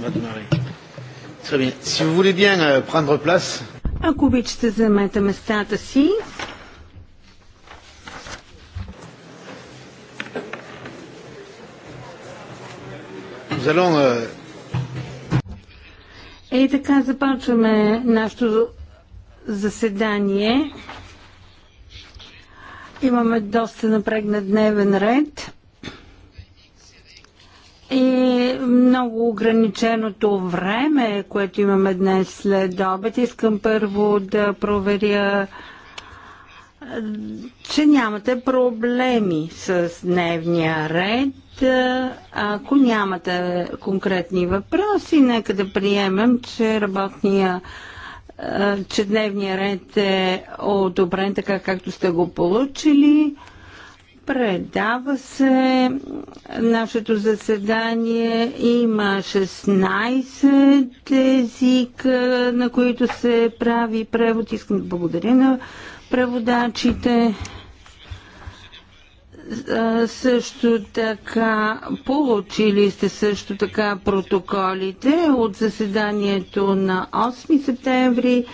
Euh, Ако обичате, вземете местата си. И euh, е, така започваме нашето заседание. Имаме доста напрегнат дневен ред. много ограниченото време, което имаме днес след обед. Искам първо да проверя че нямате проблеми с дневния ред. Ако нямате конкретни въпроси, нека да приемем, че работния че дневния ред е одобрен така, както сте го получили. Предава се нашето заседание. Има 16 езика, на които се прави превод. Искам да благодаря на преводачите. Също така, получили сте също така протоколите от заседанието на 8 септември.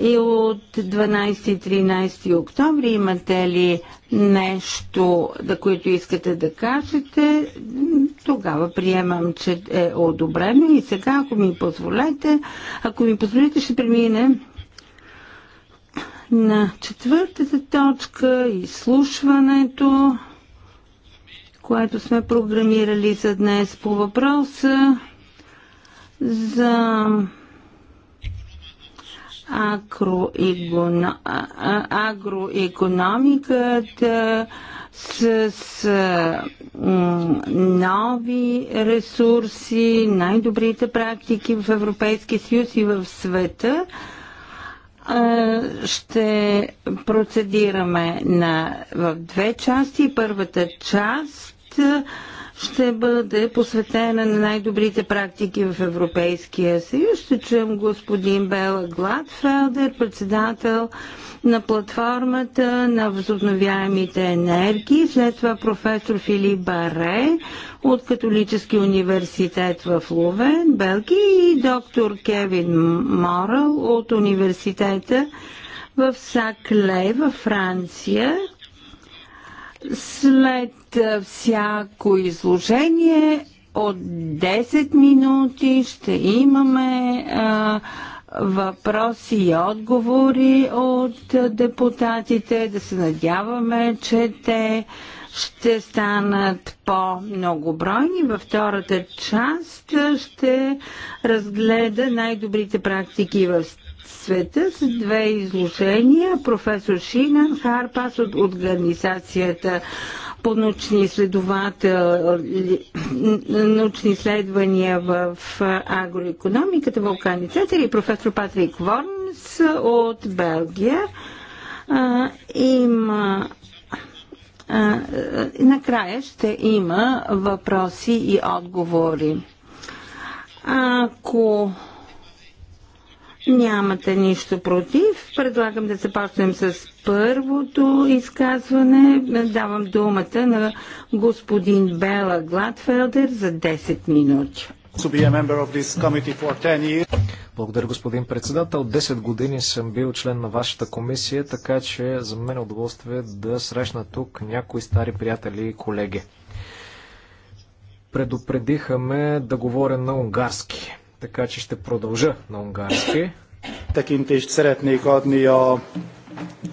И от 12 и 13 октомври имате ли нещо, да което искате да кажете, тогава приемам, че е одобрено. И сега, ако ми позволете, ако ми позволите, ще преминем на четвъртата точка изслушването, което сме програмирали за днес по въпроса за агроекономиката с, с нови ресурси, най-добрите практики в Европейския съюз и в света ще процедираме на, в две части. Първата част ще бъде посветена на най-добрите практики в Европейския съюз. Ще чуем господин Бела Гладфелдер, председател на платформата на възобновяемите енергии, след това професор Филип Баре от Католически университет в Ловен, Белгия и доктор Кевин Морал от университета в Саклей във Франция. След всяко изложение от 10 минути ще имаме а, въпроси и отговори от депутатите. Да се надяваме, че те ще станат по-многобройни. Във втората част ще разгледа най-добрите практики в света с две изложения. Професор Шинан Харпас от организацията по научни изследователи, научни изследвания в агроекономиката, вулканицата и професор Патрик Ворнс от Белгия. Има накрая ще има въпроси и отговори. Ако нямате нищо против, предлагам да започнем с първото изказване. Давам думата на господин Бела Гладфелдер за 10 минути. Благодаря, господин председател. 10 години съм бил член на вашата комисия, така че за мен е удоволствие да срещна тук някои стари приятели и колеги. Предупредиха ме да говоря на унгарски така че ще продължа на унгарски. Tekintést szeretnék adni a,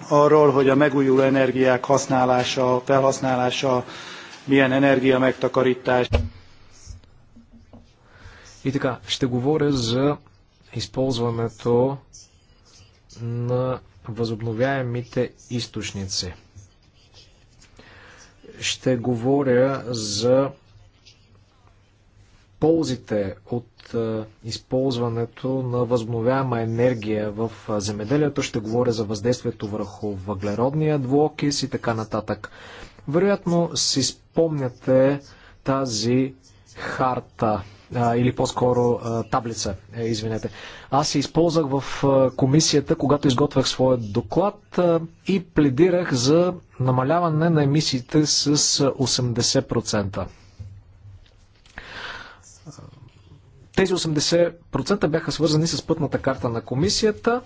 arról, hogy a megújuló energiák használása, felhasználása milyen енергия megtakarítás. И така, ще говоря за използването на възобновяемите източници. Ще говоря за ползите от е, използването на възобновяема енергия в е, земеделието. Ще говоря за въздействието върху въглеродния двуокис и така нататък. Вероятно си спомняте тази харта или по-скоро таблица, е, извинете. Аз се използвах в комисията, когато изготвях своят доклад и пледирах за намаляване на емисиите с 80%. Тези 80% бяха свързани с пътната карта на комисията,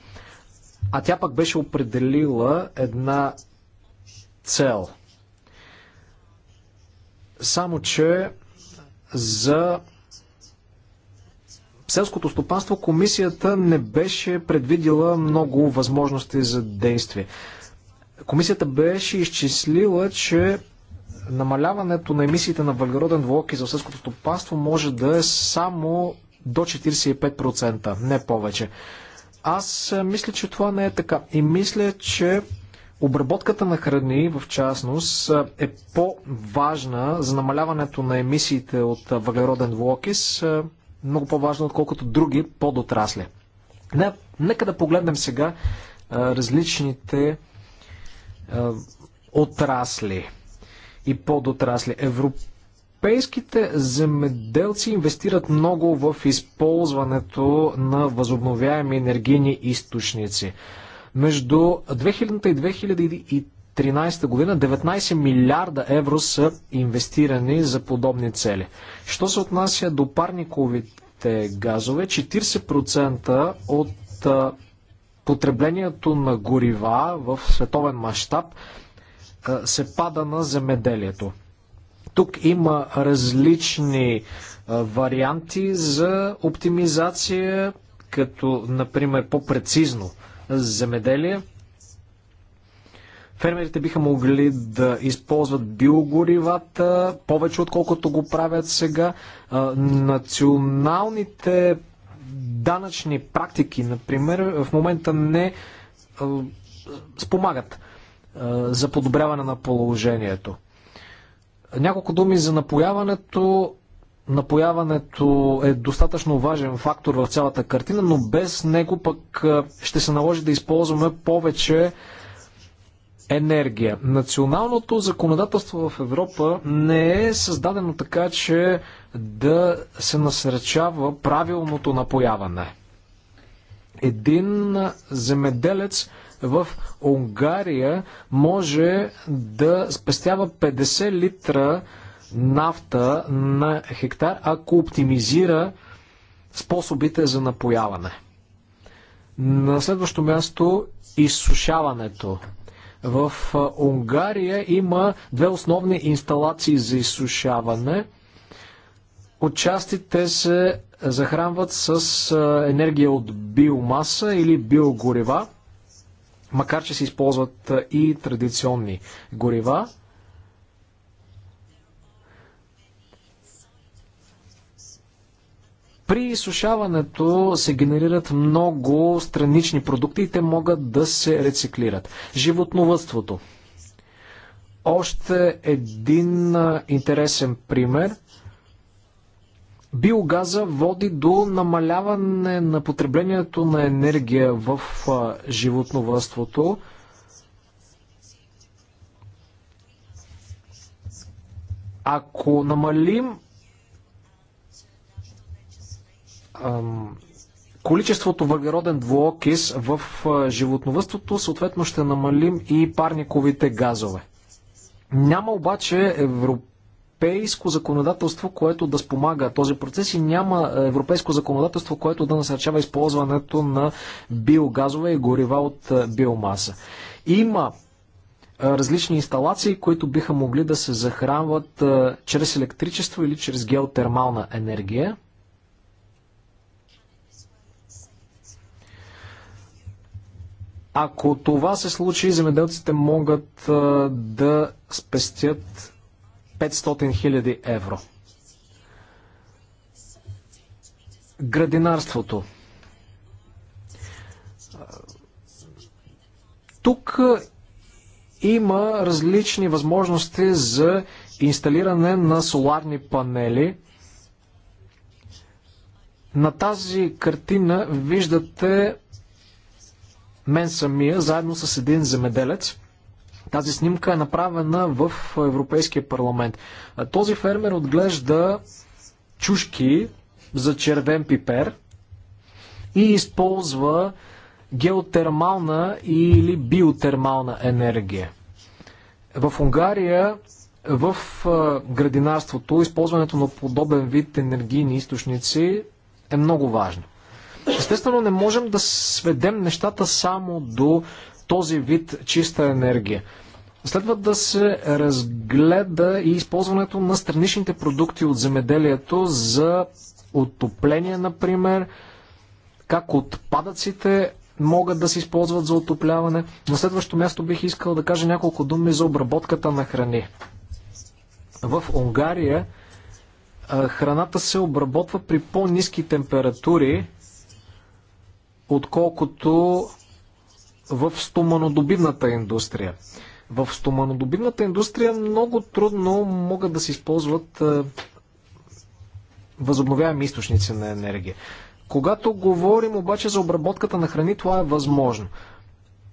а тя пък беше определила една цел. Само, че за селското стопанство комисията не беше предвидила много възможности за действие. Комисията беше изчислила, че намаляването на емисиите на въглероден двуокис за сълското стопанство може да е само до 45%, не повече. Аз е, мисля, че това не е така. И мисля, че обработката на храни, в частност, е по-важна за намаляването на емисиите от въглероден двуокис, е, много по-важна, отколкото други подотрасли. Не, нека да погледнем сега е, различните отрасли и подотрасли. Европейските земеделци инвестират много в използването на възобновяеми енергийни източници. Между 2000 и 2013 година 19 милиарда евро са инвестирани за подобни цели. Що се отнася до парниковите газове, 40% от потреблението на горива в световен мащаб се пада на земеделието. Тук има различни варианти за оптимизация, като например по-прецизно земеделие. Фермерите биха могли да използват биогоривата повече отколкото го правят сега. Националните данъчни практики, например, в момента не спомагат за подобряване на положението. Няколко думи за напояването. Напояването е достатъчно важен фактор в цялата картина, но без него пък ще се наложи да използваме повече енергия. Националното законодателство в Европа не е създадено така, че да се насърчава правилното напояване. Един земеделец в Унгария може да спестява 50 литра нафта на хектар, ако оптимизира способите за напояване. На следващо място изсушаването. В Унгария има две основни инсталации за изсушаване. Отчастите се захранват с енергия от биомаса или биогорева макар че се използват и традиционни горива. При изсушаването се генерират много странични продукти и те могат да се рециклират. Животновътството. Още един интересен пример – биогаза води до намаляване на потреблението на енергия в животновътството. Ако намалим ам, количеството въглероден двуокис в животновътството, съответно ще намалим и парниковите газове. Няма обаче европейски европейско законодателство, което да спомага този процес и няма е, европейско законодателство, което да насърчава използването на биогазове и горива от е, биомаса. Има е, различни инсталации, които биха могли да се захранват чрез електричество или чрез геотермална енергия. Ако това се случи, земеделците могат да спестят 500 000 евро. Градинарството. Тук има различни възможности за инсталиране на соларни панели. На тази картина виждате мен самия, заедно с един земеделец. Тази снимка е направена в Европейския парламент. Този фермер отглежда чушки за червен пипер и използва геотермална или биотермална енергия. В Унгария в градинарството използването на подобен вид енергийни източници е много важно. Естествено, не можем да сведем нещата само до този вид чиста енергия. Следва да се разгледа и използването на страничните продукти от земеделието за отопление, например, как отпадъците могат да се използват за отопляване. На следващо място бих искал да кажа няколко думи за обработката на храни. В Унгария храната се обработва при по-низки температури, отколкото в стоманодобивната индустрия. В стоманодобивната индустрия много трудно могат да се използват е, възобновяеми източници на енергия. Когато говорим обаче за обработката на храни, това е възможно.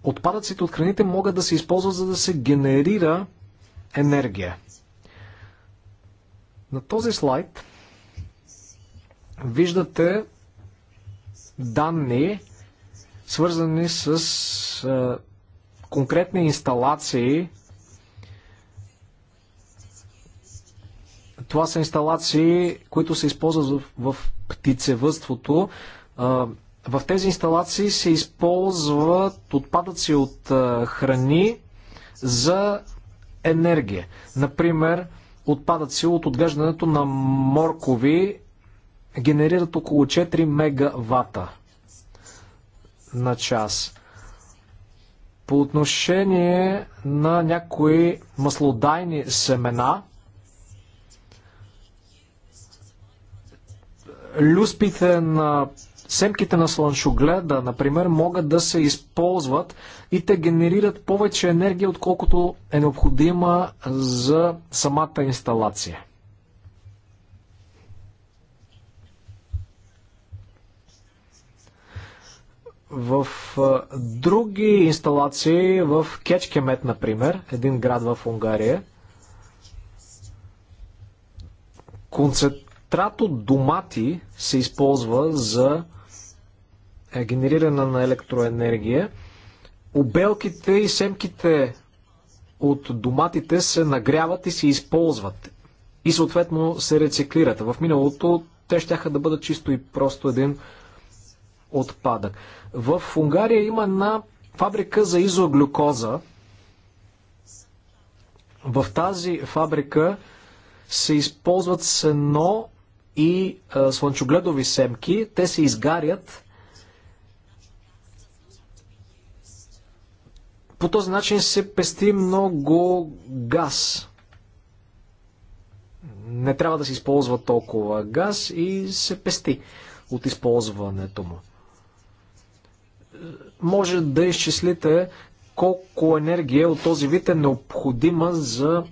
Отпадъците от храните могат да се използват, за да се генерира енергия. На този слайд виждате данни, свързани с конкретни инсталации. Това са инсталации, които се използват в, в птицевътството. в тези инсталации се използват отпадъци от храни за енергия. Например, отпадъци от отглеждането на моркови генерират около 4 мегавата на час. По отношение на някои маслодайни семена, люспите на семките на слънчогледа, например, могат да се използват и те генерират повече енергия, отколкото е необходима за самата инсталация. в други инсталации в Кечкемет, например, един град в Унгария, концентрат от домати се използва за генериране на електроенергия. Обелките и семките от доматите се нагряват и се използват. И съответно се рециклират. В миналото те ще да бъдат чисто и просто един отпадък. В Унгария има една фабрика за изоглюкоза. В тази фабрика се използват сено и а, слънчогледови семки. Те се изгарят. По този начин се пести много газ. Не трябва да се използва толкова газ и се пести от използването му може да изчислите колко енергия от този вид е необходима за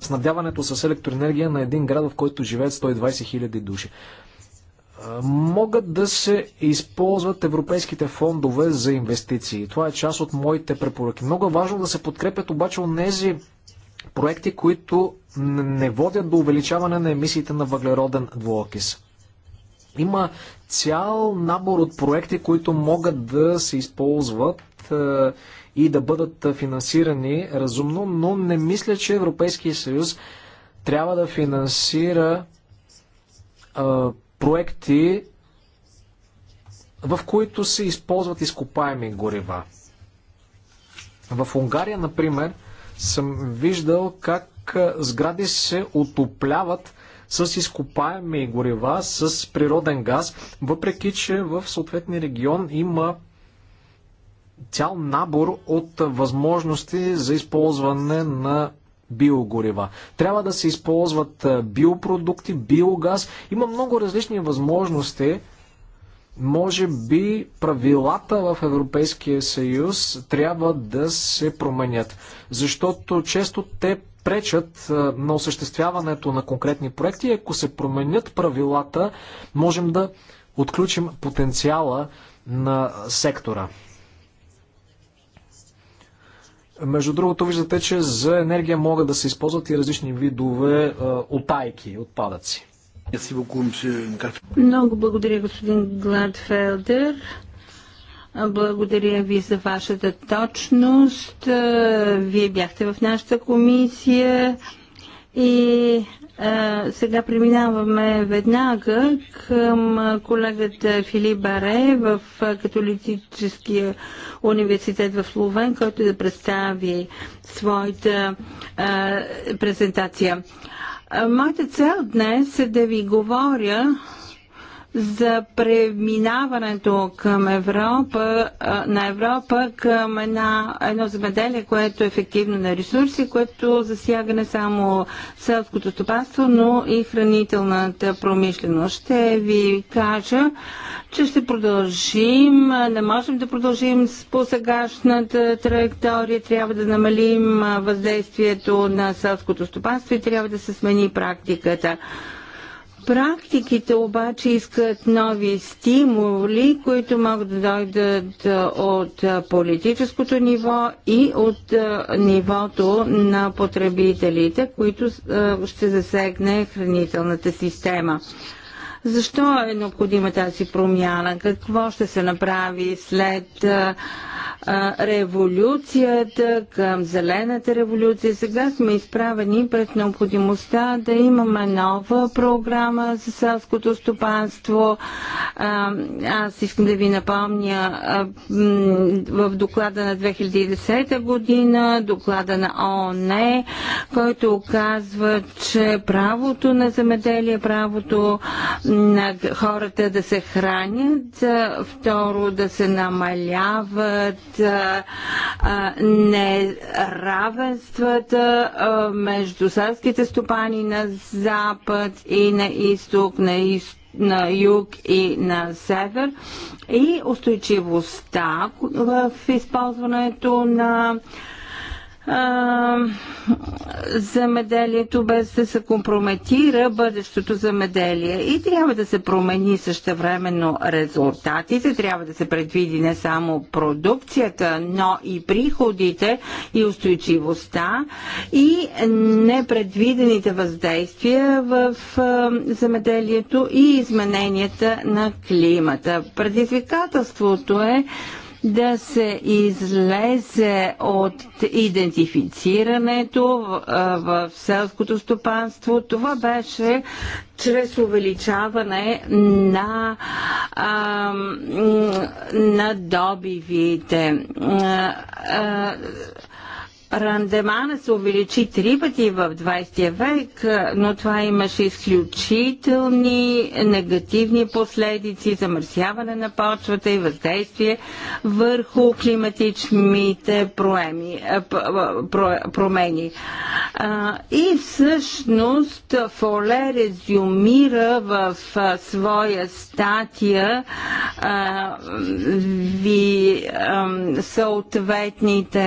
снабдяването с електроенергия на един град, в който живеят 120 000 души. Могат да се използват европейските фондове за инвестиции. Това е част от моите препоръки. Много е важно да се подкрепят обаче от тези проекти, които не водят до увеличаване на емисиите на въглероден двуокис. Има цял набор от проекти, които могат да се използват е, и да бъдат е, финансирани разумно, но не мисля, че Европейския съюз трябва да финансира е, проекти, в които се използват изкопаеми горива. В Унгария, например, съм виждал как сгради се отопляват с изкопаеми горива, с природен газ, въпреки че в съответния регион има цял набор от възможности за използване на биогорива. Трябва да се използват биопродукти, биогаз. Има много различни възможности. Може би правилата в Европейския съюз трябва да се променят, защото често те пречат на осъществяването на конкретни проекти. Ако се променят правилата, можем да отключим потенциала на сектора. Между другото, виждате, че за енергия могат да се използват и различни видове отайки, отпадъци. Много благодаря, господин Гладфелдер. Благодаря ви за вашата точност. Вие бяхте в нашата комисия и а, сега преминаваме веднага към колегата Филип Баре в Католическия университет в Словен, който да представи своята а, презентация. Моята цел днес е да ви говоря за преминаването към Европа, на Европа към една, едно земеделие, което е ефективно на ресурси, което засяга не само селското стопанство, но и хранителната промишленост. Ще ви кажа, че ще продължим, не можем да продължим с по сегашната траектория, трябва да намалим въздействието на селското стопанство и трябва да се смени практиката. Практиките обаче искат нови стимули, които могат да дойдат от политическото ниво и от нивото на потребителите, които ще засегне хранителната система. Защо е необходима тази промяна? Какво ще се направи след а, а, революцията към зелената революция? Сега сме изправени пред необходимостта да имаме нова програма за селското стопанство. А, аз искам да ви напомня а, в доклада на 2010 година, доклада на ООН, който казва, че правото на земеделие, правото на хората да се хранят, второ да се намаляват неравенствата между селските стопани на запад и на изток, на изток на юг и на север и устойчивостта в използването на замеделието, без да се компрометира бъдещото замеделие. И трябва да се промени същевременно резултатите, трябва да се предвиди не само продукцията, но и приходите и устойчивостта и непредвидените въздействия в замеделието и измененията на климата. Предизвикателството е да се излезе от идентифицирането в, в селското стопанство. Това беше чрез увеличаване на, а, на добивите. А, а, Рандемана се увеличи три пъти в 20 век, но това имаше изключителни негативни последици, замърсяване на почвата и въздействие върху климатичните проеми, промени. И всъщност Фоле резюмира в своя статия ви съответните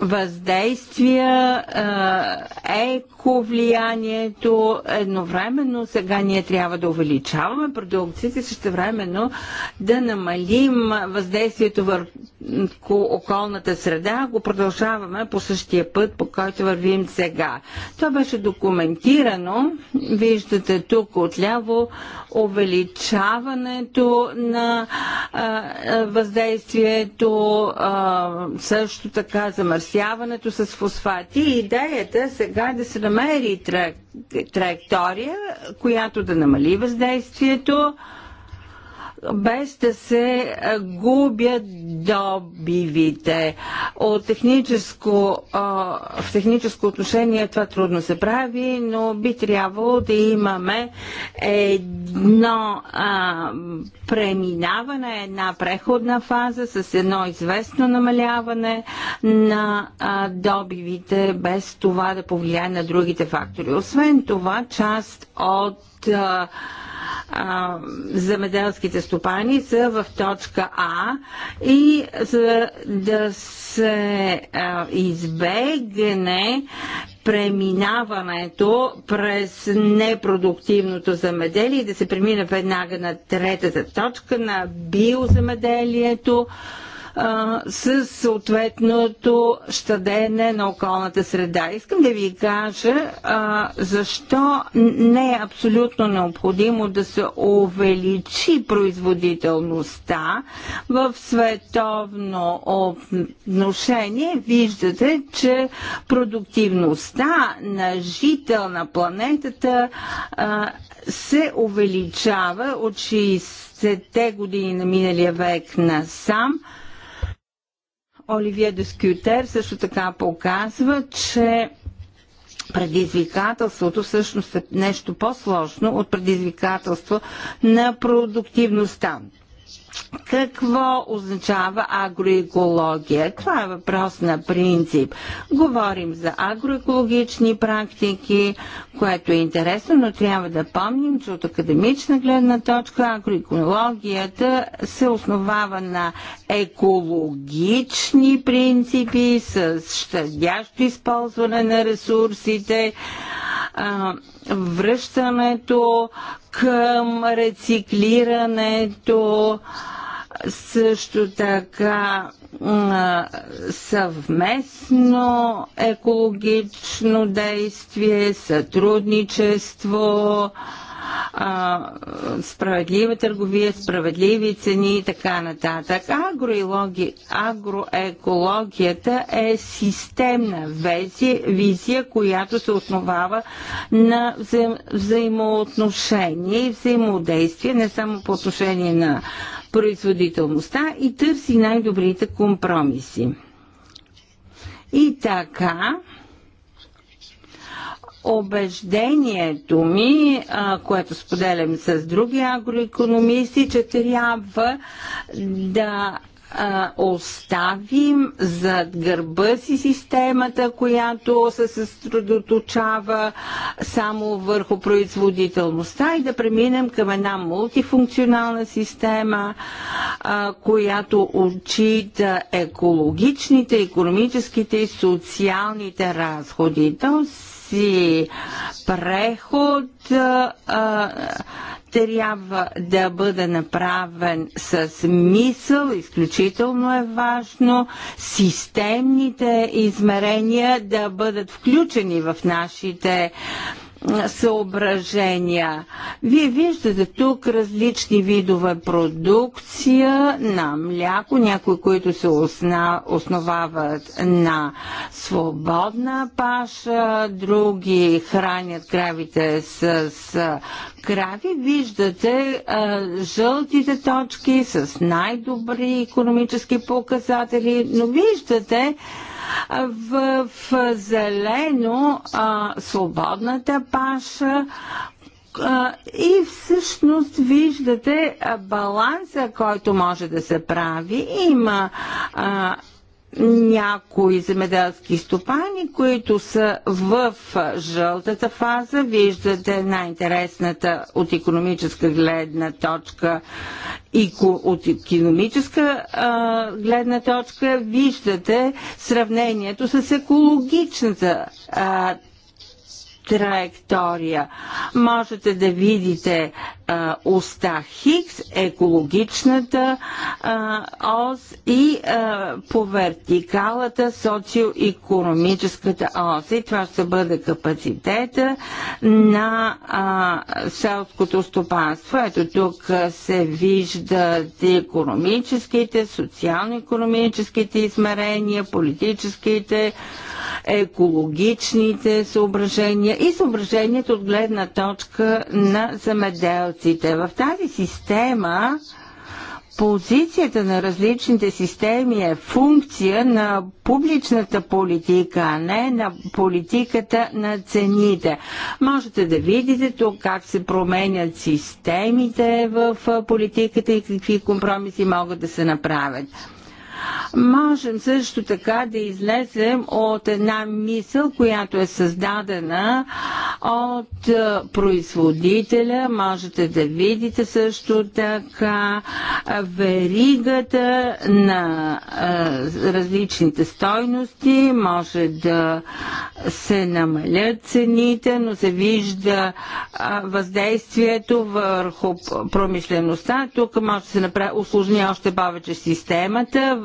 въздействия, еко влиянието. Едновременно сега ние трябва да увеличаваме продукцията и същевременно да намалим въздействието върху околната среда, ако продължаваме по същия път, по който вървим сега. Това беше документирано. Виждате тук отляво увеличаването на въздействието, също така замърсяването замърсяването с фосфати. И идеята сега е да се намери траектория, която да намали въздействието без да се губят добивите. От техническо, в техническо отношение това трудно се прави, но би трябвало да имаме едно преминаване, една преходна фаза с едно известно намаляване на добивите, без това да повлияе на другите фактори. Освен това, част от uh земеделските стопани са в точка А и за да се а, избегне преминаването през непродуктивното замеделие и да се премине веднага на третата точка на биоземеделието. Със съответното щадене на околната среда. Искам да ви кажа а, защо не е абсолютно необходимо да се увеличи производителността в световно отношение. Виждате, че продуктивността на жител на планетата а, се увеличава от 60-те години на миналия век насам. сам Оливие Дескютер също така показва, че предизвикателството всъщност е нещо по-сложно от предизвикателство на продуктивността. Какво означава агроекология? Това е въпрос на принцип. Говорим за агроекологични практики, което е интересно, но трябва да помним, че от академична гледна точка агроекологията се основава на екологични принципи с щадящо използване на ресурсите, връщането към рециклирането, също така съвместно екологично действие, сътрудничество, а, справедлива търговия, справедливи цени и така нататък. агроекологията е системна визия, която се основава на взаим, взаимоотношение и взаимодействие, не само по отношение на производителността и търси най-добрите компромиси. И така, убеждението ми, а, което споделям с други агроекономисти, че трябва да а, оставим зад гърба си системата, която се съсредоточава само върху производителността и да преминем към една мултифункционална система, а, която отчита екологичните, економическите и социалните разходи. Тоест си преход а, трябва да бъде направен с мисъл, изключително е важно системните измерения да бъдат включени в нашите съображения. Вие виждате тук различни видове продукция на мляко, някои, които се основават на свободна паша, други хранят кравите с, крави. Виждате жълтите точки с най-добри економически показатели, но виждате, в, в зелено а, свободната паша, и всъщност виждате баланса, който може да се прави. Има а, някои земеделски стопани, които са в жълтата фаза, виждате най-интересната от економическа гледна точка и от економическа а, гледна точка виждате сравнението с екологичната а, траектория. Можете да видите а, уста Хикс, екологичната а, ос и а, по вертикалата социо-економическата ос. И това ще бъде капацитета на а, селското стопанство. Ето тук се виждат економическите, социално-економическите измерения, политическите, екологичните съображения и съображението от гледна точка на замеделците. В тази система позицията на различните системи е функция на публичната политика, а не на политиката на цените. Можете да видите тук как се променят системите в политиката и какви компромиси могат да се направят. Можем също така да излезем от една мисъл, която е създадена от е, производителя. Можете да видите също така е, веригата на е, различните стойности. Може да се намалят цените, но се вижда въздействието върху промишлеността. Тук може да се направи, усложни още повече системата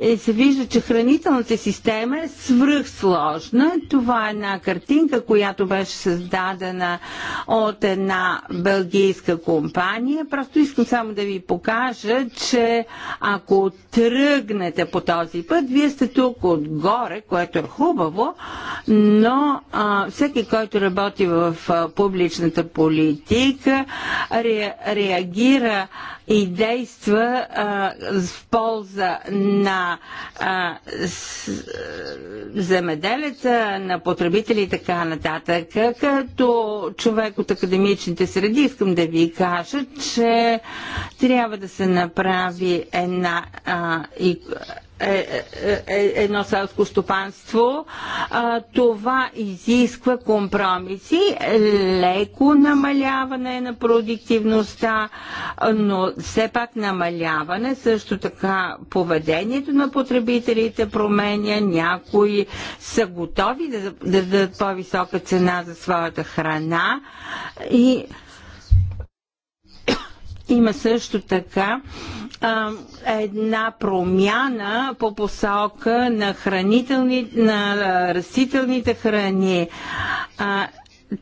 е, се вижда, че хранителната система е свръхсложна. Това е една картинка, която беше създадена от една белгийска компания. Просто искам само да ви покажа, че ако тръгнете по този път, вие сте тук отгоре, което е хубаво, но а, всеки, който работи в а, публичната политика, ре, реагира и действа а, в полза на а, с, земеделеца, на потребители и така нататък. Като човек от академичните среди искам да ви кажа, че трябва да се направи една а, и, е, е, е, едно селско стопанство, а, това изисква компромиси, леко намаляване на продуктивността, но все пак намаляване, също така поведението на потребителите променя, някои са готови да, да дадат по-висока цена за своята храна и има също така една промяна по посока на, хранителни, на растителните храни.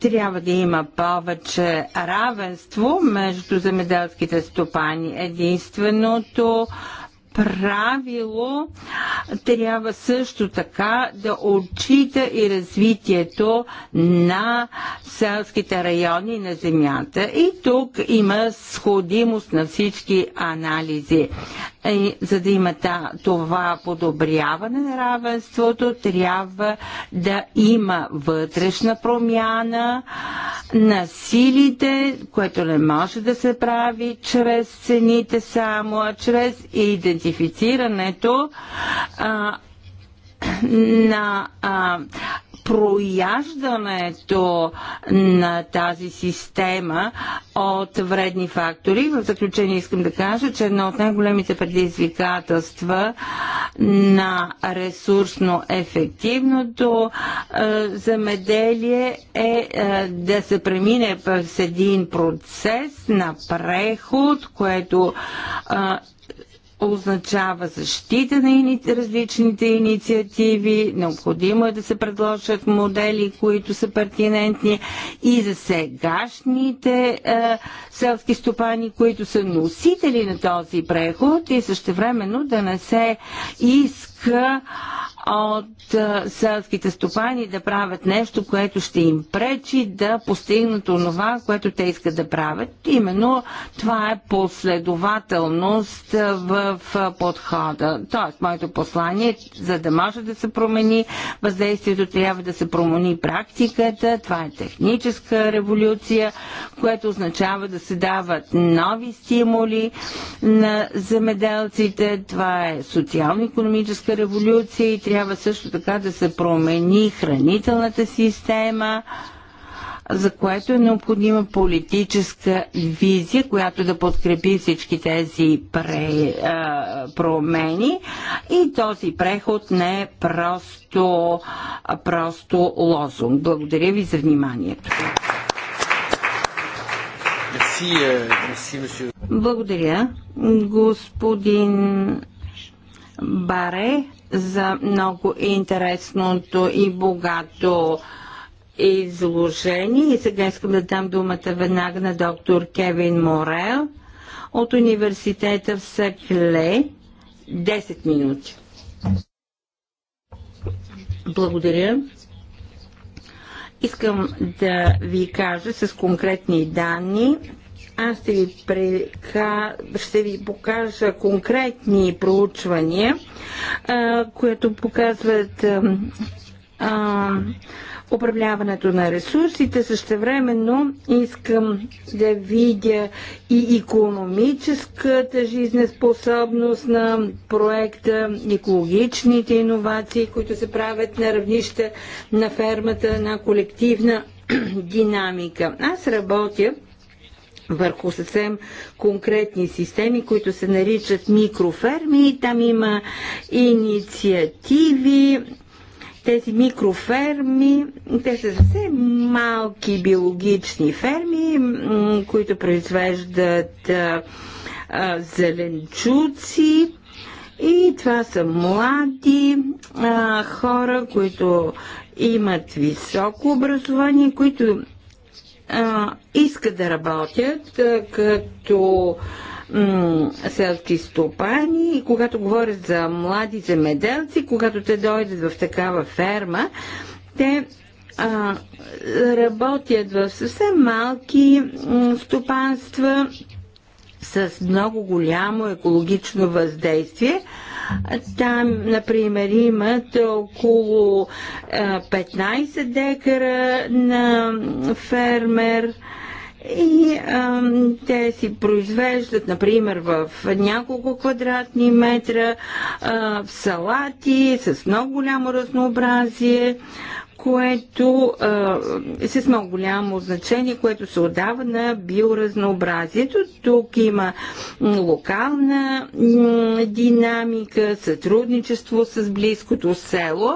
Трябва да има повече равенство между земеделските стопани. Единственото правило трябва също така да отчита и развитието на селските райони на земята. И тук има сходимост на всички анализи. И, за да има това подобряване на равенството, трябва да има вътрешна промяна на силите, което не може да се прави чрез цените само, а чрез идентификация идентифицирането а, на а, прояждането на тази система от вредни фактори. В заключение искам да кажа, че едно от най-големите предизвикателства на ресурсно ефективното е, замеделие е, е да се премине през един процес на преход, което е, означава защита на ини... различните инициативи, необходимо е да се предложат модели, които са пертинентни и за сегашните е, селски стопани, които са носители на този преход и същевременно да не се иска от селските стопани да правят нещо, което ще им пречи да постигнат онова, което те искат да правят. Именно това е последователност в подхода. Тоест, моето послание, за да може да се промени въздействието, трябва да се промени практиката. Това е техническа революция, което означава да се дават нови стимули на земеделците. Това е социално-економическа революция и трябва трябва също така да се промени хранителната система, за което е необходима политическа визия, която да подкрепи всички тези пре, а, промени. И този преход не е просто, просто лозунг. Благодаря ви за вниманието. Euh, Благодаря. Господин Баре, за много интересното и богато изложение. И сега искам да дам думата веднага на доктор Кевин Морел от университета в Сакле. 10 минути. Благодаря. Искам да ви кажа с конкретни данни аз ще ви, прека... ще ви покажа конкретни проучвания, а, които показват а, а, управляването на ресурсите. Същевременно искам да видя и економическата жизнеспособност на проекта, екологичните иновации, които се правят на равнище на фермата, на колективна динамика. Аз работя върху съвсем конкретни системи, които се наричат микроферми. Там има инициативи. Тези микроферми, те са съвсем малки биологични ферми, които произвеждат а, а, зеленчуци. И това са млади а, хора, които имат високо образование, които а, искат да работят а, като селски стопани и когато говорят за млади земеделци, когато те дойдат в такава ферма, те а, работят в съвсем малки стопанства с много голямо екологично въздействие, там, например, имат около 15 декара на фермер. И а, те си произвеждат, например, в няколко квадратни метра а, салати с много голямо разнообразие което е с много голямо значение, което се отдава на биоразнообразието. Тук има локална динамика, сътрудничество с близкото село.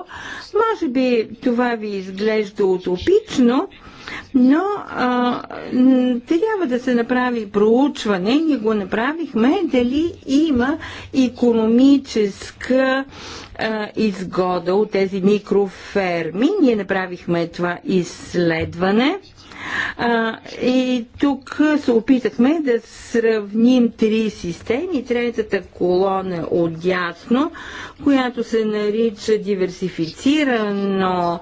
Може би това ви изглежда утопично, но а, трябва да се направи проучване, ние го направихме, дали има економическа а, изгода от тези микроферми. Ние направихме това изследване. А, и тук се опитахме да сравним три системи. Третата колона е от Ясно, която се нарича диверсифицирано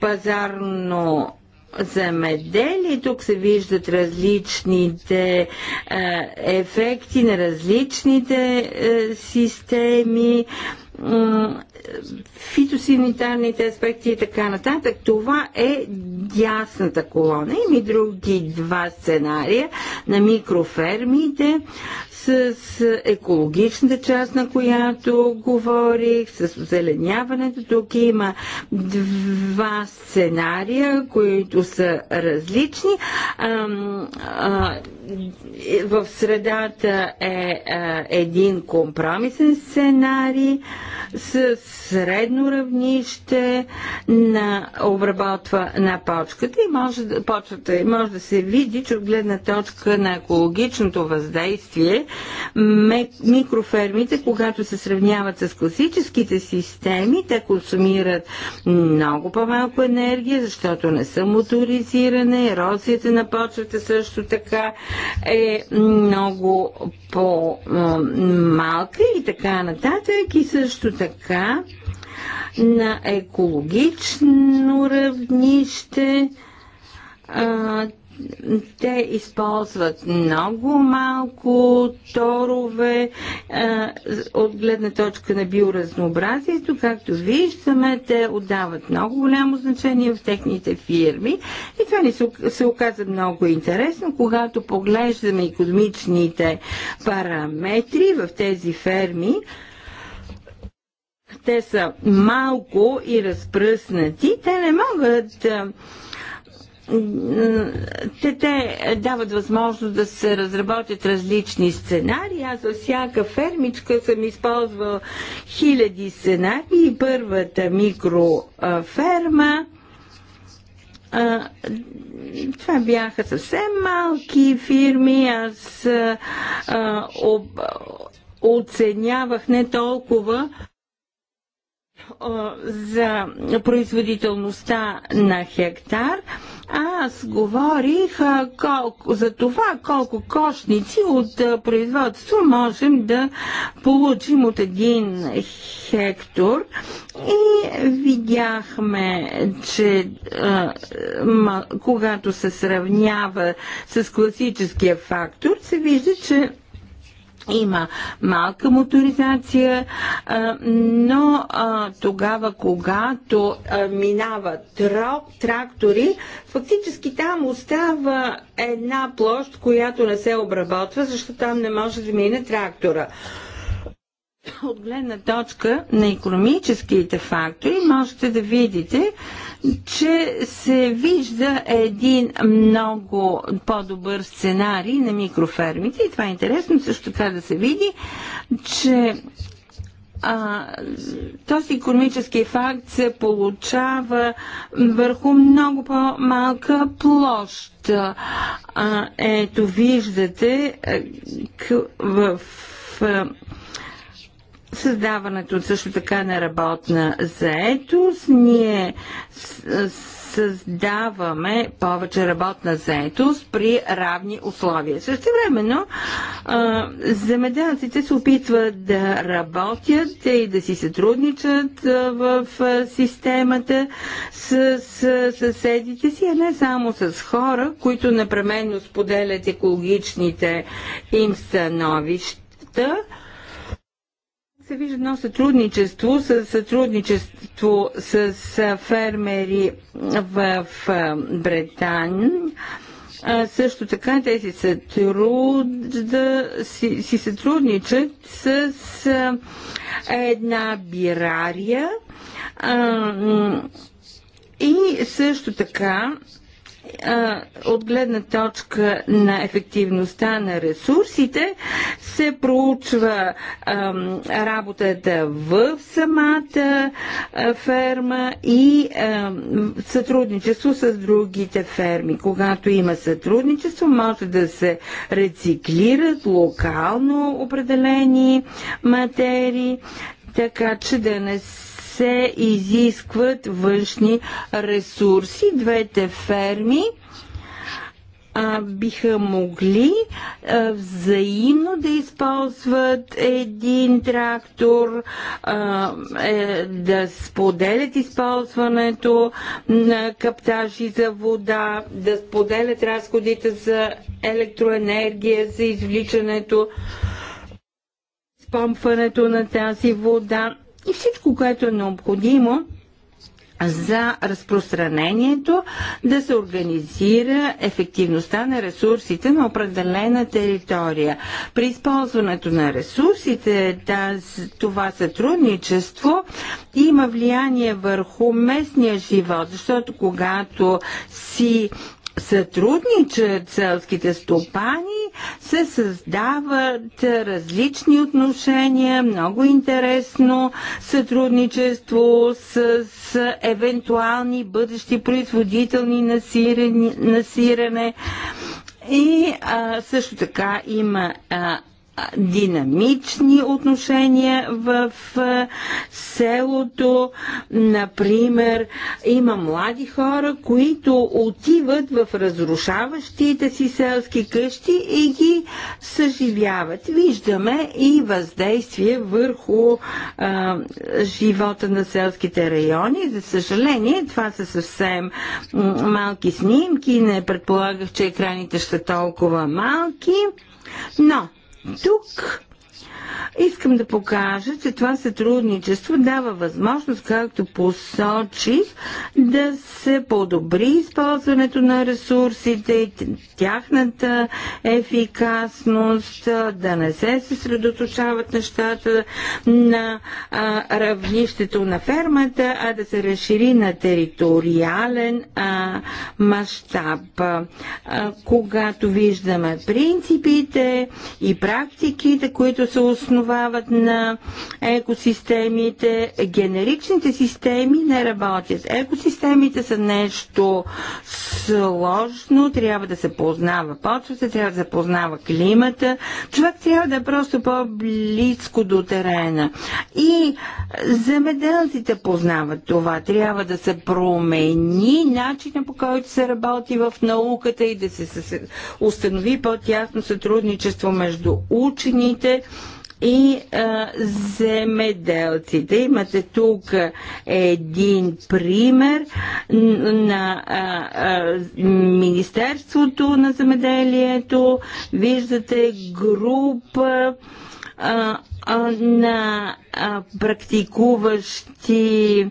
пазарно земеделие. Тук се виждат различните ефекти на различните системи фитосанитарните аспекти и така нататък. Това е дясната колона. Има и други два сценария на микрофермите с екологичната част, на която говорих, с озеленяването. Тук има два сценария, които са различни. В средата е един компромисен сценарий с средно равнище на обработва на почката и може, почвата, може да се види, че от гледна точка на екологичното въздействие микрофермите, когато се сравняват с класическите системи, те консумират много по-малко енергия, защото не са моторизиране, ерозията на почвата също така е много по-малка и така нататък и също така на екологично равнище а, те използват много малко торове а, е, от гледна точка на биоразнообразието. Както виждаме, те отдават много голямо значение в техните фирми. И това ни се, се оказа много интересно, когато поглеждаме економичните параметри в тези ферми. Те са малко и разпръснати. Те не могат. А, е, те, те дават възможност да се разработят различни сценарии. Аз за всяка фермичка съм използвал хиляди сценарии. Първата микроферма това бяха съвсем малки фирми. Аз а, об, оценявах не толкова за производителността на хектар, аз говорих а, колко, за това колко кошници от а, производство можем да получим от един хектор и видяхме, че а, ма, когато се сравнява с класическия фактор, се вижда, че има малка моторизация, но тогава, когато минават трактори, фактически там остава една площ, която не се обработва, защото там не може да мине трактора. От гледна точка на економическите фактори можете да видите, че се вижда един много по-добър сценарий на микрофермите и това е интересно също така да се види, че а, този економически факт се получава върху много по-малка площ. А, ето виждате в, в създаването също така на работна заетост. Ние създаваме повече работна заетост при равни условия. Също времено земеделците се опитват да работят и да си сътрудничат в системата с, съседите си, а не само с хора, които непременно споделят екологичните им становища се вижда едно сътрудничество, с сътрудничество с фермери в Британия. А също така тези сътруд, да, си, си сътрудничат с, а, една бирария а, и също така от гледна точка на ефективността на ресурсите се проучва работата в самата ферма и сътрудничество с другите ферми. Когато има сътрудничество, може да се рециклират локално определени материи, така че да не се се изискват външни ресурси. Двете ферми а, биха могли а, взаимно да използват един трактор, а, е, да споделят използването на каптажи за вода, да споделят разходите за електроенергия, за извличането, спомпването на тази вода и всичко, което е необходимо за разпространението, да се организира ефективността на ресурсите на определена територия. При използването на ресурсите това сътрудничество има влияние върху местния живот, защото когато си сътрудничат селските стопани, се създават различни отношения, много интересно сътрудничество с, с евентуални бъдещи производителни насиране, насиране. И а, също така има а, динамични отношения в селото. Например, има млади хора, които отиват в разрушаващите си селски къщи и ги съживяват. Виждаме и въздействие върху а, живота на селските райони. За съжаление, това са съвсем малки снимки. Не предполагах, че екраните ще толкова малки. Но тук Искам да покажа, че това сътрудничество дава възможност, както посочих, да се подобри използването на ресурсите и тяхната ефикасност, да не се съсредоточават нещата на а, равнището на фермата, а да се разшири на териториален а, мащаб. А, когато виждаме принципите и практиките, които са основават на екосистемите. Генеричните системи не работят. Екосистемите са нещо сложно, трябва да се познава почвата, трябва да се познава климата. Човек трябва да е просто по-близко до терена. И земеделците познават това. Трябва да се промени начина по който се работи в науката и да се установи по-тясно сътрудничество между учените и а, земеделците. Имате тук един пример на а, а, Министерството на земеделието. Виждате група а, на практикуващи,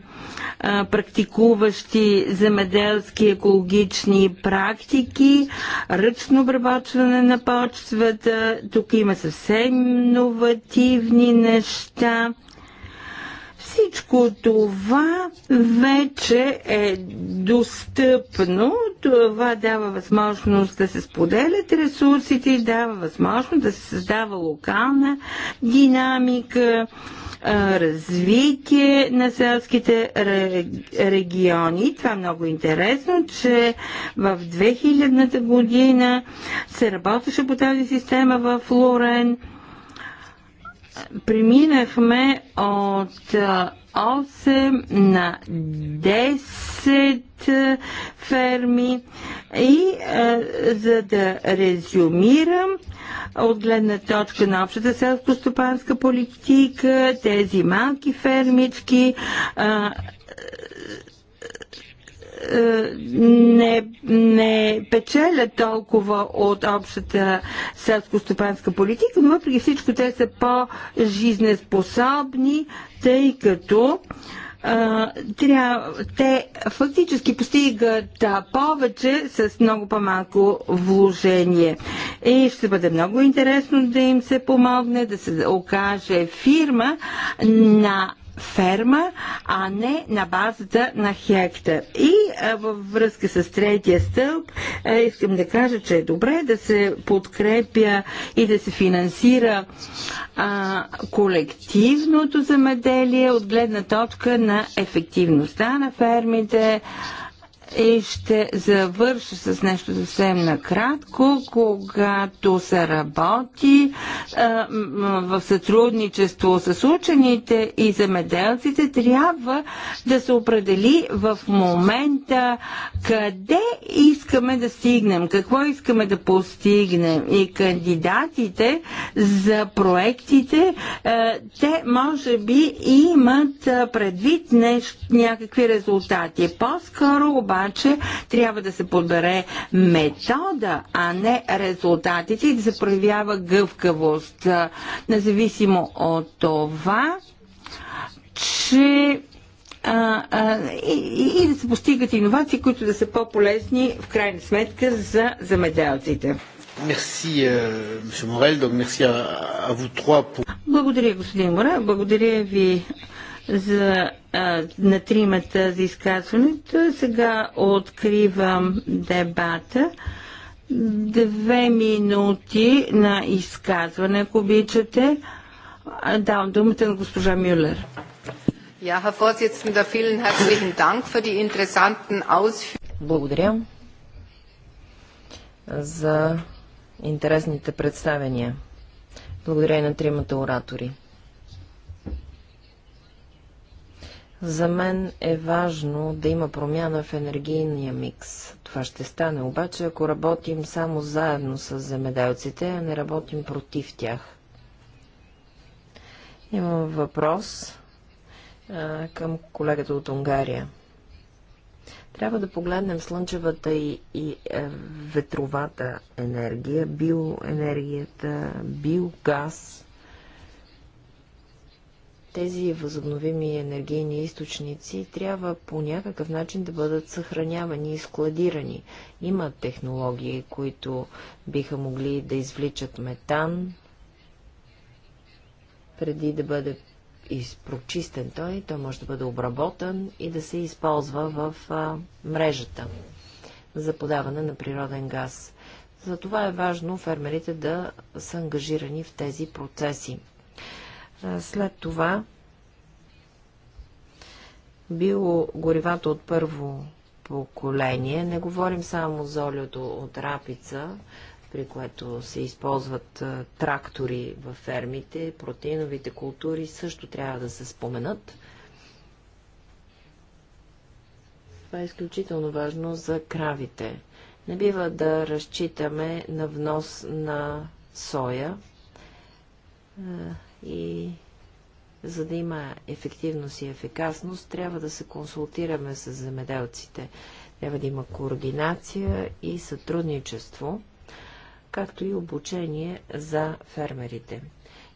практикуващи земеделски екологични практики, ръчно обработване на почвата. Тук има съвсем иновативни неща. Всичко това вече е достъпно. Това дава възможност да се споделят ресурсите, дава възможност да се създава локална динамика развитие на селските региони. Това е много интересно, че в 2000-та година се работеше по тази система в Лорен преминахме от 8 на 10 ферми и за да резюмирам от гледна точка на общата селско-стопанска политика, тези малки фермички не, не печелят толкова от общата селско-стопанска политика, но въпреки всичко те са по-жизнеспособни, тъй като те фактически постигат повече с много по-малко вложение. И ще бъде много интересно да им се помогне да се окаже фирма на ферма, а не на базата на хектар. И във връзка с третия стълб е, искам да кажа, че е добре да се подкрепя и да се финансира а, колективното замеделие от гледна точка на ефективността на фермите, и ще завърша с нещо съвсем накратко. Когато се работи а, в сътрудничество с учените и замеделците, трябва да се определи в момента къде искаме да стигнем, какво искаме да постигнем. И кандидатите за проектите, а, те може би имат предвид нещ, някакви резултати. По-скоро обаче обаче трябва да се подбере метода, а не резултатите и да се проявява гъвкавост, независимо от това, че а, а, и, и да се постигат иновации, които да са по-полезни в крайна сметка за замеделците. Merci, euh, Morel. Donc, merci à, à vous trois pour... Благодаря, господин Морел. Благодаря ви за на тримата за изказването. Сега откривам дебата. Две минути на изказване, ако обичате. Давам думата на госпожа Мюллер. Ja, Herr Vorsitzender, vielen herzlichen Dank für die interessanten Ausführungen. Благодаря за интересните представения. Благодаря и на тримата оратори. За мен е важно да има промяна в енергийния микс. Това ще стане обаче, ако работим само заедно с земеделците, а не работим против тях. Имам въпрос а, към колегата от Унгария. Трябва да погледнем слънчевата и, и е, ветровата енергия, биоенергията, биогаз тези възобновими енергийни източници трябва по някакъв начин да бъдат съхранявани и складирани. Има технологии, които биха могли да извличат метан, преди да бъде изпрочистен той, той може да бъде обработен и да се използва в а, мрежата за подаване на природен газ. Затова е важно фермерите да са ангажирани в тези процеси. След това биогоривата от първо поколение. Не говорим само за олиото от рапица, при което се използват трактори във фермите, протеиновите култури също трябва да се споменат. Това е изключително важно за кравите. Не бива да разчитаме на внос на соя и за да има ефективност и ефикасност, трябва да се консултираме с земеделците. Трябва да има координация и сътрудничество, както и обучение за фермерите.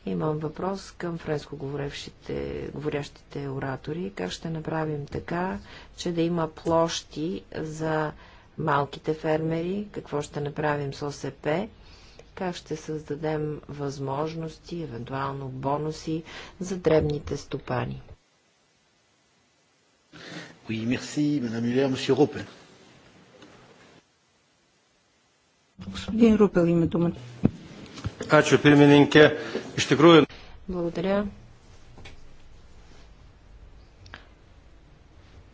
Имам въпрос към френско-говорящите оратори. Как ще направим така, че да има площи за малките фермери? Какво ще направим с ОСП? как ще създадем възможности, евентуално бонуси за дребните стопани. Oui, merci, Madame Muller, Monsieur Ропен. Господин Рупел има думата. че pirmininkė. ще tikrųjų. Благодаря.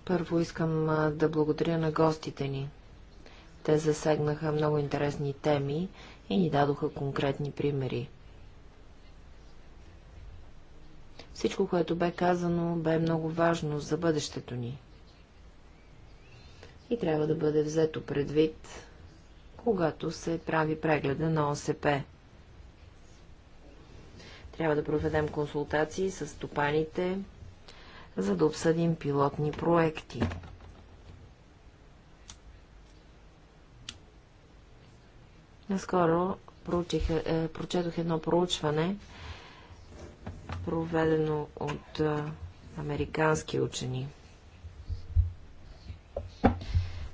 Първо искам да благодаря на гостите ни. Те засегнаха много интересни теми и ни дадоха конкретни примери. Всичко, което бе казано, бе много важно за бъдещето ни. И трябва да бъде взето предвид, когато се прави прегледа на ОСП. Трябва да проведем консултации с стопаните, за да обсъдим пилотни проекти. Наскоро проучих, е, прочетох едно проучване, проведено от е, американски учени.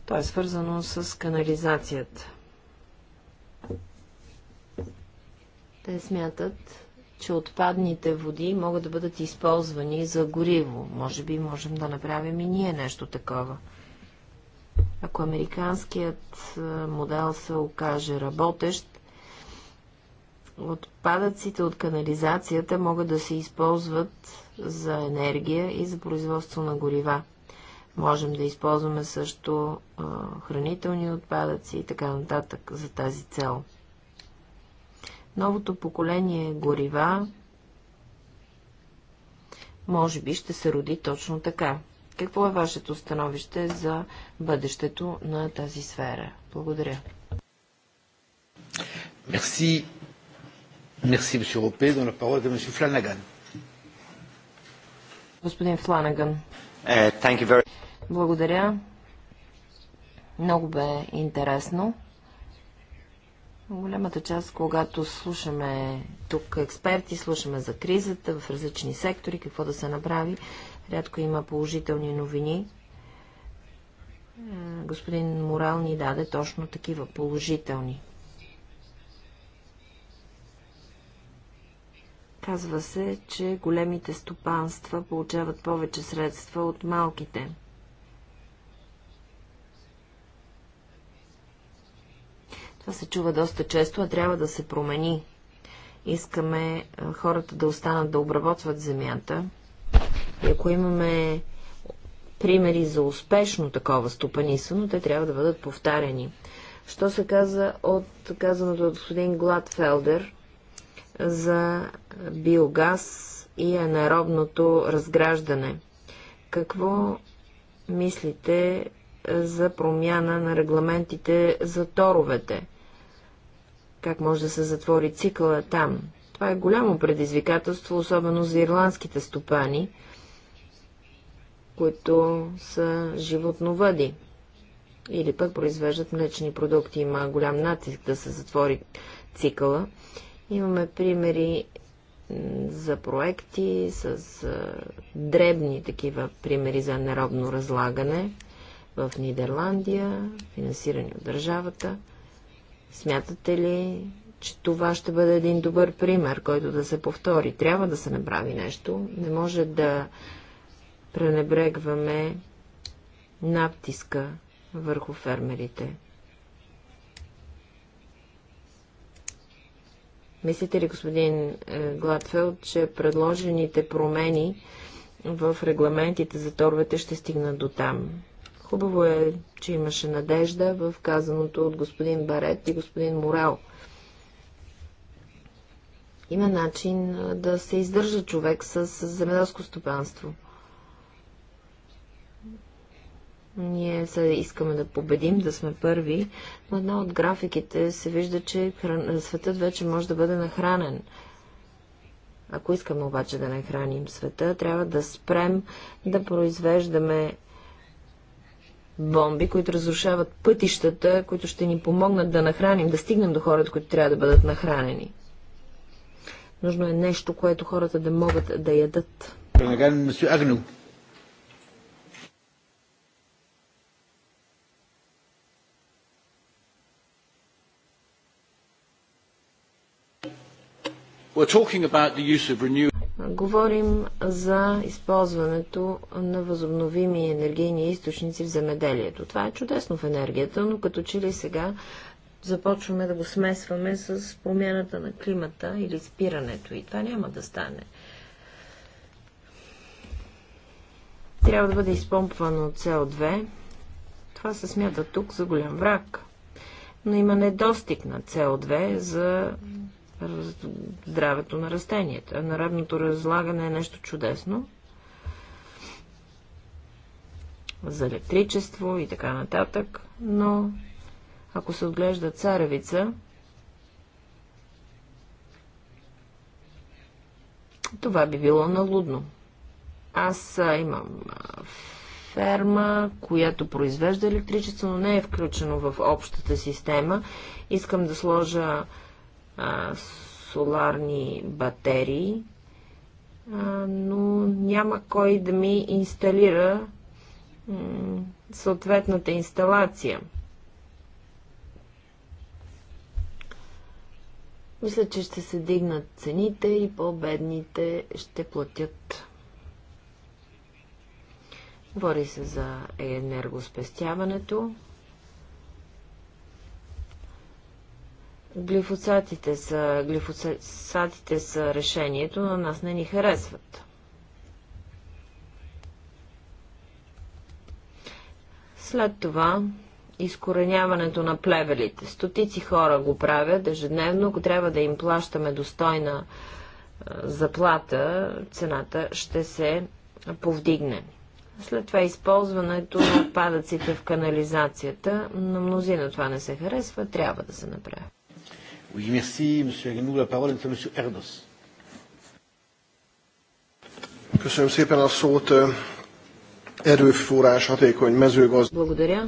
То е свързано с канализацията. Те смятат, че отпадните води могат да бъдат използвани за гориво. Може би можем да направим и ние нещо такова. Ако американският модел се окаже работещ, отпадъците от канализацията могат да се използват за енергия и за производство на горива. Можем да използваме също хранителни отпадъци и така нататък за тази цел. Новото поколение горива може би ще се роди точно така. Какво е вашето становище за бъдещето на тази сфера? Благодаря. Мерси. Мерси, месье Ропе. Дон парола на месье Фланаган. Господин Фланаган. Е, Благодаря. Много бе интересно. Голямата част, когато слушаме тук експерти, слушаме за кризата в различни сектори, какво да се направи, Рядко има положителни новини. Господин Морал ни даде точно такива положителни. Казва се, че големите стопанства получават повече средства от малките. Това се чува доста често, а трябва да се промени. Искаме хората да останат да обработват земята, и ако имаме примери за успешно такова стопанисано, те трябва да бъдат повтарени. Що се каза от казаното от господин Гладфелдер за биогаз и енеробното разграждане? Какво мислите за промяна на регламентите за торовете? Как може да се затвори цикъла там? Това е голямо предизвикателство, особено за ирландските стопани, които са животновъди или пък произвеждат млечни продукти. Има голям натиск да се затвори цикъла. Имаме примери за проекти с дребни такива примери за неробно разлагане в Нидерландия, финансирани от държавата. Смятате ли, че това ще бъде един добър пример, който да се повтори? Трябва да се направи нещо. Не може да пренебрегваме натиска върху фермерите. Мислите ли, господин е, Гладфелд, че предложените промени в регламентите за торвете ще стигнат до там? Хубаво е, че имаше надежда в казаното от господин Барет и господин Морал. Има начин е, да се издържа човек с земеделско стопанство. Ние се искаме да победим, да сме първи, но една от графиките се вижда, че светът вече може да бъде нахранен. Ако искаме обаче да нахраним света, трябва да спрем да произвеждаме бомби, които разрушават пътищата, които ще ни помогнат да нахраним, да стигнем до хората, които трябва да бъдат нахранени. Нужно е нещо, което хората да могат да ядат. Говорим за използването на възобновими енергийни източници в земеделието. Това е чудесно в енергията, но като че ли сега започваме да го смесваме с промяната на климата или спирането. И това няма да стане. Трябва да бъде изпомпвано CO2. Това се смята тук за голям враг. Но има недостиг на CO2 за здравето на растенията. Наредното разлагане е нещо чудесно. За електричество и така нататък. Но ако се отглежда царевица, това би било налудно. Аз имам ферма, която произвежда електричество, но не е включено в общата система. Искам да сложа а, соларни батерии, а, но няма кой да ми инсталира съответната инсталация. Мисля, че ще се дигнат цените и по-бедните ще платят. Говори се за енергоспестяването. Глифосатите са, глифосатите са решението, но нас не ни харесват. След това изкореняването на плевелите. Стотици хора го правят ежедневно. Ако трябва да им плащаме достойна заплата, цената ще се повдигне. След това използването на падъците в канализацията, но мнозина това не се харесва, трябва да се направи. Oui, merci, Monsieur Agnew. La parole est à Monsieur Erdos. Köszönöm szépen a szót. Erőforrás hatékony mezőgazdaság. Благодаря.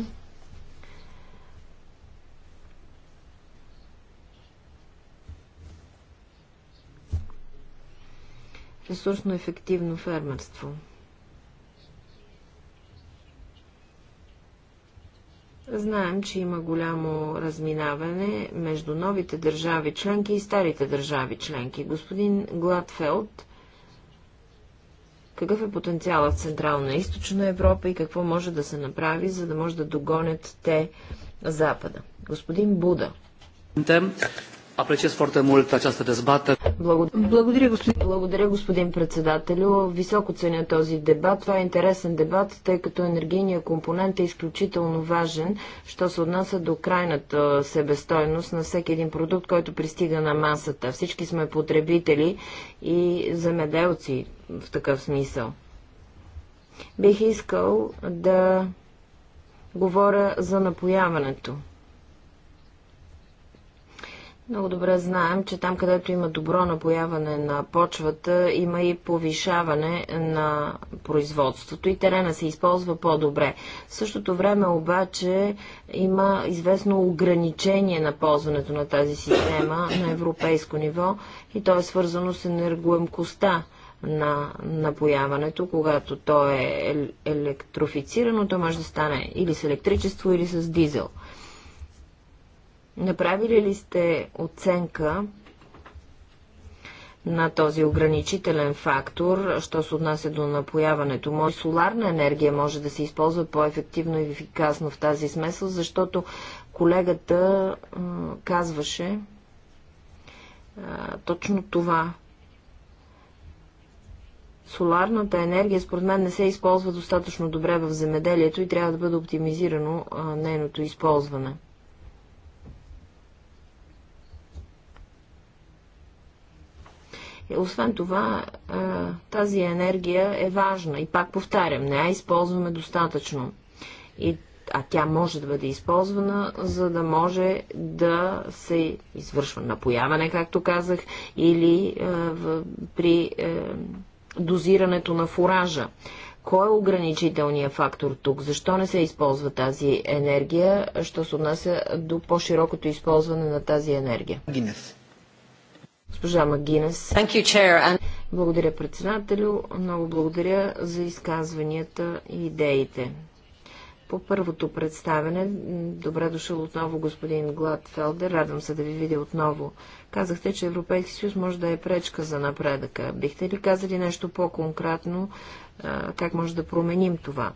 Ресурсно ефективно фермерство. Знаем, че има голямо разминаване между новите държави членки и старите държави членки. Господин Гладфелд, какъв е потенциалът в Централна и Източна Европа и какво може да се направи, за да може да догонят те Запада? Господин Буда. Apreciez foarte mult această dezbatere. Благодаря, господин, благодаря, господин председателю. Високо ценя този дебат. Това е интересен дебат, тъй като енергийният компонент е изключително важен, що се отнася до крайната себестойност на всеки един продукт, който пристига на масата. Всички сме потребители и земеделци в такъв смисъл. Бих искал да говоря за напояването. Много добре знаем, че там, където има добро напояване на почвата, има и повишаване на производството и терена се използва по-добре. В същото време обаче има известно ограничение на ползването на тази система на европейско ниво и то е свързано с енергоемкостта на напояването, когато то е, е- електрофицирано, то може да стане или с електричество, или с дизел – Направили ли сте оценка на този ограничителен фактор, що се отнася до напояването. Мой соларна енергия може да се използва по-ефективно и ефикасно в тази смесъл, защото колегата а, казваше а, точно това. Соларната енергия, според мен, не се използва достатъчно добре в земеделието и трябва да бъде оптимизирано а, нейното използване. Освен това, тази енергия е важна и пак повтарям, не я използваме достатъчно. И, а тя може да бъде използвана, за да може да се извършва напояване, както казах, или в, при е, дозирането на фуража. Кой е ограничителният фактор тук? Защо не се използва тази енергия, що се отнася до по-широкото използване на тази енергия? Гинес. Госпожа Магинес. Благодаря, председателю. Много благодаря за изказванията и идеите. По първото представене, добре дошъл отново господин Гладфелдер, радвам се да ви видя отново. Казахте, че Европейски съюз може да е пречка за напредъка. Бихте ли казали нещо по-конкретно, как може да променим това?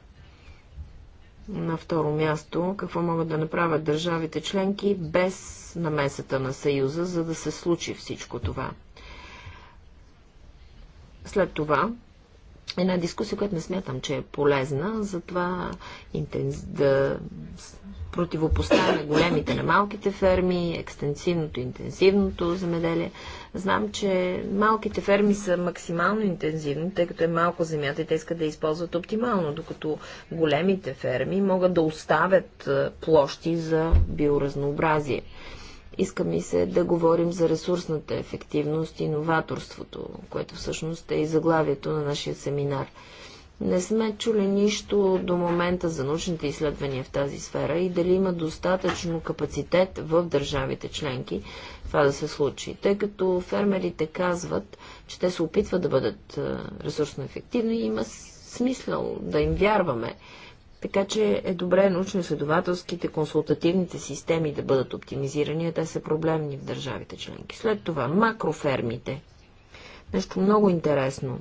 На второ място, какво могат да направят държавите членки без намесата на Съюза, за да се случи всичко това? След това, една дискусия, която не смятам, че е полезна, затова интенз... да противопоставя големите на малките ферми, екстенсивното, интенсивното земеделие. Знам, че малките ферми са максимално интензивни, тъй като е малко земята и те искат да използват оптимално, докато големите ферми могат да оставят е, площи за биоразнообразие. Иска ми се да говорим за ресурсната ефективност и новаторството, което всъщност е и заглавието на нашия семинар – не сме чули нищо до момента за научните изследвания в тази сфера и дали има достатъчно капацитет в държавите членки това да се случи. Тъй като фермерите казват, че те се опитват да бъдат ресурсно ефективни и има смисъл да им вярваме. Така че е добре научно-изследователските консултативните системи да бъдат оптимизирани, а те са проблемни в държавите членки. След това макрофермите. Нещо много интересно.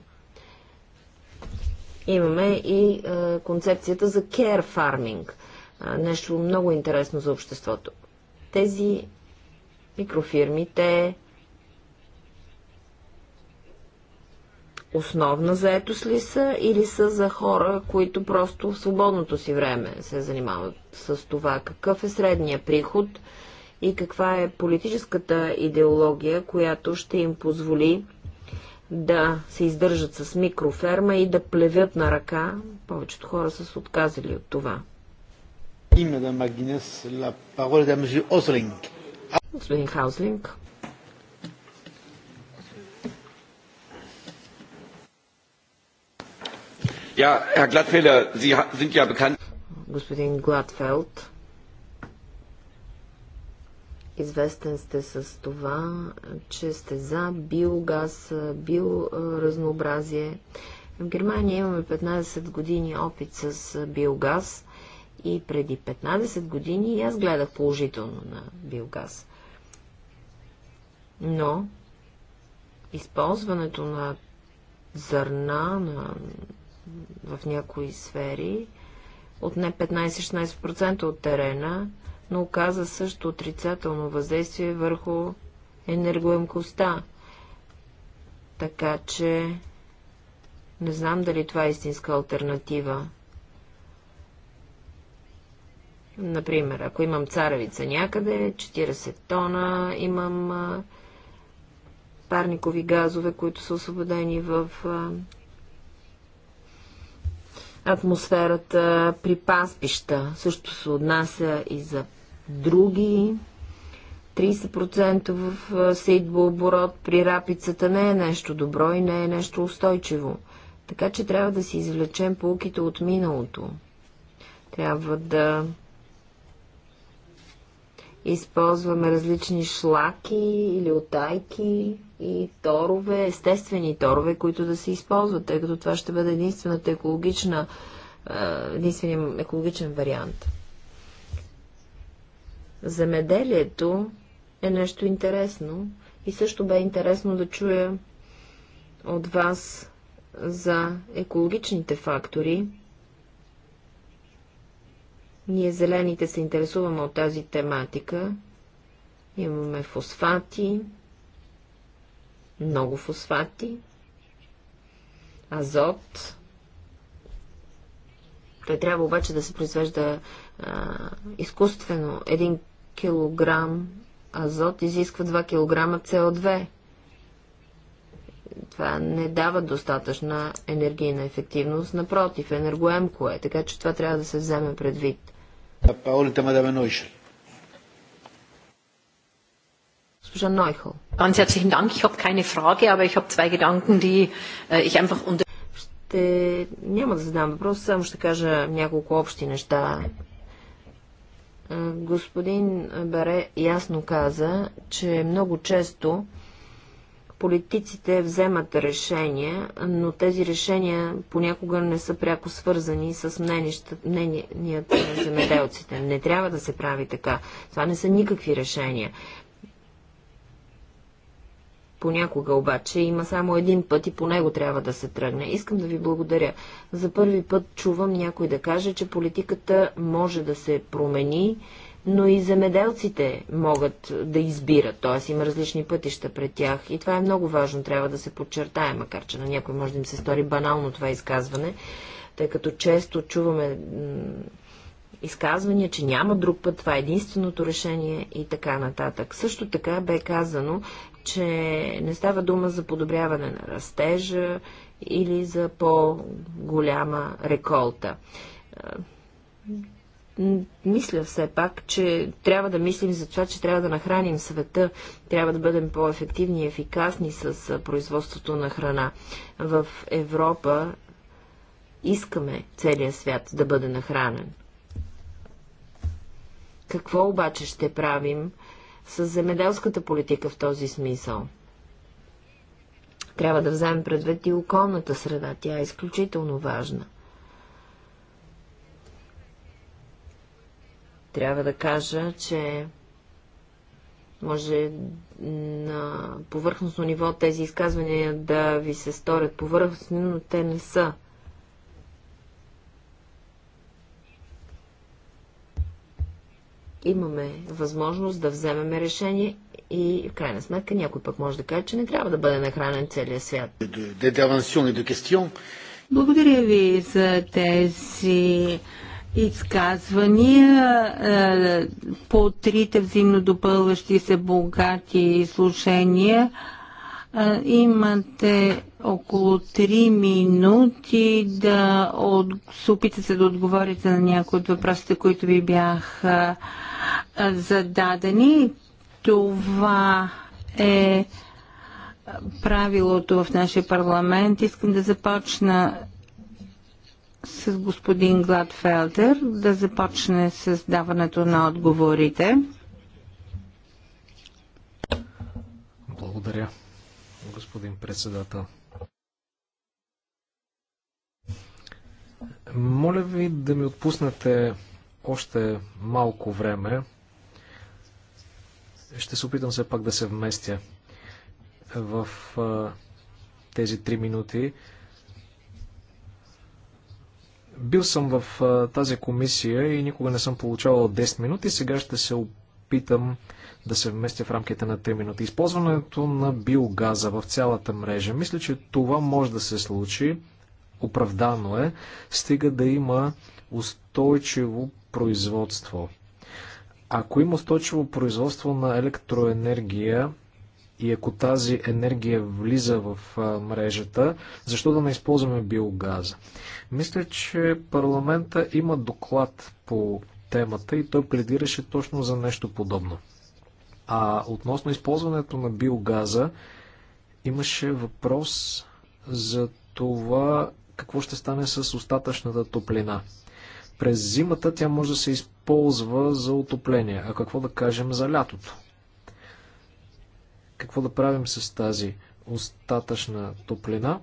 Имаме и концепцията за care farming. нещо много интересно за обществото. Тези микрофирми, те основна заетост ли са или са за хора, които просто в свободното си време се занимават с това? Какъв е средния приход и каква е политическата идеология, която ще им позволи да се издържат с микроферма и да плевят на ръка. Повечето хора са се отказали от това. Господин Хауслинг. Господин Гладфелд, Известен сте с това, че сте за биогаз, биоразнообразие. В Германия имаме 15 години опит с биогаз и преди 15 години и аз гледах положително на биогаз. Но използването на зърна на, в някои сфери, от не 15-16% от терена, но оказа също отрицателно въздействие върху енергоемкостта. Така че не знам дали това е истинска альтернатива. Например, ако имам царевица някъде, 40 тона, имам парникови газове, които са освободени в атмосферата при паспища. Също се отнася и за други. 30% в сейдбо оборот при рапицата не е нещо добро и не е нещо устойчиво. Така че трябва да си извлечем полките от миналото. Трябва да използваме различни шлаки или отайки и торове, естествени торове, които да се използват, тъй като това ще бъде единствената екологична, единствения екологичен вариант. Земеделието е нещо интересно и също бе интересно да чуя от вас за екологичните фактори. Ние зелените се интересуваме от тази тематика. Имаме фосфати, много фосфати, азот. Той трябва обаче да се произвежда а, изкуствено. Един килограм азот изисква 2 кг СО2. Това не дава достатъчна енергийна ефективност, напротив, е енергоемко е, така че това трябва да се вземе предвид. Госпожа äh, Ще... Няма да задам въпрос, само ще кажа няколко общи неща Господин Баре ясно каза, че много често политиците вземат решения, но тези решения понякога не са пряко свързани с мненията на земеделците. Не трябва да се прави така. Това не са никакви решения. Понякога обаче има само един път и по него трябва да се тръгне. Искам да ви благодаря. За първи път чувам някой да каже, че политиката може да се промени, но и земеделците могат да избират, т.е. има различни пътища пред тях и това е много важно, трябва да се подчертае, макар че на някой може да им се стори банално това изказване, тъй като често чуваме изказвания, че няма друг път, това е единственото решение и така нататък. Също така бе казано, че не става дума за подобряване на растежа или за по-голяма реколта. Е, мисля все пак, че трябва да мислим за това, че трябва да нахраним света, трябва да бъдем по-ефективни и ефикасни с е, производството на храна. В Европа искаме целият свят да бъде нахранен. Какво обаче ще правим с земеделската политика в този смисъл. Трябва да вземем предвид и околната среда. Тя е изключително важна. Трябва да кажа, че може на повърхностно ниво тези изказвания да ви се сторят повърхностни, но те не са. имаме възможност да вземеме решение и в крайна сметка някой пък може да каже, че не трябва да бъде нахранен целия свят. Благодаря ви за тези изказвания е, по трите взаимно допълващи се богати изслушения. Е, имате около 3 минути да от... се опитате да отговорите на някои от въпросите, които ви бяха зададени. Това е правилото в нашия парламент. Искам да започна с господин Гладфелдер, да започне с даването на отговорите. Благодаря, господин председател. Моля ви да ми отпуснете още малко време. Ще се опитам все пак да се вместя в тези три минути. Бил съм в тази комисия и никога не съм получавал 10 минути. Сега ще се опитам да се вместя в рамките на 3 минути. Използването на биогаза в цялата мрежа. Мисля, че това може да се случи. Оправдано е. Стига да има устойчиво производство. Ако има устойчиво производство на електроенергия и ако тази енергия влиза в мрежата, защо да не използваме биогаза? Мисля, че парламента има доклад по темата и той пледираше точно за нещо подобно. А относно използването на биогаза, имаше въпрос за това какво ще стане с остатъчната топлина. През зимата тя може да се използва за отопление. А какво да кажем за лятото? Какво да правим с тази остатъчна топлина?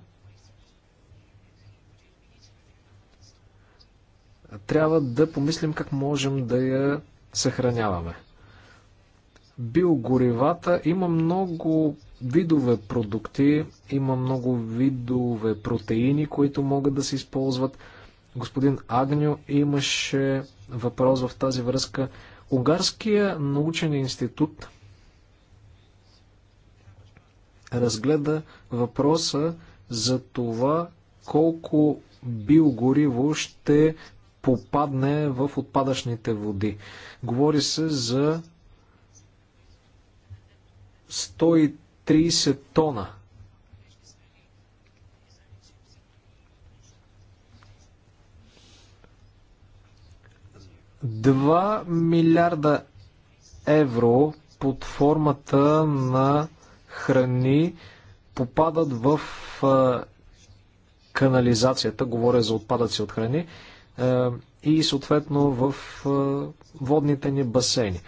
Трябва да помислим как можем да я съхраняваме. Биогоривата има много видове продукти, има много видове протеини, които могат да се използват. Господин Агню имаше въпрос в тази връзка. Унгарския научен институт разгледа въпроса за това колко биогориво ще попадне в отпадъчните води. Говори се за 130 тона 2 милиарда евро под формата на храни попадат в канализацията, говоря за отпадъци от храни, и съответно в водните ни басейни.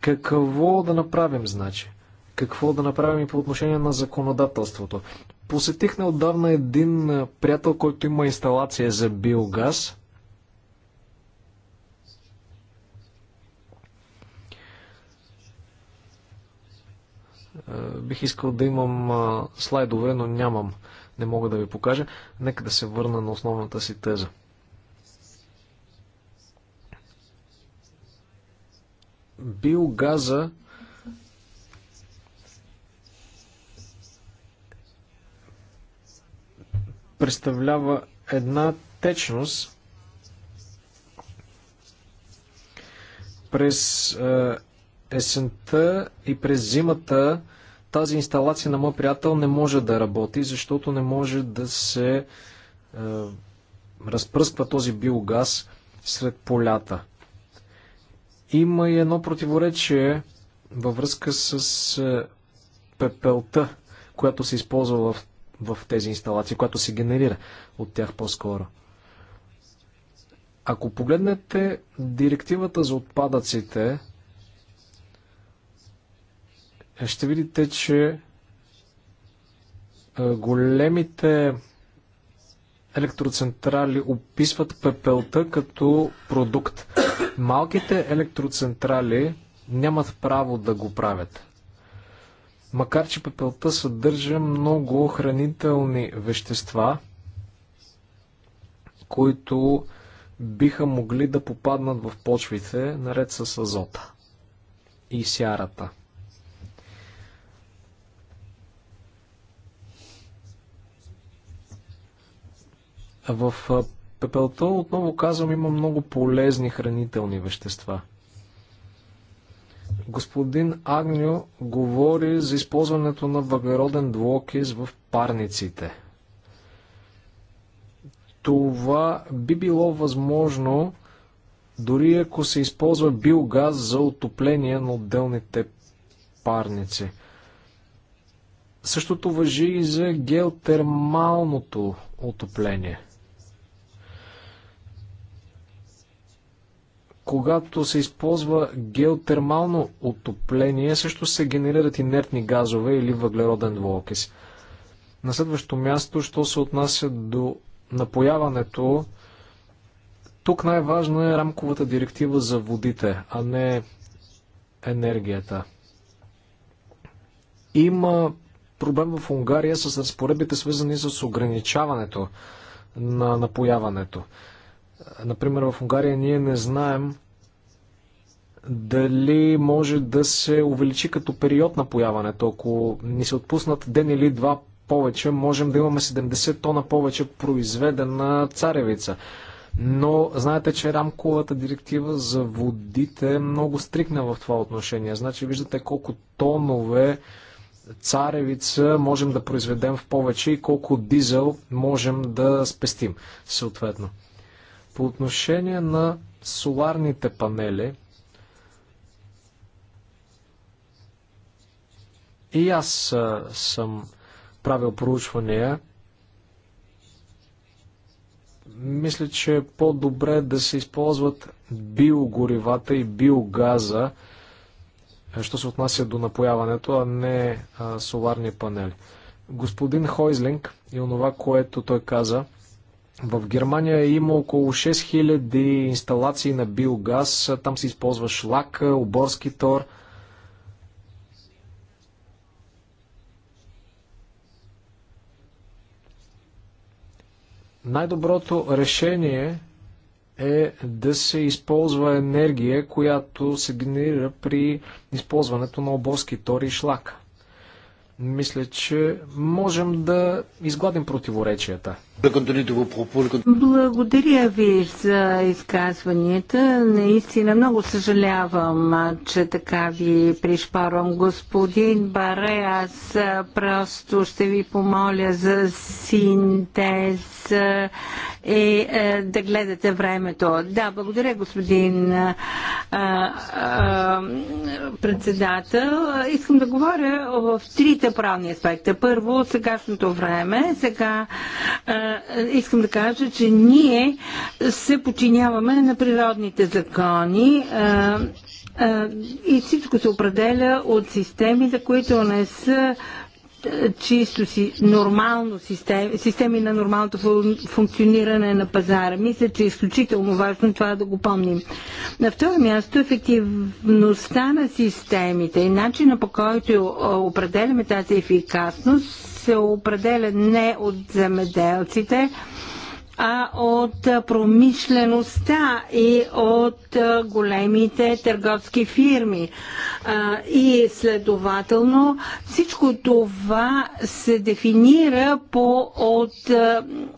Какво да направим, значи? Какво да направим и по отношение на законодателството? Посетих неотдавна един приятел, който има инсталация за биогаз – Е, бих искал да имам слайдове, но нямам. Не мога да ви покажа. Нека да се върна на основната си теза. Биогаза представлява една течност през е, есента и през зимата тази инсталация на мой приятел не може да работи, защото не може да се е, разпръсква този биогаз сред полята. Има и едно противоречие във връзка с е, пепелта, която се използва в, в тези инсталации, която се генерира от тях по-скоро. Ако погледнете директивата за отпадъците, ще видите, че големите електроцентрали описват пепелта като продукт. Малките електроцентрали нямат право да го правят. Макар, че пепелта съдържа много хранителни вещества, които биха могли да попаднат в почвите, наред с азота и сярата. В пепелта, отново казвам, има много полезни хранителни вещества. Господин Агньо говори за използването на въглероден двуокис в парниците. Това би било възможно дори ако се използва биогаз за отопление на отделните парници. Същото въжи и за геотермалното отопление – когато се използва геотермално отопление, също се генерират инертни газове или въглероден двуокис. На следващо място, що се отнася до напояването, тук най-важна е рамковата директива за водите, а не енергията. Има проблем в Унгария с разпоредбите, свързани с ограничаването на напояването. Например, в Унгария ние не знаем дали може да се увеличи като период на появането. Ако ни се отпуснат ден или два повече, можем да имаме 70 тона повече произведена царевица. Но знаете, че рамковата директива за водите е много стрикна в това отношение. Значи виждате колко тонове царевица можем да произведем в повече и колко дизел можем да спестим съответно. По отношение на соларните панели, и аз съм правил проучвания. Мисля, че е по-добре да се използват биогоривата и биогаза, що се отнася до напояването, а не а, соларни панели. Господин Хойзлинг и онова, което той каза, в Германия има около 6000 инсталации на биогаз. Там се използва шлак, оборски тор. Най-доброто решение е да се използва енергия, която се генерира при използването на оборски тор и шлак. Мисля, че можем да изгладим противоречията. Благодаря ви за изказванията. Наистина много съжалявам, че така ви пришпорвам. Господин Баре, аз просто ще ви помоля за синтез и е, е, да гледате времето. Да, благодаря, господин а, а, председател. Искам да говоря в трите трите правни аспекта. Първо, сегашното време. Сега е, искам да кажа, че ние се подчиняваме на природните закони. Е, и всичко се определя от системи, за които не са чисто си, нормално системи, системи на нормалното функциониране на пазара. Мисля, че е изключително важно това да го помним. На второ място, ефективността на системите и начина по който е, определяме тази ефикасност се определя не от земеделците, а от промишлеността и от големите търговски фирми. И следователно всичко това се дефинира по от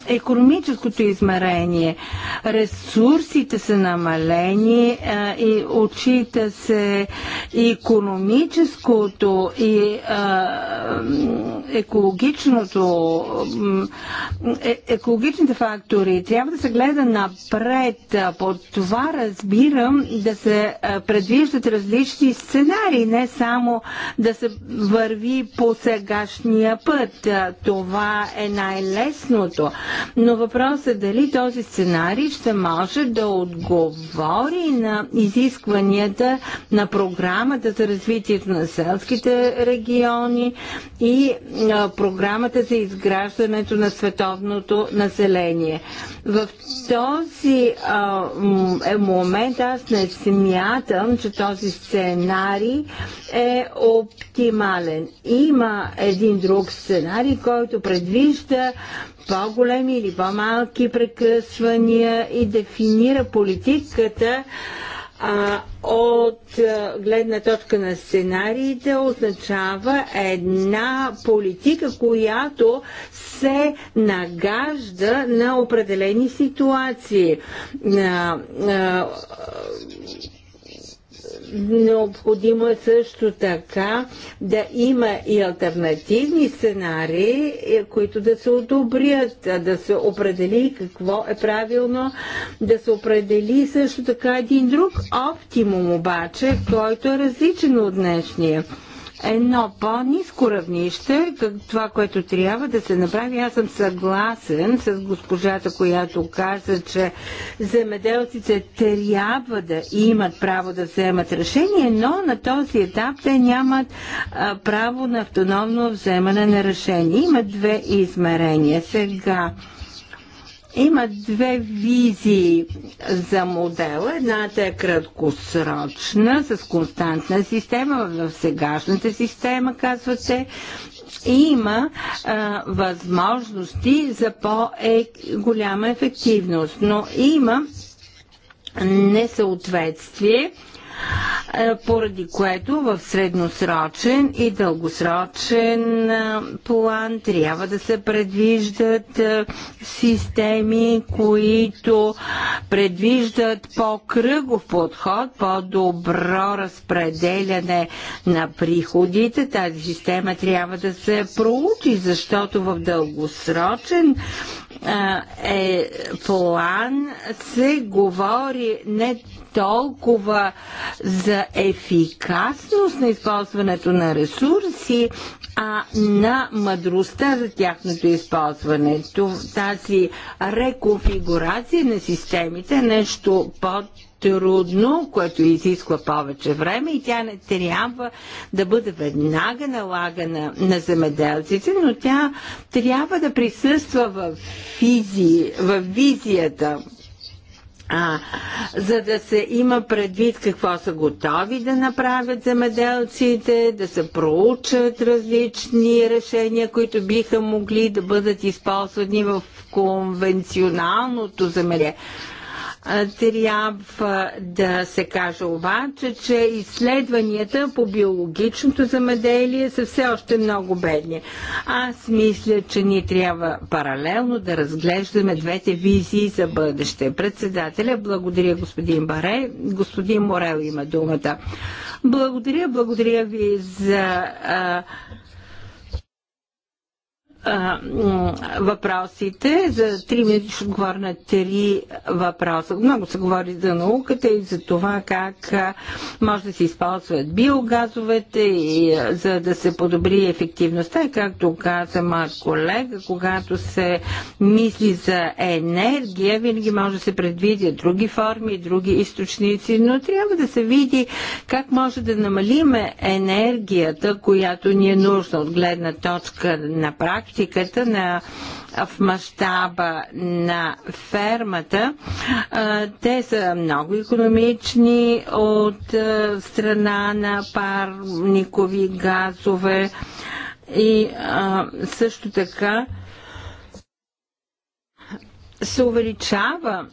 економическото измерение. Ресурсите са намалени и отчита се економическото и екологичното е, екологичните факти фактори. Трябва да се гледа напред. Под това разбирам да се е, предвиждат различни сценарии, не само да се върви по сегашния път. Това е най-лесното. Но въпросът е дали този сценарий ще може да отговори на изискванията на програмата за развитието на селските региони и е, програмата за изграждането на световното население решение. В този а, е момент аз не смятам, че този сценарий е оптимален. Има един друг сценарий, който предвижда по-големи или по-малки прекъсвания и дефинира политиката а, от а, гледна точка на сценариите означава една политика, която се нагажда на определени ситуации. А, а, Необходимо е също така да има и альтернативни сценарии, е, които да се одобрят, да се определи какво е правилно, да се определи също така един друг оптимум обаче, който е различен от днешния едно по-низко равнище, това, което трябва да се направи. Аз съм съгласен с госпожата, която каза, че земеделците трябва да имат право да вземат решение, но на този етап те нямат а, право на автономно вземане на решение. Има две измерения. Сега има две визии за модела. Едната е краткосрочна, с константна система. В сегашната система, казвате, има а, възможности за по-голяма ефективност, но има несъответствие е, поради което в средносрочен и дългосрочен е, план трябва да се предвиждат е, системи, които предвиждат по-кръгов подход, по-добро разпределяне на приходите. Тази система трябва да се проучи, защото в дългосрочен е план се говори не толкова за ефикасност на използването на ресурси, а на мъдростта за тяхното използване. Тази реконфигурация на системите е нещо по трудно, което изисква повече време и тя не трябва да бъде веднага налагана на земеделците, но тя трябва да присъства в, физи, в визията а, за да се има предвид какво са готови да направят замеделците, да се проучат различни решения, които биха могли да бъдат използвани в конвенционалното замеделие. Трябва да се каже обаче, че изследванията по биологичното замеделие са все още много бедни. Аз мисля, че ние трябва паралелно да разглеждаме двете визии за бъдеще. Председателя, благодаря господин Баре. Господин Морел има думата. Благодаря, благодаря ви за а, а, въпросите. За три минути ще отговоря на три въпроса. Много се говори за науката и за това как може да се използват биогазовете и за да се подобри ефективността. И както каза моят колега, когато се мисли за енергия, винаги може да се предвидят други форми, други източници, но трябва да се види как може да намалиме енергията, която ни е нужна от гледна точка на практика практиката на в мащаба на фермата. Те са много економични от страна на парникови газове и също така се увеличава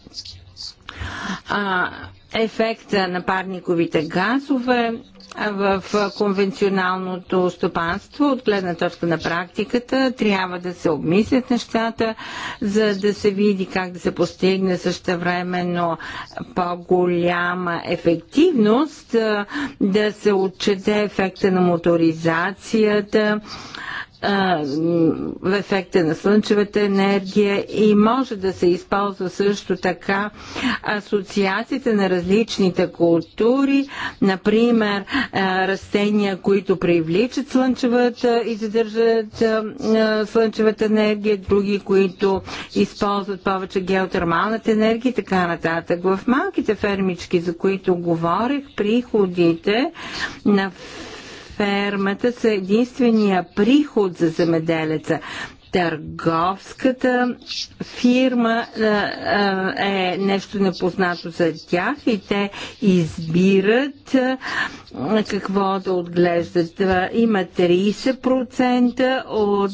а, ефекта на парниковите газове в конвенционалното стопанство от гледна точка на практиката. Трябва да се обмислят нещата, за да се види как да се постигне същевременно по-голяма ефективност, да се отчете ефекта на моторизацията в ефекта на слънчевата енергия и може да се използва също така асоциациите на различните култури, например растения, които привличат слънчевата и задържат слънчевата енергия, други, които използват повече геотермалната енергия и така нататък. В малките фермички, за които говорих, приходите на фермата са единствения приход за земеделеца търговската фирма е нещо непознато за тях и те избират какво да отглеждат. Има 30% от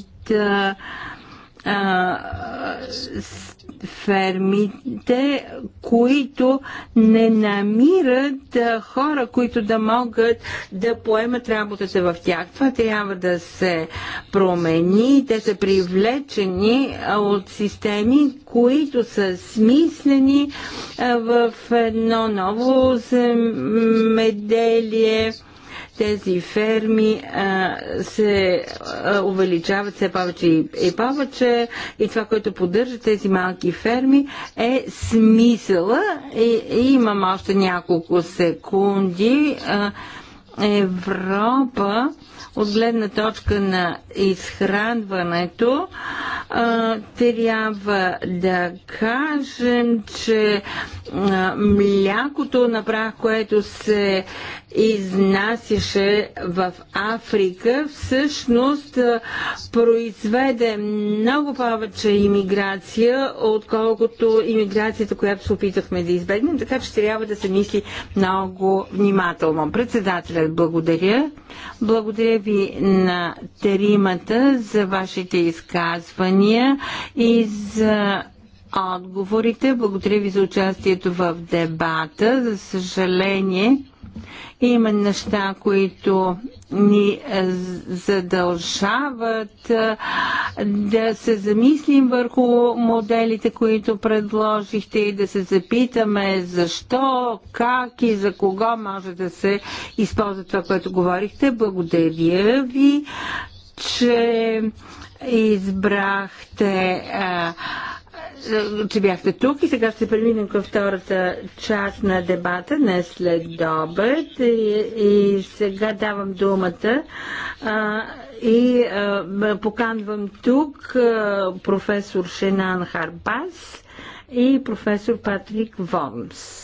фермите, които не намират хора, които да могат да поемат работата в тях. Това трябва да се промени. Те са привлечени от системи, които са смислени в едно ново земеделие тези ферми а, се а, увеличават все повече и, и повече и това, което поддържа тези малки ферми е смисъла и, и имам още няколко секунди а, Европа от гледна точка на изхранването, а, трябва да кажем, че а, млякото на което се изнасяше в Африка, всъщност произведе много повече иммиграция, отколкото иммиграцията, която се опитахме да избегнем, така че трябва да се мисли много внимателно. Председателят, благодаря. Благодаря ви на теримата за вашите изказвания и за отговорите. Благодаря ви за участието в дебата. За съжаление, има неща, които ни задължават да се замислим върху моделите, които предложихте и да се запитаме защо, как и за кого може да се използва това, което говорихте. Благодаря ви, че избрахте а, че бяхте тук и сега ще преминем към втората част на дебата не след обед. И, и сега давам думата а, и а, поканвам тук а, професор Шенан Харбас и професор Патрик Волмс.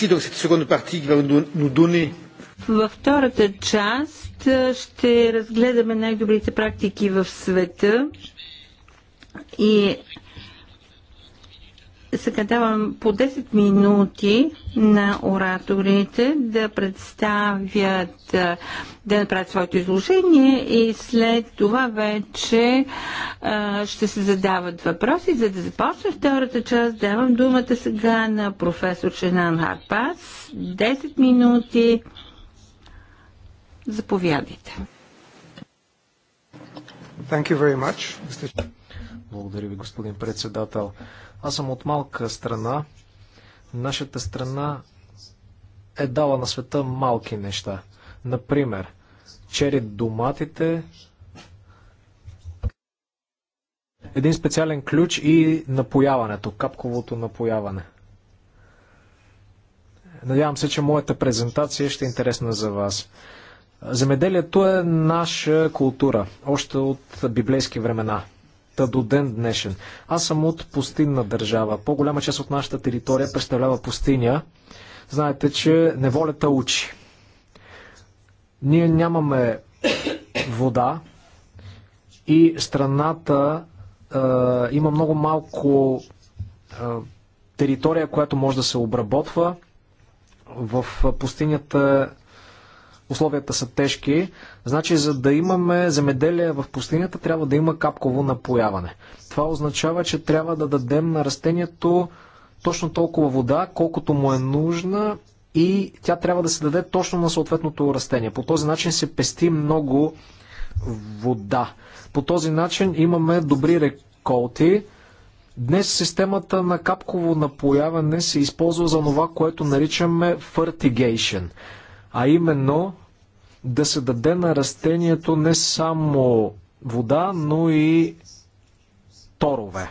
Merci. Donc, cette seconde partie qui va nous donner във втората част ще разгледаме най-добрите практики в света и сега давам по 10 минути на ораторите да представят, да направят своето изложение и след това вече а, ще се задават въпроси. За да започне втората част, давам думата сега на професор Ченан Харпас. 10 минути. Заповядайте. Thank you very much, Благодаря ви, господин председател. Аз съм от малка страна. Нашата страна е дала на света малки неща. Например, черит доматите, един специален ключ и напояването, капковото напояване. Надявам се, че моята презентация ще е интересна за вас. Земеделието е наша култура, още от библейски времена та до ден днешен. Аз съм от пустинна държава. По-голяма част от нашата територия представлява пустиня. Знаете, че неволята учи. Ние нямаме вода и страната е, има много малко е, територия, която може да се обработва. В пустинята условията са тежки. Значи, за да имаме земеделие в пустинята, трябва да има капково напояване. Това означава, че трябва да дадем на растението точно толкова вода, колкото му е нужна и тя трябва да се даде точно на съответното растение. По този начин се пести много вода. По този начин имаме добри реколти. Днес системата на капково напояване се използва за това, което наричаме fertigation – а именно да се даде на растението не само вода, но и торове.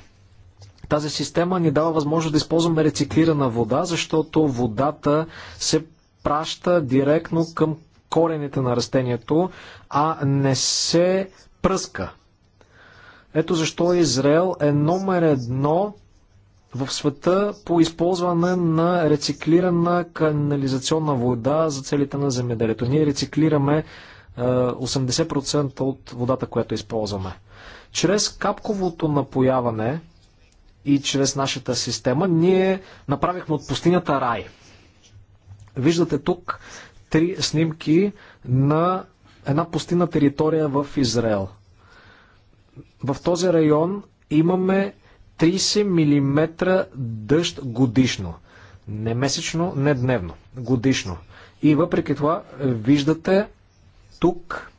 Тази система ни дава възможност да използваме рециклирана вода, защото водата се праща директно към корените на растението, а не се пръска. Ето защо Израел е номер едно в света по използване на рециклирана канализационна вода за целите на земеделието. Ние рециклираме 80% е, от водата, която използваме. Чрез капковото напояване и чрез нашата система ние направихме от пустинята рай. Виждате тук три снимки на една пустина територия в Израел. В този район имаме 30 мм дъжд годишно. Не месечно, не дневно. Годишно. И въпреки това, виждате тук,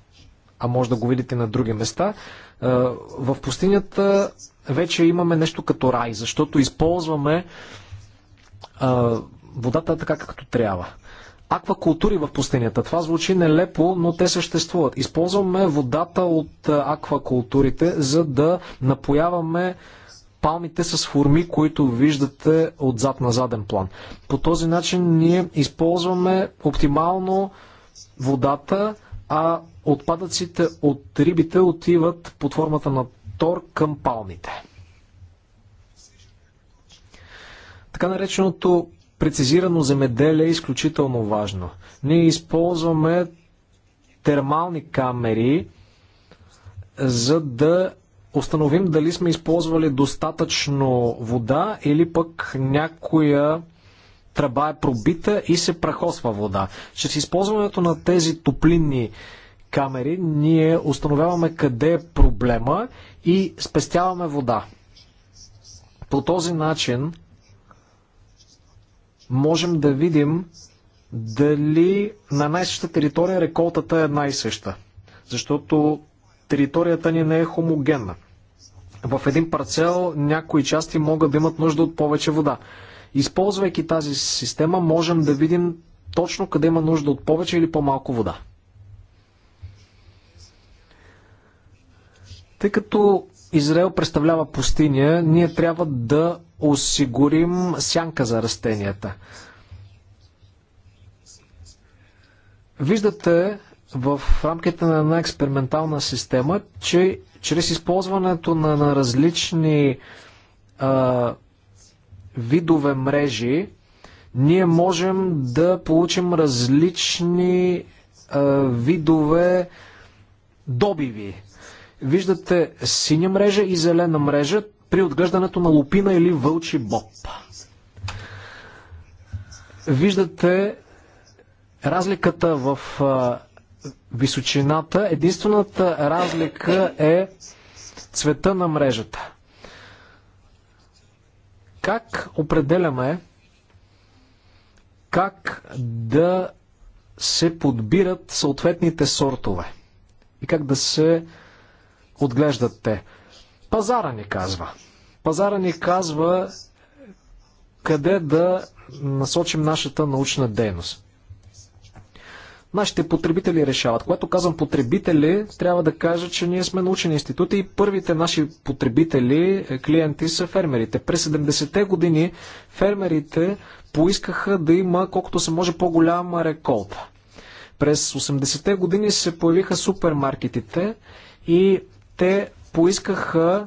а може да го видите на други места, в пустинята вече имаме нещо като рай, защото използваме водата така както трябва. Аквакултури в пустинята. Това звучи нелепо, но те съществуват. Използваме водата от аквакултурите, за да напояваме палмите с форми, които виждате отзад на заден план. По този начин ние използваме оптимално водата, а отпадъците от рибите отиват под формата на тор към палмите. Така нареченото прецизирано земеделие е изключително важно. Ние използваме термални камери, за да установим дали сме използвали достатъчно вода или пък някоя тръба е пробита и се прахосва вода. Чрез използването на тези топлинни камери ние установяваме къде е проблема и спестяваме вода. По този начин можем да видим дали на най-същата територия реколтата е една съща. Защото територията ни не е хомогенна. В един парцел някои части могат да имат нужда от повече вода. Използвайки тази система, можем да видим точно къде има нужда от повече или по-малко вода. Тъй като Израел представлява пустиня, ние трябва да осигурим сянка за растенията. Виждате в рамките на една експериментална система, че чрез използването на, на различни а, видове мрежи, ние можем да получим различни а, видове добиви. Виждате синя мрежа и зелена мрежа при отглеждането на лупина или вълчи боб. Виждате разликата в а, височината. Единствената разлика е цвета на мрежата. Как определяме как да се подбират съответните сортове и как да се отглеждат те. Пазара ни казва. Пазара ни казва къде да насочим нашата научна дейност. Нашите потребители решават. Когато казвам потребители, трябва да кажа, че ние сме научени институти и първите наши потребители, е, клиенти са фермерите. През 70-те години фермерите поискаха да има колкото се може по-голяма реколта. През 80-те години се появиха супермаркетите и те поискаха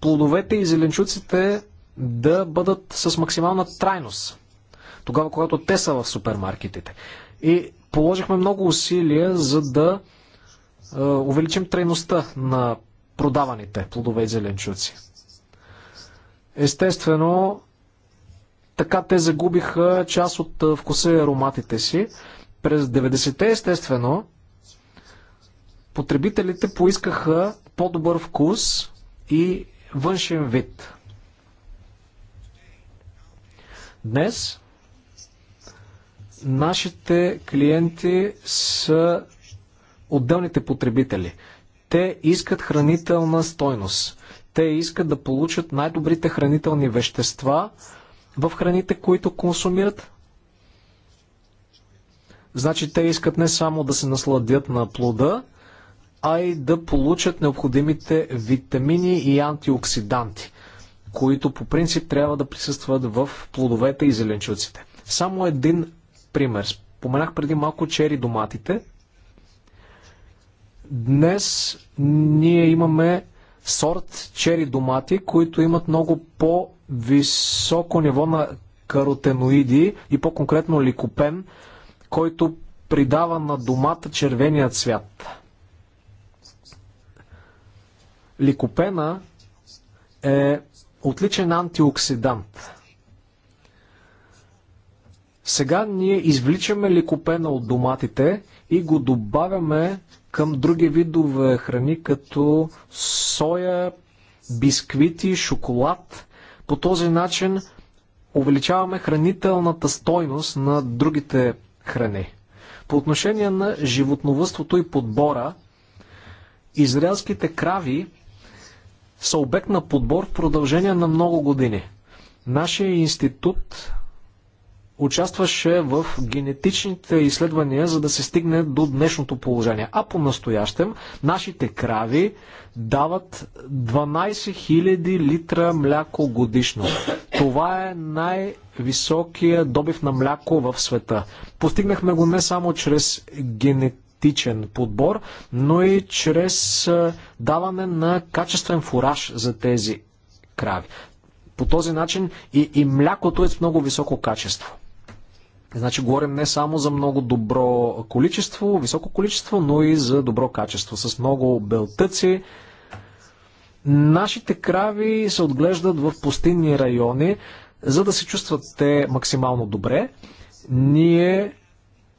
плодовете и зеленчуците да бъдат с максимална трайност. Тогава, когато те са в супермаркетите. И Положихме много усилия, за да увеличим трайността на продаваните плодове и зеленчуци. Естествено, така те загубиха част от вкуса и ароматите си. През 90-те, естествено, потребителите поискаха по-добър вкус и външен вид. Днес Нашите клиенти са отделните потребители. Те искат хранителна стойност. Те искат да получат най-добрите хранителни вещества в храните, които консумират. Значи те искат не само да се насладят на плода, а и да получат необходимите витамини и антиоксиданти, които по принцип трябва да присъстват в плодовете и зеленчуците. Само един пример. Споменах преди малко чери доматите. Днес ние имаме сорт чери домати, които имат много по-високо ниво на каротеноиди и по-конкретно ликопен, който придава на домата червения цвят. Ликопена е отличен антиоксидант. Сега ние извличаме ликопена от доматите и го добавяме към други видове храни, като соя, бисквити, шоколад. По този начин увеличаваме хранителната стойност на другите храни. По отношение на животновътството и подбора, израелските крави са обект на подбор в продължение на много години. Нашия институт участваше в генетичните изследвания, за да се стигне до днешното положение. А по-настоящем нашите крави дават 12 000 литра мляко годишно. Това е най-високия добив на мляко в света. Постигнахме го не само чрез генетичен подбор, но и чрез даване на качествен фураж за тези крави. По този начин и, и млякото е с много високо качество. Значи говорим не само за много добро количество, високо количество, но и за добро качество, с много белтъци. Нашите крави се отглеждат в пустинни райони, за да се чувстват те максимално добре. Ние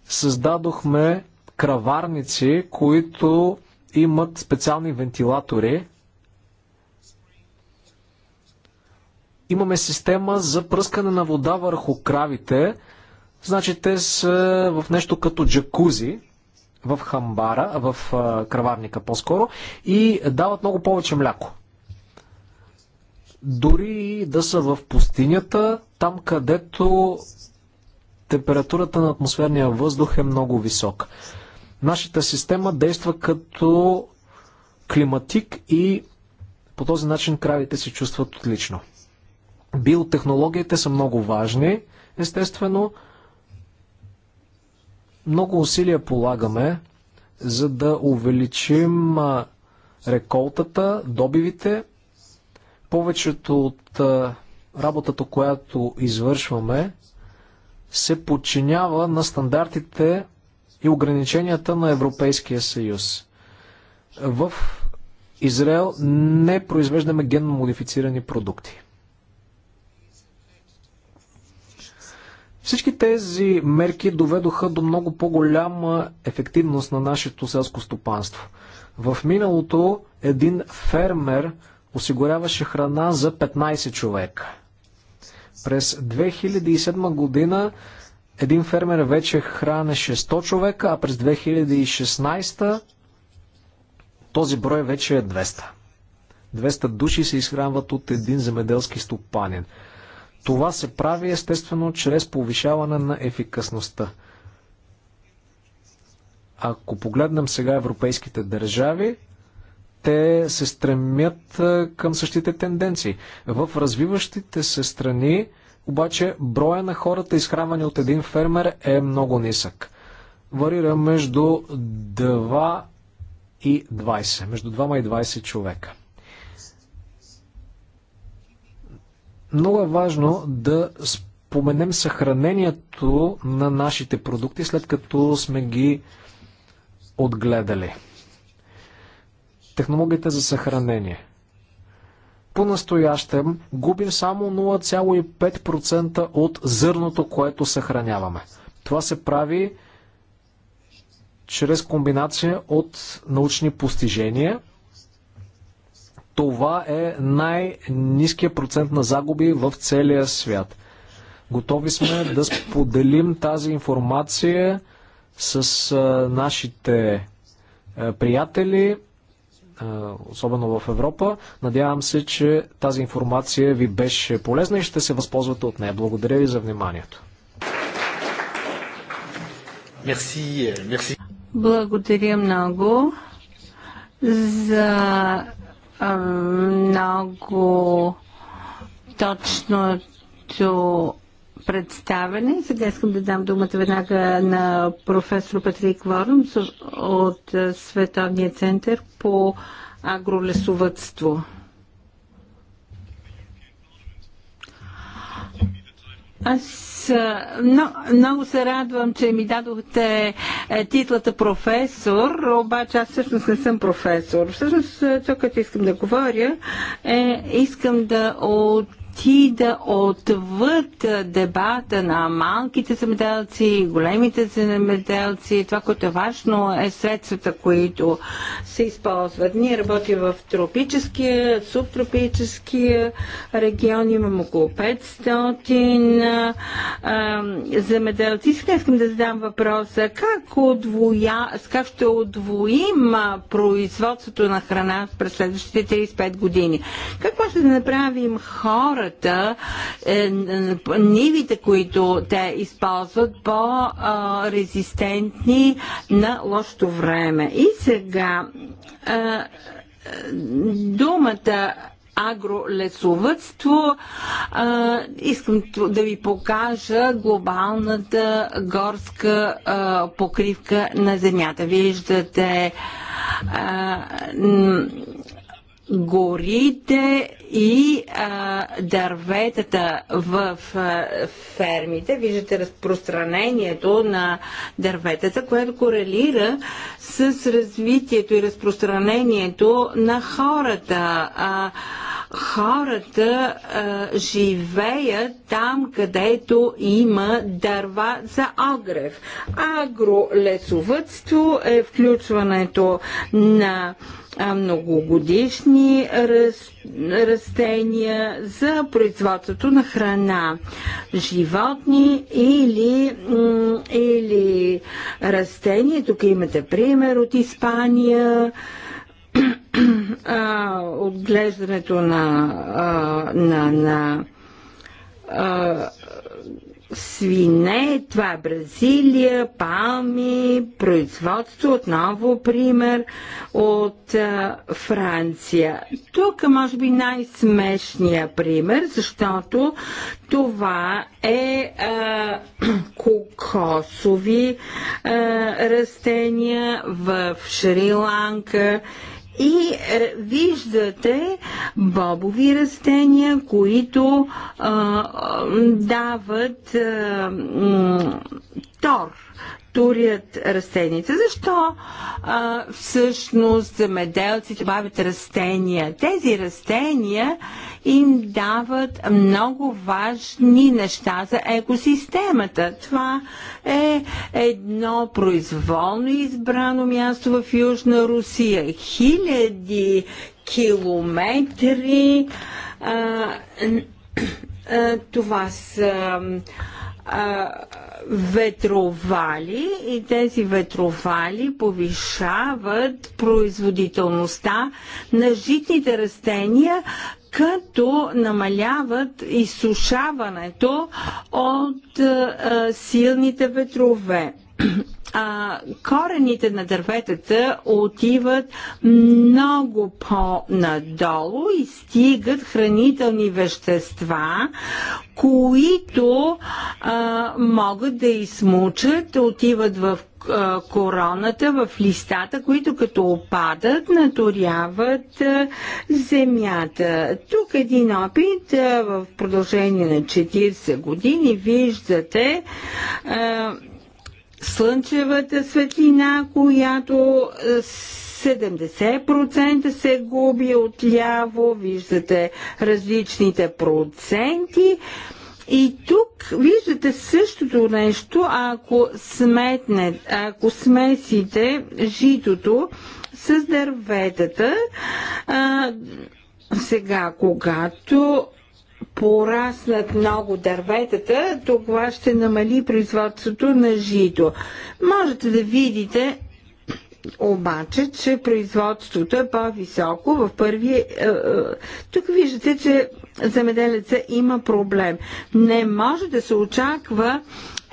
създадохме краварници, които имат специални вентилатори. Имаме система за пръскане на вода върху кравите – Значи те са в нещо като джакузи в хамбара, в краварника по-скоро и дават много повече мляко. Дори да са в пустинята, там където температурата на атмосферния въздух е много висока. Нашата система действа като климатик и по този начин кравите се чувстват отлично. Биотехнологиите са много важни, естествено. Много усилия полагаме, за да увеличим реколтата, добивите. Повечето от работата, която извършваме, се подчинява на стандартите и ограниченията на Европейския съюз. В Израел не произвеждаме генно модифицирани продукти. Всички тези мерки доведоха до много по-голяма ефективност на нашето селско стопанство. В миналото един фермер осигуряваше храна за 15 човека. През 2007 година един фермер вече хранеше 100 човека, а през 2016 този брой вече е 200. 200 души се изхранват от един земеделски стопанин. Това се прави естествено чрез повишаване на ефикасността. Ако погледнем сега европейските държави, те се стремят към същите тенденции. В развиващите се страни обаче броя на хората, изхранвани от един фермер, е много нисък. Варира между 2 и 20, между 2 и 20 човека. Много е важно да споменем съхранението на нашите продукти, след като сме ги отгледали. Технологията за съхранение. По-настоящем губим само 0,5% от зърното, което съхраняваме. Това се прави чрез комбинация от научни постижения това е най-низкият процент на загуби в целия свят. Готови сме да споделим тази информация с нашите приятели, особено в Европа. Надявам се, че тази информация ви беше полезна и ще се възползвате от нея. Благодаря ви за вниманието. Благодаря много за много точното представене. Сега искам да дам думата веднага на професор Патрик Ворумс от Световния център по агролесовътство. Аз много, много се радвам, че ми дадохте е, титлата професор, обаче аз всъщност не съм професор. Всъщност, това, което искам да говоря, е, искам да от отида отвъд дебата на малките земеделци, големите земеделци. Това, което е важно, е средствата, които се използват. Ние работим в тропическия, субтропическия регион. Имам около 500 земеделци. Сега искам да задам въпроса. Как, отвоя, как ще отвоим производството на храна през следващите 35 години? Как може да направим хора, хората, е, нивите, които те използват, по-резистентни на лошото време. И сега е, думата агролесовътство. А, е, искам да ви покажа глобалната горска а, покривка на земята. Виждате а, горите и а, дърветата в а, фермите. Виждате разпространението на дърветата, което корелира с развитието и разпространението на хората. А, хората а, живеят там, където има дърва за огрев. Агролесовътство е включването на многогодишни раз, растения за производството на храна. Животни или, или растения. Тук имате пример от Испания отглеждането на, на, на свине, това е Бразилия, палми, производство, отново пример от а, Франция. Тук е, може би най-смешния пример, защото това е а, кокосови а, растения в Шри-Ланка и е, виждате бобови растения, които е, дават е, тор турят растенията. Защо а, всъщност замеделците бавят растения? Тези растения им дават много важни неща за екосистемата. Това е едно произволно избрано място в Южна Русия. Хиляди километри а, а, това са а, ветровали и тези ветровали повишават производителността на житните растения, като намаляват изсушаването от а, силните ветрове а, корените на дърветата отиват много по-надолу и стигат хранителни вещества, които а, могат да измучат, отиват в а, короната, в листата, които като опадат, наторяват а, земята. Тук един опит а, в продължение на 40 години виждате а, слънчевата светлина, която 70% е, се губи отляво, виждате различните проценти. И тук виждате същото нещо, ако, сметне, ако смесите житото с дърветата. А, сега, когато пораснат много дърветата, това ще намали производството на жито. Можете да видите обаче, че производството е по-високо в първи... Е, е, тук виждате, че земеделеца има проблем. Не може да се очаква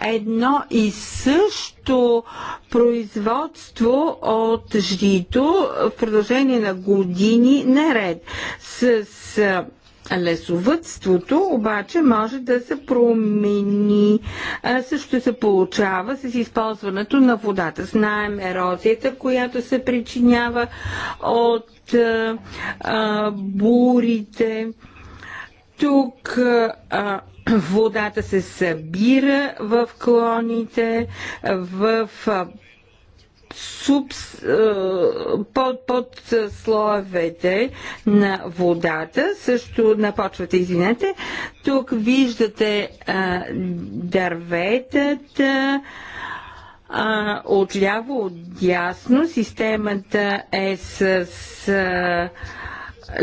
едно и също производство от жито в продължение на години наред. С лесовътството обаче може да се промени. Също се получава с използването на водата. Знаем ерозията, която се причинява от а, а, бурите. Тук а, водата се събира в клоните, в суб, е, под, под слоевете на водата, също на почвата, извинете. Тук виждате а, е, дърветата, а, е, отляво, отдясно, системата е с, а,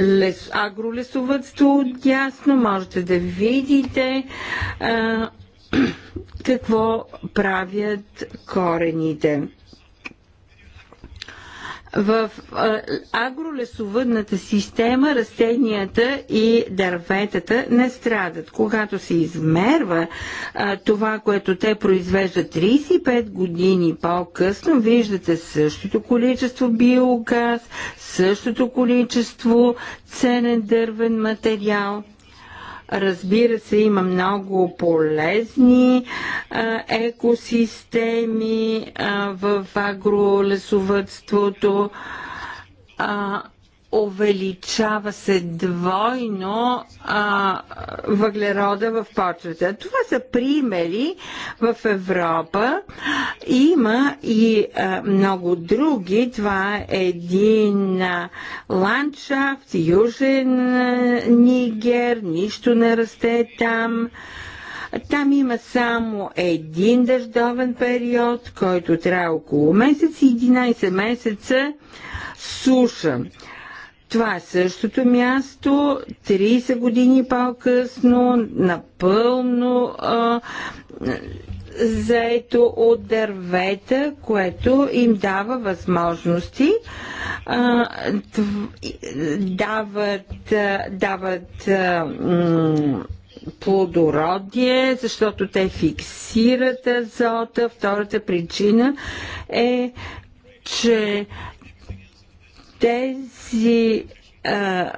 лес, агролесовътство отдясно, можете да видите а, какво правят корените в агролесовъдната система растенията и дърветата не страдат. Когато се измерва а, това, което те произвеждат 35 години по-късно, виждате същото количество биогаз, същото количество ценен дървен материал. Разбира се, има много полезни а, екосистеми а, в агролесовътството. А, увеличава се двойно а, въглерода в почвата. Това са примери в Европа. Има и а, много други. Това е един а, ландшафт, южен а, Нигер, нищо не расте там. Там има само един дъждовен период, който трябва около месец и 11 месеца суша. Това е същото място, 30 години по-късно, напълно а, заето от дървета, което им дава възможности, а, дават, дават а, плодородие, защото те фиксират азота. Втората причина е, че тези тези а,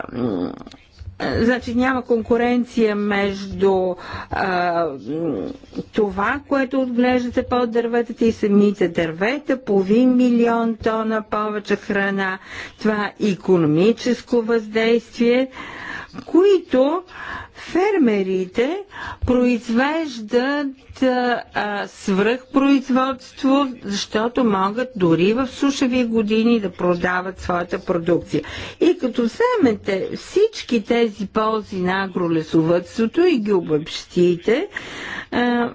Значи няма конкуренция между а, това, което отглеждате под дърветата и самите дървета, половин милион тона повече храна. Това економическо въздействие. А, които фермерите произвеждат а, свръхпроизводство, защото могат дори в сушеви години да продават своята продукция. И като вземете всички тези ползи на агролесовътството и ги обобщите, а,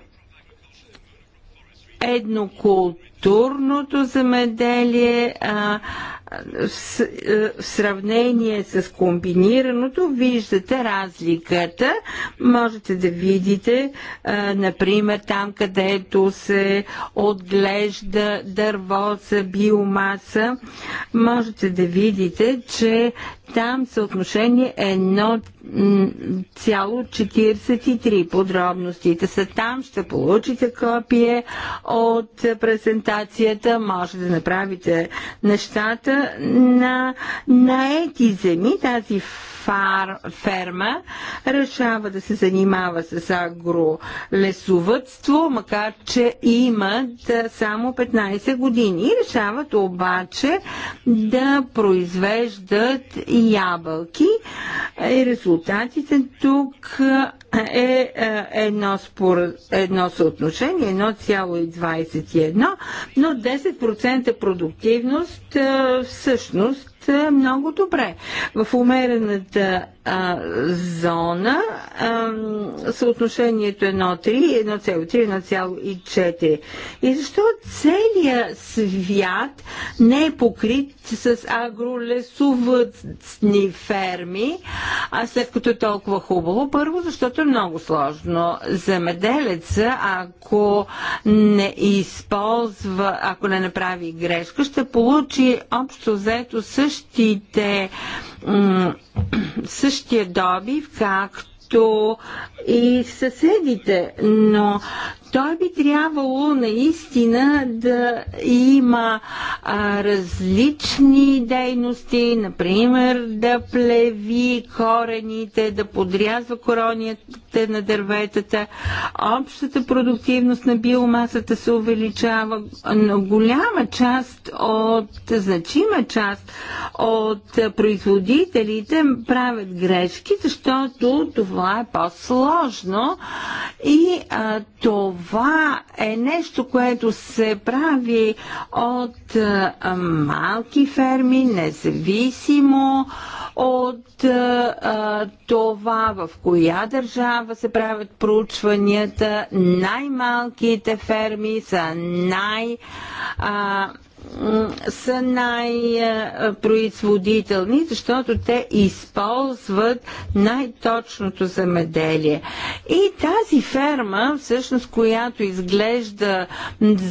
еднокултурното замеделие а, е, в сравнение с комбинираното виждате разликата. Можете да видите, е, например, там където се отглежда дърво за биомаса, можете да видите, че там съотношение е 1,43. Подробностите са там. Ще получите копие от презентацията. Може да направите нещата на наети земи. Тази фар, ферма решава да се занимава с агролесовътство, макар че имат само 15 години и решават обаче да произвеждат ябълки. И резултатите тук е едно, спор... едно съотношение 1,21, но 10% продуктивност всъщност са е много добре. В умерената а, зона а, съотношението е 1,3, 1,3, 1,4. И защо целият свят не е покрит с агролесовътни ферми, а след като е толкова хубаво? Първо, защото е много сложно. Земеделеца, ако не използва, ако не направи грешка, ще получи общо взето същия същите, същия добив, както както и съседите, но той би трябвало наистина да има а, различни дейности, например да плеви корените, да подрязва короните на дърветата. Общата продуктивност на биомасата се увеличава, но голяма част от, значима част от производителите правят грешки, защото това е по-сложно и а, това това е нещо, което се прави от е, малки ферми, независимо от а, е, е, това в коя държава се правят проучванията, най-малките ферми са най- а, са най-производителни, защото те използват най-точното замеделие. И тази ферма, всъщност, която изглежда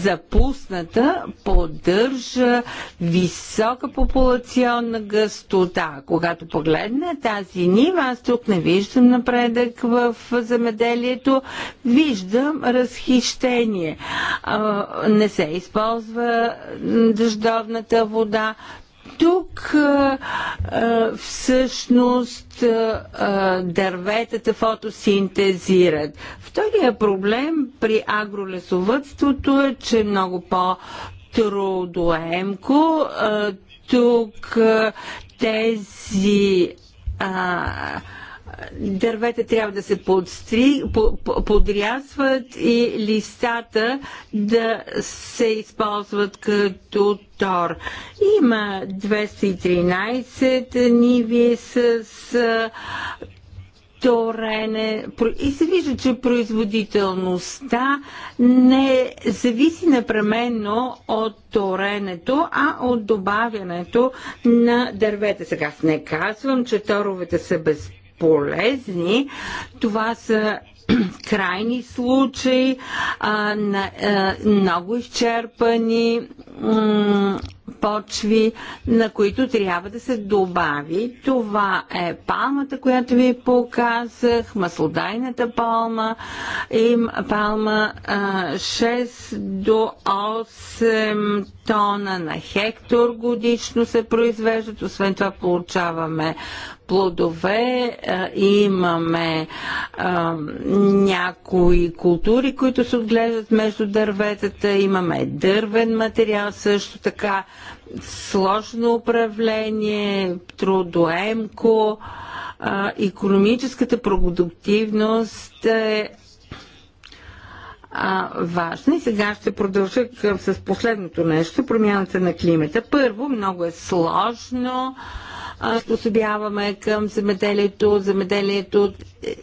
запусната, поддържа висока популационна гъстота. Когато погледна тази нива, аз тук не виждам напредък в земеделието, виждам разхищение. Не се използва дъждовната вода. Тук всъщност дърветата фотосинтезират. Втория проблем при агролесовътството е, че е много по-трудоемко. Тук тези а, дървета трябва да се подстри, подрясват и листата да се използват като тор. Има 213 ниви с торене и се вижда, че производителността не зависи напременно от торенето, а от добавянето на дървета. Сега не казвам, че торовете са безплатни, полезни. Това са крайни случаи, а, на, а, много изчерпани почви, на които трябва да се добави. Това е палмата, която ви показах, маслодайната палма и палма 6 до 8 тона на хектор годишно се произвеждат. Освен това получаваме плодове, имаме а, някои култури, които се отглеждат между дърветата, имаме дървен материал също така сложно управление, трудоемко. А, економическата продуктивност е а, важна. И сега ще продължа към, с последното нещо промяната на климата. Първо, много е сложно. способяваме към земеделието. Земеделието е,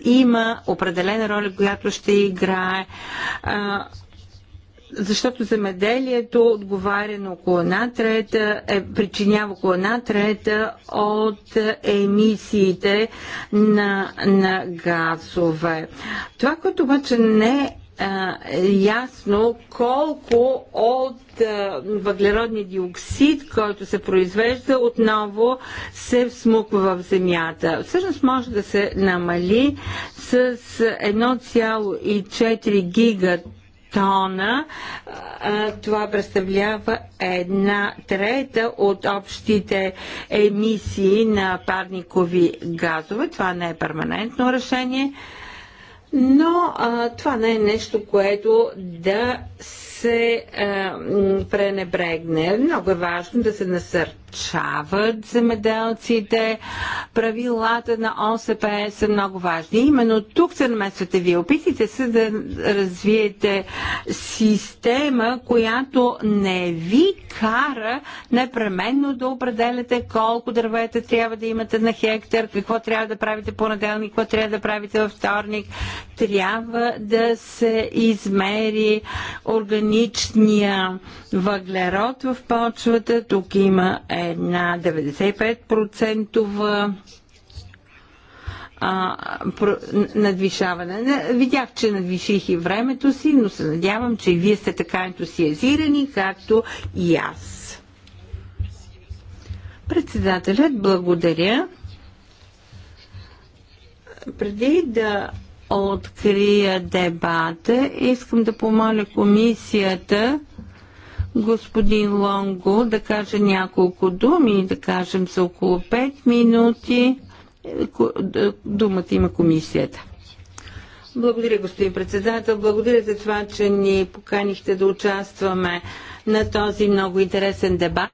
има определена роля, която ще играе защото земеделието отговаря на около една трета, е, причинява около една трета от емисиите на, на газове. Това, което обаче не е ясно колко от въглеродния диоксид, който се произвежда, отново се всмуква в земята. Всъщност може да се намали с 1,4 гигатона тона. Това представлява една трета от общите емисии на парникови газове. Това не е перманентно решение, но а, това не е нещо, което да се се а, е, пренебрегне. Много е важно да се насърчават земеделците. Правилата на ОСП са много важни. Именно тук се намесвате вие. Опитайте се да развиете система, която не ви кара непременно да определяте колко дървета трябва да имате на хектар, какво трябва да правите понеделник, какво трябва да правите във вторник. Трябва да се измери организацията органичния въглерод в почвата. Тук има една 95% а, про, надвишаване. Видях, че надвиших и времето си, но се надявам, че и вие сте така ентусиазирани, както и аз. Председателят, благодаря. Преди да открия дебата. Искам да помоля комисията господин Лонго да каже няколко думи, да кажем за около 5 минути. Думата има комисията. Благодаря, господин председател. Благодаря за това, че ни поканихте да участваме на този много интересен дебат.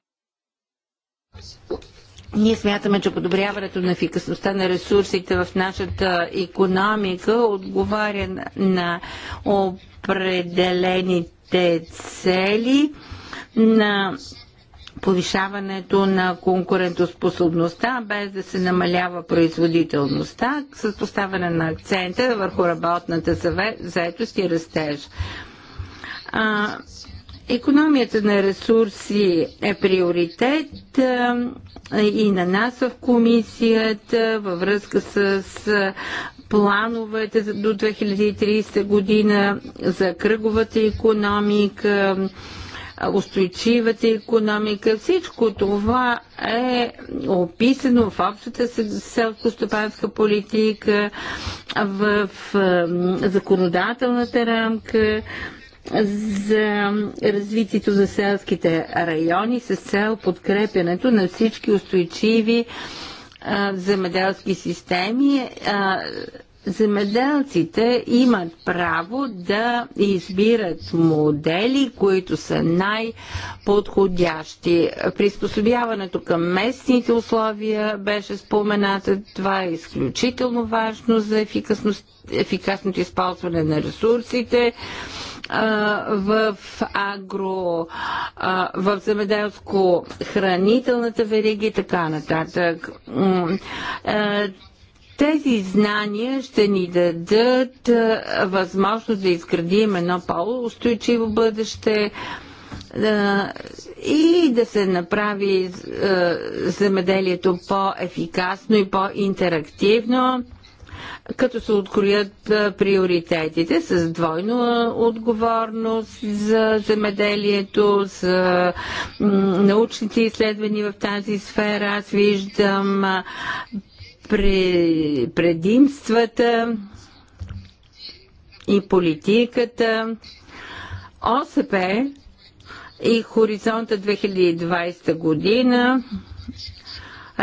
Ние смятаме, че подобряването на ефикасността на ресурсите в нашата економика отговаря на определените цели на повишаването на конкурентоспособността, без да се намалява производителността, с поставяне на акцента върху работната заетост и растеж. Економията на ресурси е приоритет и на нас в комисията във връзка с плановете до 2030 година за кръговата економика, устойчивата економика. Всичко това е описано в общата селско-стопанска политика, в законодателната рамка за развитието за селските райони с цел подкрепянето на всички устойчиви земеделски системи. земеделците имат право да избират модели, които са най-подходящи. Приспособяването към местните условия беше спомената. Това е изключително важно за ефикасност, ефикасното използване на ресурсите в агро, в земеделско хранителната верига и така нататък. Тези знания ще ни дадат възможност да изградим едно по-устойчиво бъдеще, и да се направи земеделието по-ефикасно и по-интерактивно като се откроят приоритетите с двойна отговорност за земеделието, за научните изследвания в тази сфера. Аз виждам предимствата и политиката. ОСП и Хоризонта 2020 година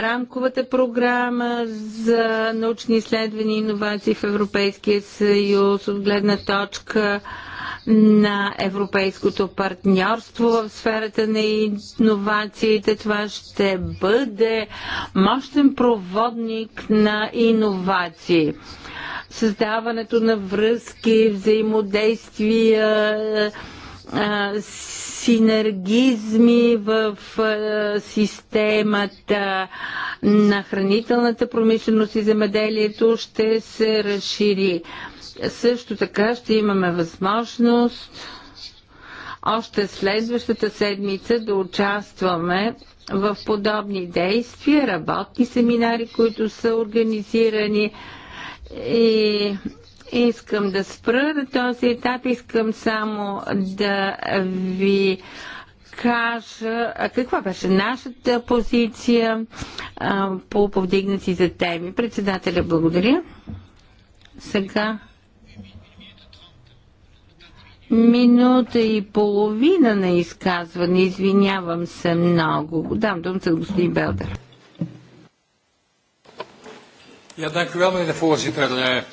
рамковата програма за научни изследвания и иновации в Европейския съюз от гледна точка на европейското партньорство в сферата на иновациите. Това ще бъде мощен проводник на иновации. Създаването на връзки, взаимодействия, синергизми в системата на хранителната промишленост и земеделието ще се разшири. Също така ще имаме възможност още следващата седмица да участваме в подобни действия, работни семинари, които са организирани и Искам да спра на този етап, искам само да ви кажа каква беше нашата позиция а, по за теми. Председателя, благодаря. Сега минута и половина на изказване. Извинявам се много. Дам думата господин Белдер. Ja, dank на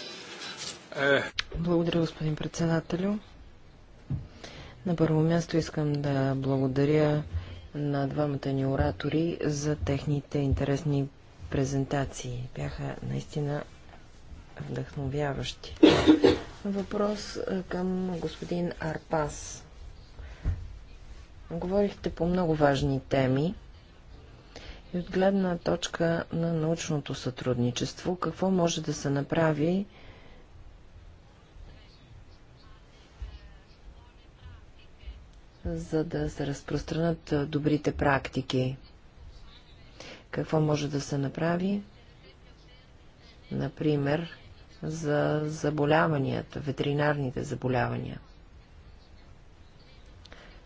благодаря, господин председателю. На първо място искам да благодаря на двамата ни оратори за техните интересни презентации. Бяха наистина вдъхновяващи. Въпрос към господин Арпас. Говорихте по много важни теми и от гледна точка на научното сътрудничество, какво може да се направи, за да се разпространят добрите практики. Какво може да се направи? Например, за заболяванията, ветеринарните заболявания.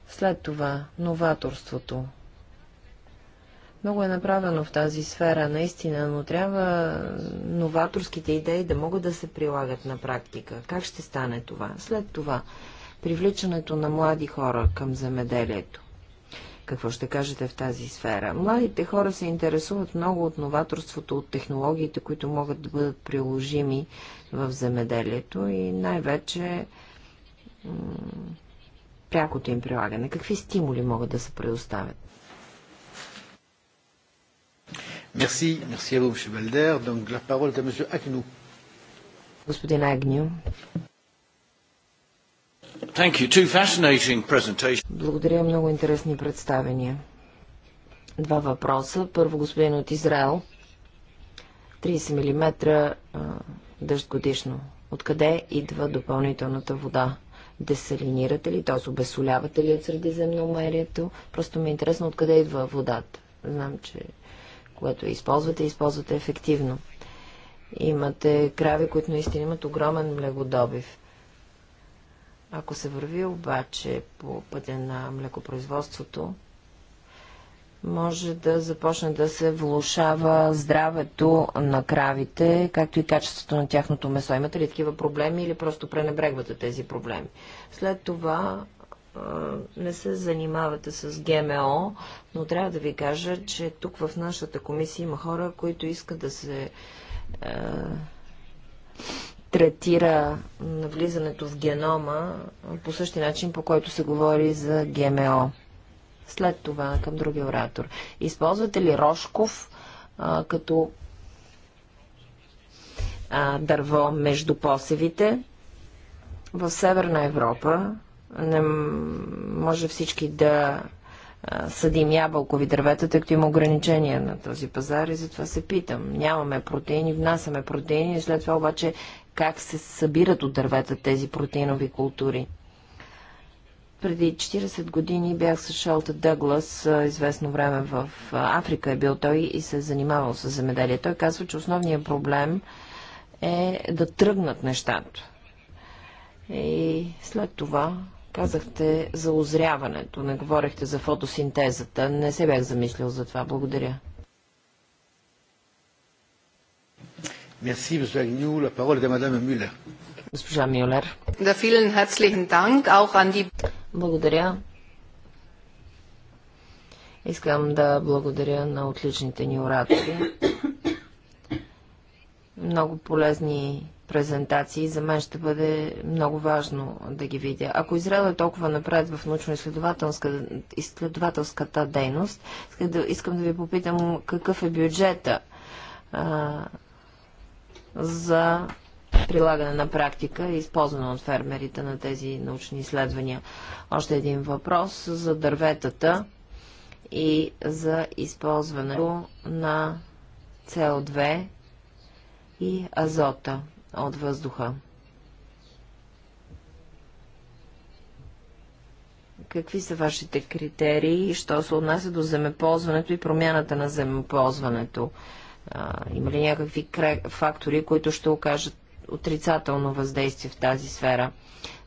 След това, новаторството. Много е направено в тази сфера, наистина, но трябва новаторските идеи да могат да се прилагат на практика. Как ще стане това? След това, привличането на млади хора към земеделието. Какво ще кажете в тази сфера? Младите хора се интересуват много от новаторството, от технологиите, които могат да бъдат приложими в земеделието и най-вече прякото им прилагане. Какви стимули могат да се предоставят? Merci, merci à vous, M. Belder. Donc la parole est à M. Agnew. Господин Агню. Благодаря, много интересни представения. Два въпроса. Първо, господин от Израел. 30 мм дъжд годишно. Откъде идва допълнителната вода? Десалинирате ли, т.е. обесолявате ли от средиземноморието? Просто ми е интересно откъде идва водата. Знам, че когато я използвате, използвате ефективно. Имате крави, които наистина имат огромен млегодобив. Ако се върви обаче по пътя на млекопроизводството, може да започне да се влушава здравето на кравите, както и качеството на тяхното месо. Имате ли такива проблеми или просто пренебрегвате тези проблеми? След това не се занимавате с ГМО, но трябва да ви кажа, че тук в нашата комисия има хора, които искат да се третира навлизането в генома по същия начин, по който се говори за ГМО. След това към другия оратор. Използвате ли Рошков а, като а, дърво между посевите? В Северна Европа не може всички да съдим ябълкови дървета, тъй като има ограничения на този пазар и затова се питам. Нямаме протеини, внасяме протеини, след това обаче как се събират от дървета тези протеинови култури. Преди 40 години бях с Шолта Дъглас, известно време в Африка е бил той и се е занимавал с земеделие. Той казва, че основният проблем е да тръгнат нещата. И след това казахте за озряването, не говорехте за фотосинтезата. Не се бях замислил за това. Благодаря. Merci, Agnew. La parole est à Madame Müller. Госпожа Мюлер. Да, Благодаря. Искам да благодаря на отличните ни оратори. Много полезни презентации. За мен ще бъде много важно да ги видя. Ако Израел е толкова напред в научно-изследователската дейност, искам да ви попитам какъв е бюджета за прилагане на практика и използване от фермерите на тези научни изследвания. Още един въпрос за дърветата и за използването на CO2 и азота от въздуха. Какви са вашите критерии, що се отнася до земеползването и промяната на земеползването? А, има ли някакви фактори, които ще окажат отрицателно въздействие в тази сфера?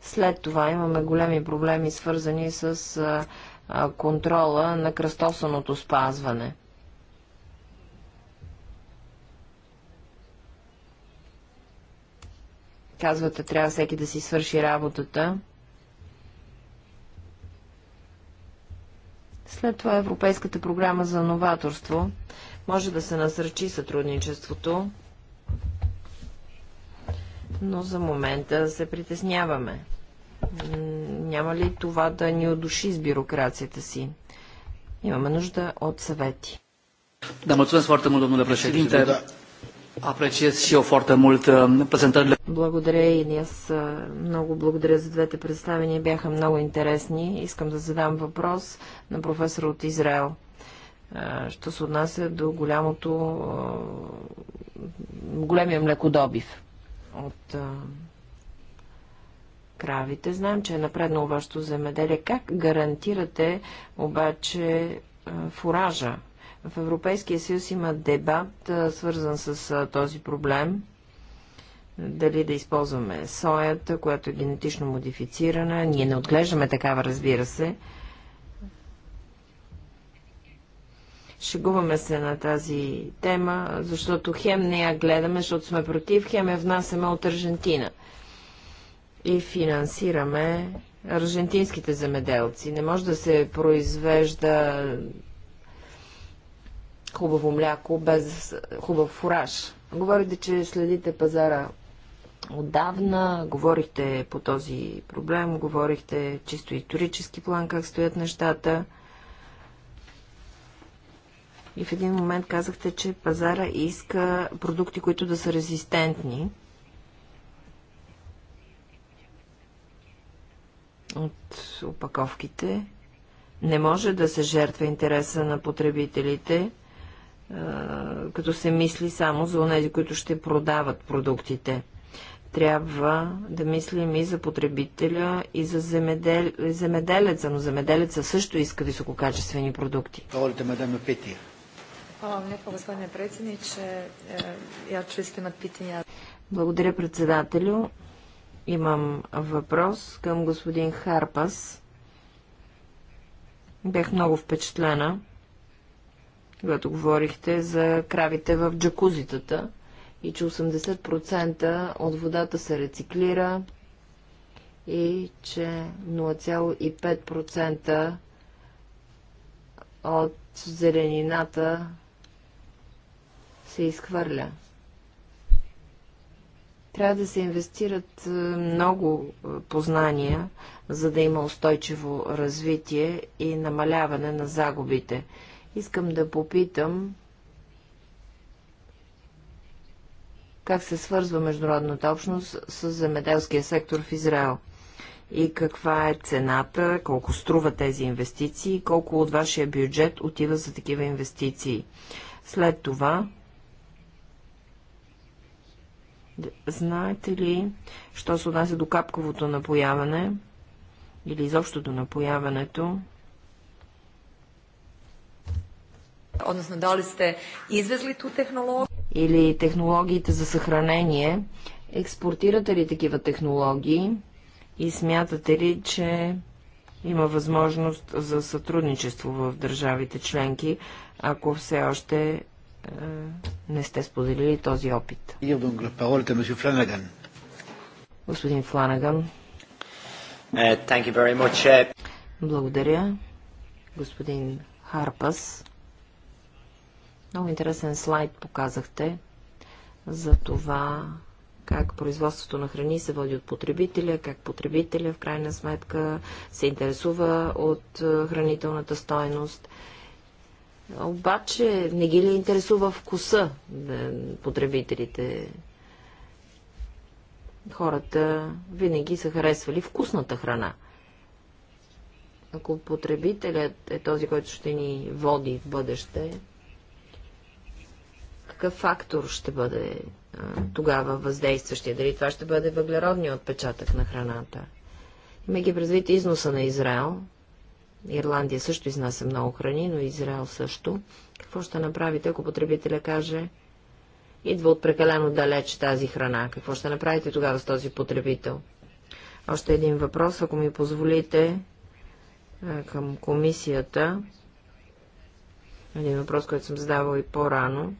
След това имаме големи проблеми, свързани с а, а, контрола на кръстосаното спазване. Казвате, трябва всеки да си свърши работата. След това Европейската програма за новаторство. Може да се насръчи сътрудничеството, но за момента се притесняваме. Няма ли това да ни одуши с бюрокрацията си? Имаме нужда от съвети. Да, mulțumesc foarte mult, domnule președinte. Apreciez și eu foarte mult prezentările. Благодаря и аз много благодаря за двете представения. Бяха много интересни. Искам да задам въпрос на професора от Израел що се отнася до голямото, големия млекодобив от кравите. Знаем, че е напреднало вашето земеделие. Как гарантирате обаче фуража? В Европейския съюз има дебат, свързан с този проблем. Дали да използваме соята, която е генетично модифицирана. Ние не отглеждаме такава, разбира се. Шегуваме се на тази тема, защото хем не я гледаме, защото сме против, хем я внасяме от Аржентина. И финансираме аржентинските земеделци. Не може да се произвежда хубаво мляко без хубав фураж. Говорите, че следите пазара отдавна, говорихте по този проблем, говорихте чисто исторически план как стоят нещата и в един момент казахте, че пазара иска продукти, които да са резистентни. от опаковките. Не може да се жертва интереса на потребителите, като се мисли само за онези, които ще продават продуктите. Трябва да мислим и за потребителя, и за земедел... земеделеца, но земеделеца също иска висококачествени продукти. Доволите, мадам Петия. Hvala vam lijepo, gospodine predsjedniče. E, ja ću isto imati pitanja. Благодаря, председателю. Имам въпрос към господин Харпас. Бях много впечатлена, когато говорихте за кравите в джакузитата и че 80% от водата се рециклира и че 0,5% от зеленината се изхвърля. Трябва да се инвестират е, много е, познания, за да има устойчиво развитие и намаляване на загубите. Искам да попитам как се свързва международната общност с земеделския сектор в Израел и каква е цената, колко струва тези инвестиции, колко от вашия бюджет отива за такива инвестиции. След това Знаете ли, що се отнася до капковото напояване или изобщо до напояването? Односно, дали сте извезли ту tu Или технологиите за съхранение. Експортирате ли такива технологии и смятате ли, че има възможност за сътрудничество в държавите членки, ако все още е, не сте споделили този опит. Господин Фланаган. Е, е. Благодаря. Господин Харпас. Много интересен слайд показахте за това как производството на храни се води от потребителя, как потребителя в крайна сметка се интересува от хранителната стойност. Обаче не ги ли интересува вкуса на потребителите? Хората винаги са харесвали вкусната храна. Ако потребителят е този, който ще ни води в бъдеще, какъв фактор ще бъде а, тогава въздействащия? Дали това ще бъде въглеродният отпечатък на храната? Имайки предвид износа на Израел, Ирландия също изнася много храни, но Израел също. Какво ще направите, ако потребителя каже, идва от прекалено далеч тази храна? Какво ще направите тогава с този потребител? Още един въпрос, ако ми позволите, е, към комисията. Един въпрос, който съм задавал и по-рано.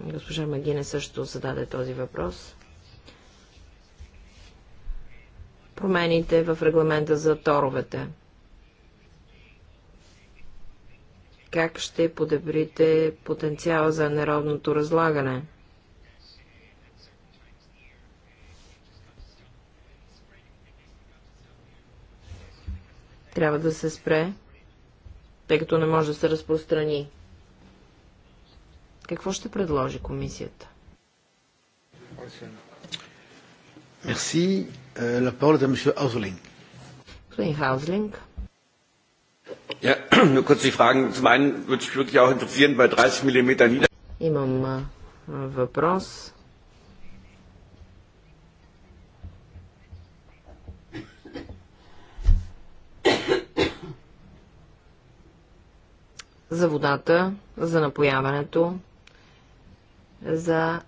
Госпожа Магине също зададе този въпрос. промените в регламента за торовете? Как ще подобрите потенциала за неравното разлагане? Трябва да се спре, тъй като не може да се разпространи. Какво ще предложи комисията? Merci. La parole est à monsieur Hausling. Господин Хауслинг. Ja, nur kurz die Fragen. Zum einen würde mich wirklich auch interessieren, bei 30 mm Nieder... Имам въпрос. за водата, за напояването, за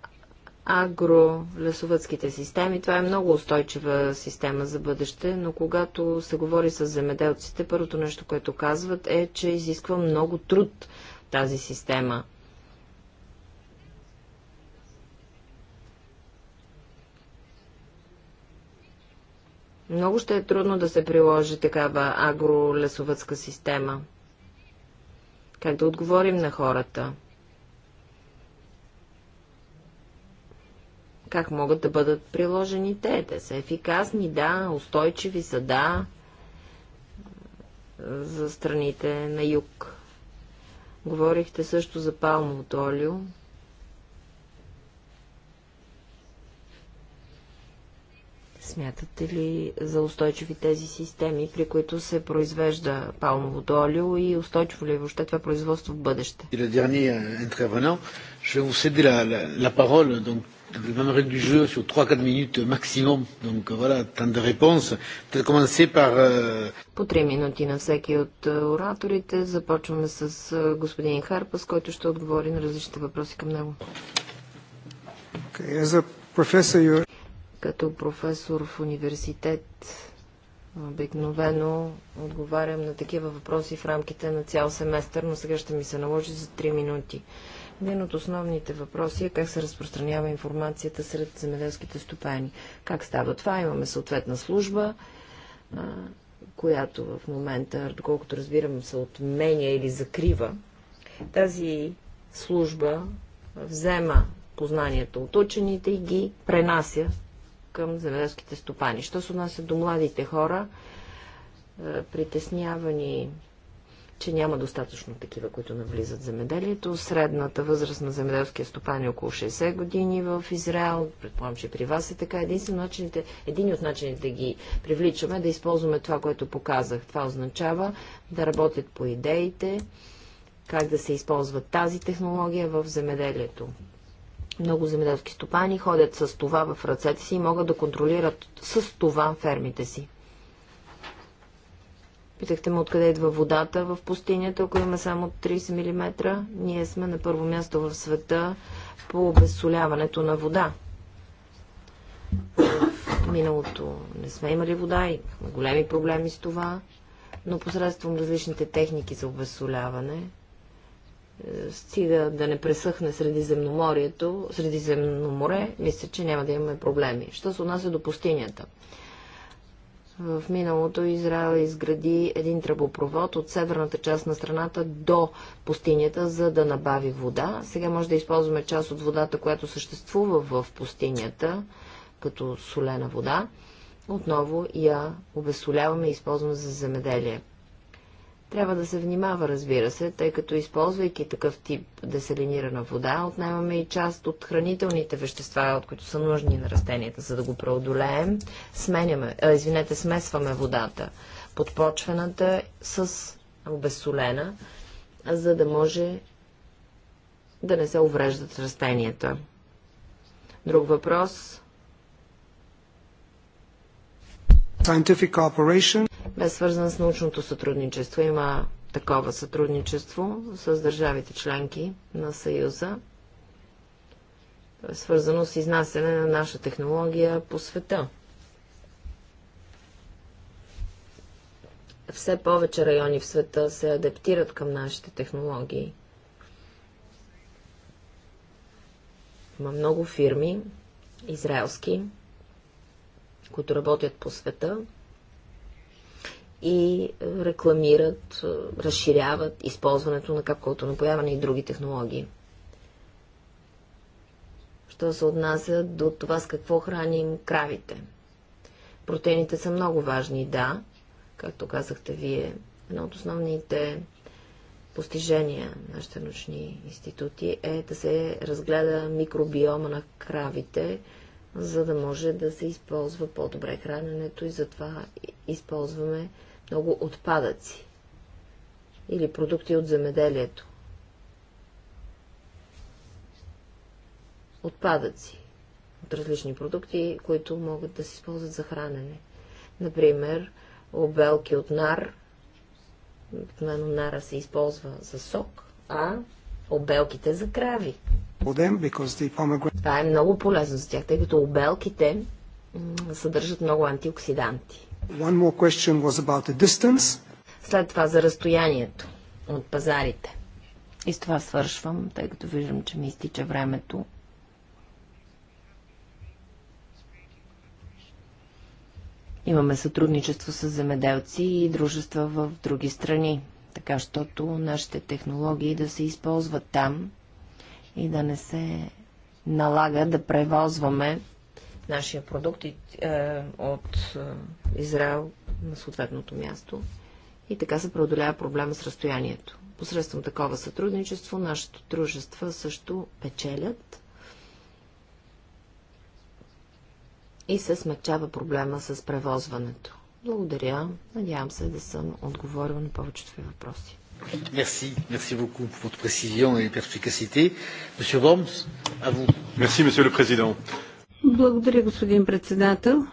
агролесовътските системи. Това е много устойчива система за бъдеще, но когато се говори с земеделците, първото нещо, което казват е, че изисква много труд тази система. Много ще е трудно да се приложи такава агро агро-лесовътска система. Как да отговорим на хората? Как могат да бъдат приложени те? Те са ефикасни, да, устойчиви са, да, за страните на юг. Говорихте също за палмовото олио. Смятате ли за устойчиви тези системи, при които се произвежда палмовото олио и устойчиво ли е въобще това производство в бъдеще? И le dernier ще euh, je vais vous donc les mêmes règles du jeu sur 3-4 minutes maximum. Donc euh, voilà, tant de réponses. Peut-être commencer par... Euh, По 3 минути на всеки от е, ораторите. Започваме с е, господин Харпас, който ще отговори на различните въпроси към него. Okay, professor... Като професор в университет обикновено отговарям на такива въпроси в рамките на цял семестър, но сега ще ми се наложи за 3 минути. Uh, един от основните въпроси е как се разпространява информацията сред земеделските стопани. Как става това? Имаме съответна служба, която в момента, доколкото разбирам, се отменя или закрива. Тази служба взема познанията от учените и ги пренася към земеделските стопани. Що се отнася до младите хора, притеснявани че няма достатъчно такива, които навлизат в земеделието. Средната възраст на земеделския стопан е около 60 години в Израел. Предполагам, че при вас е така. Единствено начините, един от начините да ги привличаме е да използваме това, което показах. Това означава да работят по идеите, как да се използва тази технология в земеделието. Много земеделски стопани ходят с това в ръцете си и могат да контролират с това фермите си. Питахте ме откъде идва водата в пустинята, ако има само 30 мм. Ние сме на първо място в света по обезсоляването на вода. В миналото не сме имали вода, имахме големи проблеми с това, но посредством различните техники за обезсоляване, е, стига да не пресъхне Средиземноморието, Средиземно море, мисля, че няма да имаме проблеми. Що се отнася до пустинята? В миналото Израел изгради един тръбопровод от северната част на страната до пустинята, за да набави вода. Сега може да използваме част от водата, която съществува в пустинята, като солена вода. Отново я обесоляваме и използваме за земеделие. Трябва да се внимава, разбира се, тъй като използвайки такъв тип деселинирана вода, отнемаме и част от хранителните вещества, от които са нужни на растенията, за да го преодолеем. Сменяме, а, извинете, смесваме водата подпочвената с обесолена, за да може да не се увреждат растенията. Друг въпрос. Scientific cooperation бе свързан с научното сътрудничество. Има такова сътрудничество с държавите членки на Съюза, е свързано с изнасяне на наша технология по света. Все повече райони в света се адаптират към нашите технологии. Има много фирми, израелски, които работят по света, и рекламират, разширяват използването на капковото напояване и други технологии. Що се отнася до това с какво храним кравите? Протеините са много важни, да, както казахте вие, едно от основните постижения на нашите научни институти е да се разгледа микробиома на кравите, за да може да се използва по-добре храненето и затова използваме много отпадъци или продукти от земеделието. Отпадъци от различни продукти, които могат да се използват за хранене. Например, обелки от нар. Обикновено нара се използва за сок, а обелките за крави. Това е много полезно за тях, тъй като обелките съдържат много антиоксиданти. След това за разстоянието от пазарите. И с това свършвам, тъй като виждам, че ми изтича времето. Имаме сътрудничество с земеделци и дружества в други страни, така щото нашите технологии да се използват там и да не се налага да превозваме нашия продукт е, от е, Израел на съответното място. И така се преодолява проблема с разстоянието. Посредством такова сътрудничество нашите дружества също печелят и се смягчава проблема с превозването. Благодаря. Надявам се да съм отговорила на повечето ви въпроси. Merci, merci beaucoup pour votre précision et perspicacité. Monsieur Worms, à vous. Merci, Monsieur le Président. Благодаря, господин председател.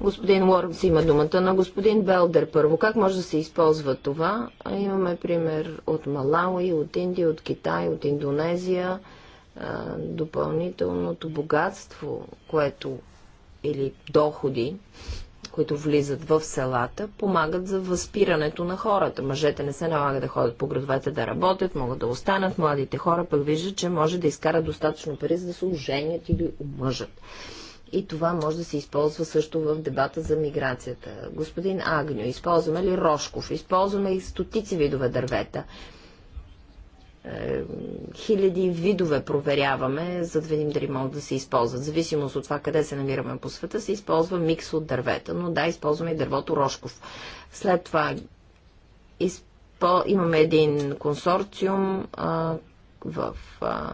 Господин Уормс има думата на господин Белдер първо. Как може да се използва това? Имаме пример от Малауи, от Индия, от Китай, от Индонезия. Допълнителното богатство, което или доходи, които влизат в селата, помагат за възпирането на хората. Мъжете не се налага да ходят по градовете да работят, могат да останат. Младите хора пък виждат, че може да изкарат достатъчно пари, за да се оженят или омъжат. И това може да се използва също в дебата за миграцията. Господин Агню, използваме ли Рошков? Използваме и стотици видове дървета. Е, хиляди видове проверяваме, за да видим дали могат да се използват. зависимост от това къде се намираме по света, се използва микс от дървета, но да, използваме и дървото Рошков. След това изпо... имаме един консорциум а, в а,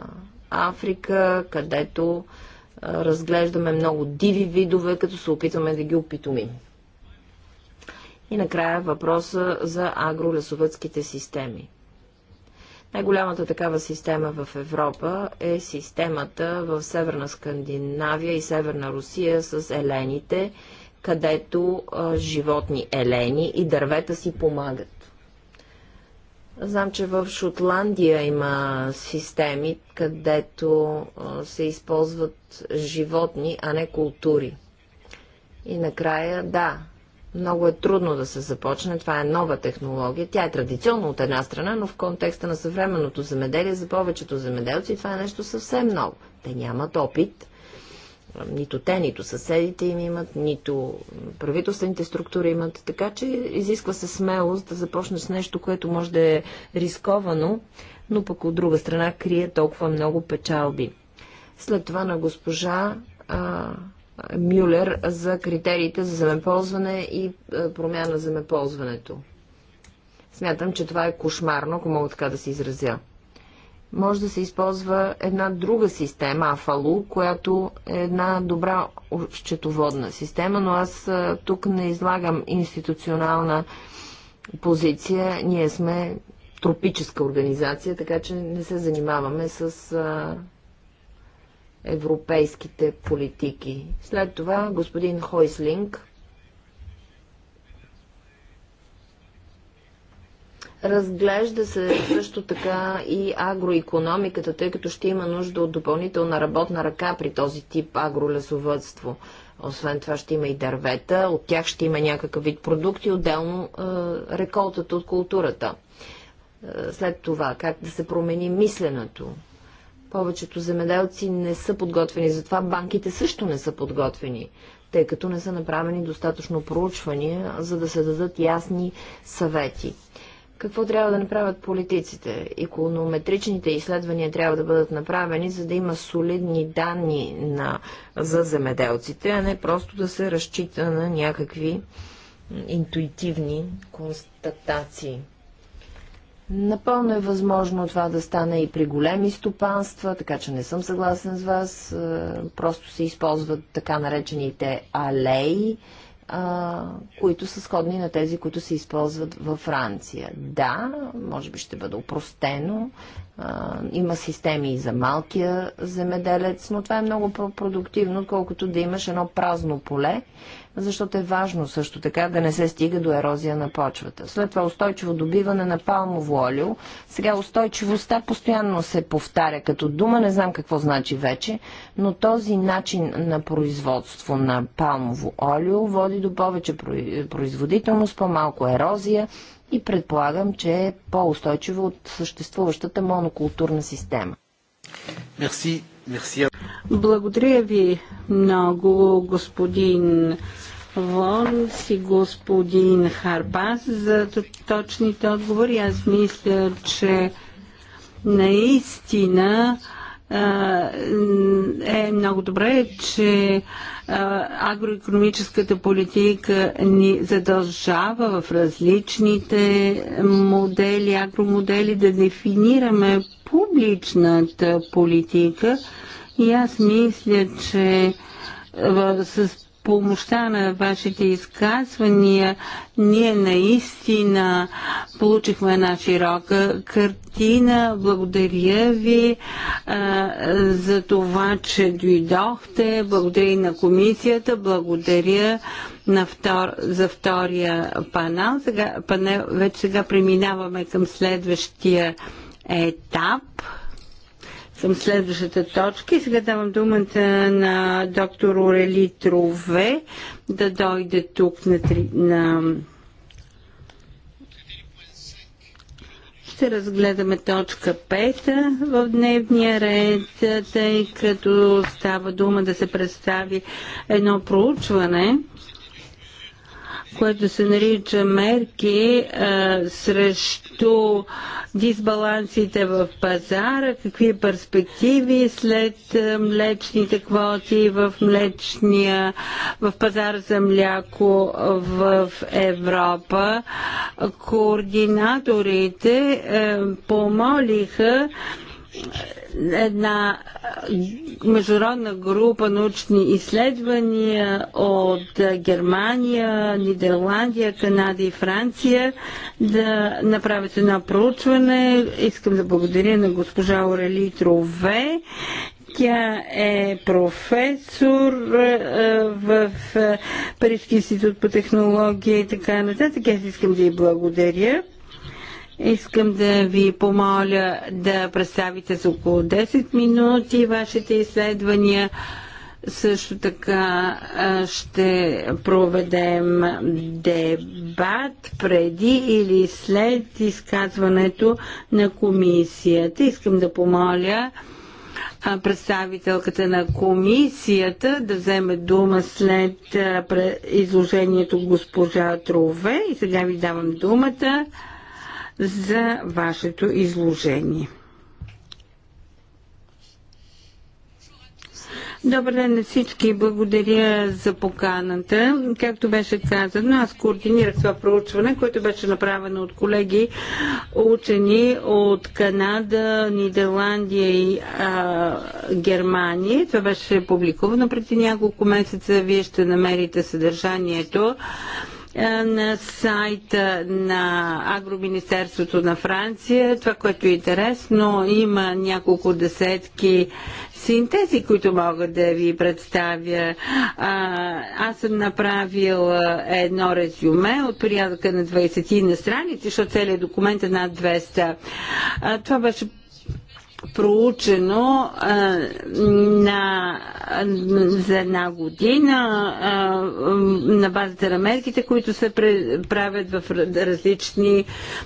Африка, където а, разглеждаме много диви видове, като се опитваме да ги опитомим. И накрая въпроса за агролесовътските системи. Най-голямата такава система в Европа е системата в Северна Скандинавия и Северна Русия с елените, където а, животни елени и дървета си помагат. Знам, че в Шотландия има системи, където а, се използват животни, а не култури. И накрая, да, много е трудно да се започне. Това е нова технология. Тя е традиционно от една страна, но в контекста на съвременното земеделие за повечето земеделци това е нещо съвсем ново. Те нямат опит. Нито те, нито съседите им имат, нито правителствените структури имат. Така че изисква се смелост да започне с нещо, което може да е рисковано, но пък от друга страна крие толкова много печалби. След това на госпожа а, Мюлер за критериите за земеползване и е, промяна на земеползването. Смятам, че това е кошмарно, ако мога така да се изразя. Може да се използва една друга система, Афалу, която е една добра счетоводна система, но аз е, тук не излагам институционална позиция. Ние сме тропическа организация, така че не се занимаваме с е, европейските политики. След това господин Хойслинг Разглежда се също така и агроекономиката, тъй като ще има нужда от допълнителна работна ръка при този тип агролесовътство. Освен това ще има и дървета, от тях ще има някакъв вид продукти, отделно е, реколтата от културата. Е, след това, как да се промени мисленето, повечето земеделци не са подготвени, затова банките също не са подготвени, тъй като не са направени достатъчно проучвания, за да се дадат ясни съвети. Какво трябва да направят политиците? Иконометричните изследвания трябва да бъдат направени, за да има солидни данни на, за земеделците, а не просто да се разчита на някакви интуитивни констатации. Напълно е възможно това да стане и при големи стопанства, така че не съм съгласен с вас. Е, просто се използват така наречените алеи, е, които са сходни на тези, които се използват във Франция. Да, може би ще бъде упростено, има системи и за малкия земеделец, но това е много по-продуктивно, отколкото да имаш едно празно поле, защото е важно също така да не се стига до ерозия на почвата. След това устойчиво добиване на палмово олио. Сега устойчивостта постоянно се повтаря като дума, не знам какво значи вече, но този начин на производство на палмово олио води до повече производителност, по-малко ерозия и предполагам, че е по-устойчиво от съществуващата монокултурна система. Мерси, мерси. Благодаря ви много, господин Волс и господин Харпас за точните отговори. Аз мисля, че наистина е много добре, че агроекономическата политика ни задължава в различните модели, агромодели да дефинираме публичната политика и аз мисля, че с помощта на вашите изказвания ние наистина получихме една широка картина. Благодаря ви а, за това, че дойдохте. Благодаря и на комисията. Благодаря на втор, за втория панел. Сега, панел. Вече сега преминаваме към следващия етап към следващата точка. И сега давам думата на доктор Орели Трове да дойде тук на, три, на... Ще разгледаме точка 5 в дневния ред, тъй като става дума да се представи едно проучване което се нарича мерки а, срещу дисбалансите в пазара, какви перспективи след а, млечните квоти в млечния, в пазара за мляко в Европа. Координаторите а, помолиха а, една международна група научни изследвания от Германия, Нидерландия, Канада и Франция да направят едно проучване. Искам да благодаря на госпожа Орели Трове тя е професор в Парижския институт по технология и така нататък. Аз искам да й благодаря. Искам да ви помоля да представите за около 10 минути вашите изследвания. Също така ще проведем дебат преди или след изказването на комисията. Искам да помоля представителката на комисията да вземе дума след изложението госпожа Трове. И сега ви давам думата за вашето изложение. Добър ден на всички. Благодаря за поканата. Както беше казано, аз координирах това проучване, което беше направено от колеги учени от Канада, Нидерландия и а, Германия. Това беше публикувано преди няколко месеца. Вие ще намерите съдържанието е, на сайта на Агроминистерството на Франция. Това, което е интересно, има няколко десетки синтези, които мога да ви представя. А, аз съм направил е, едно резюме от порядъка на 20 на страници, защото целият документ е над 200. А, това беше проучено а, на, за една година а, на базата на мерките, които се правят в различни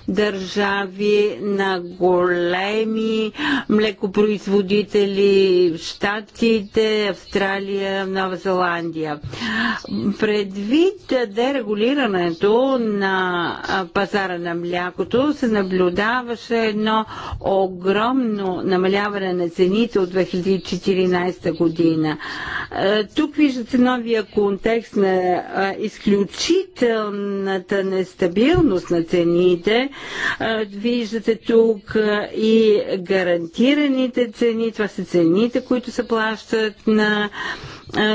държави, на големи млекопроизводители, Штатите, Австралия, Нова Зеландия. Предвид дерегулирането на пазара на млякото се наблюдаваше едно огромно намаляване на цените от 2014 година. Е, тук виждате новия контекст на е, изключителната нестабилност на цените. Е, виждате тук и гарантираните цени. Това са цените, които се плащат на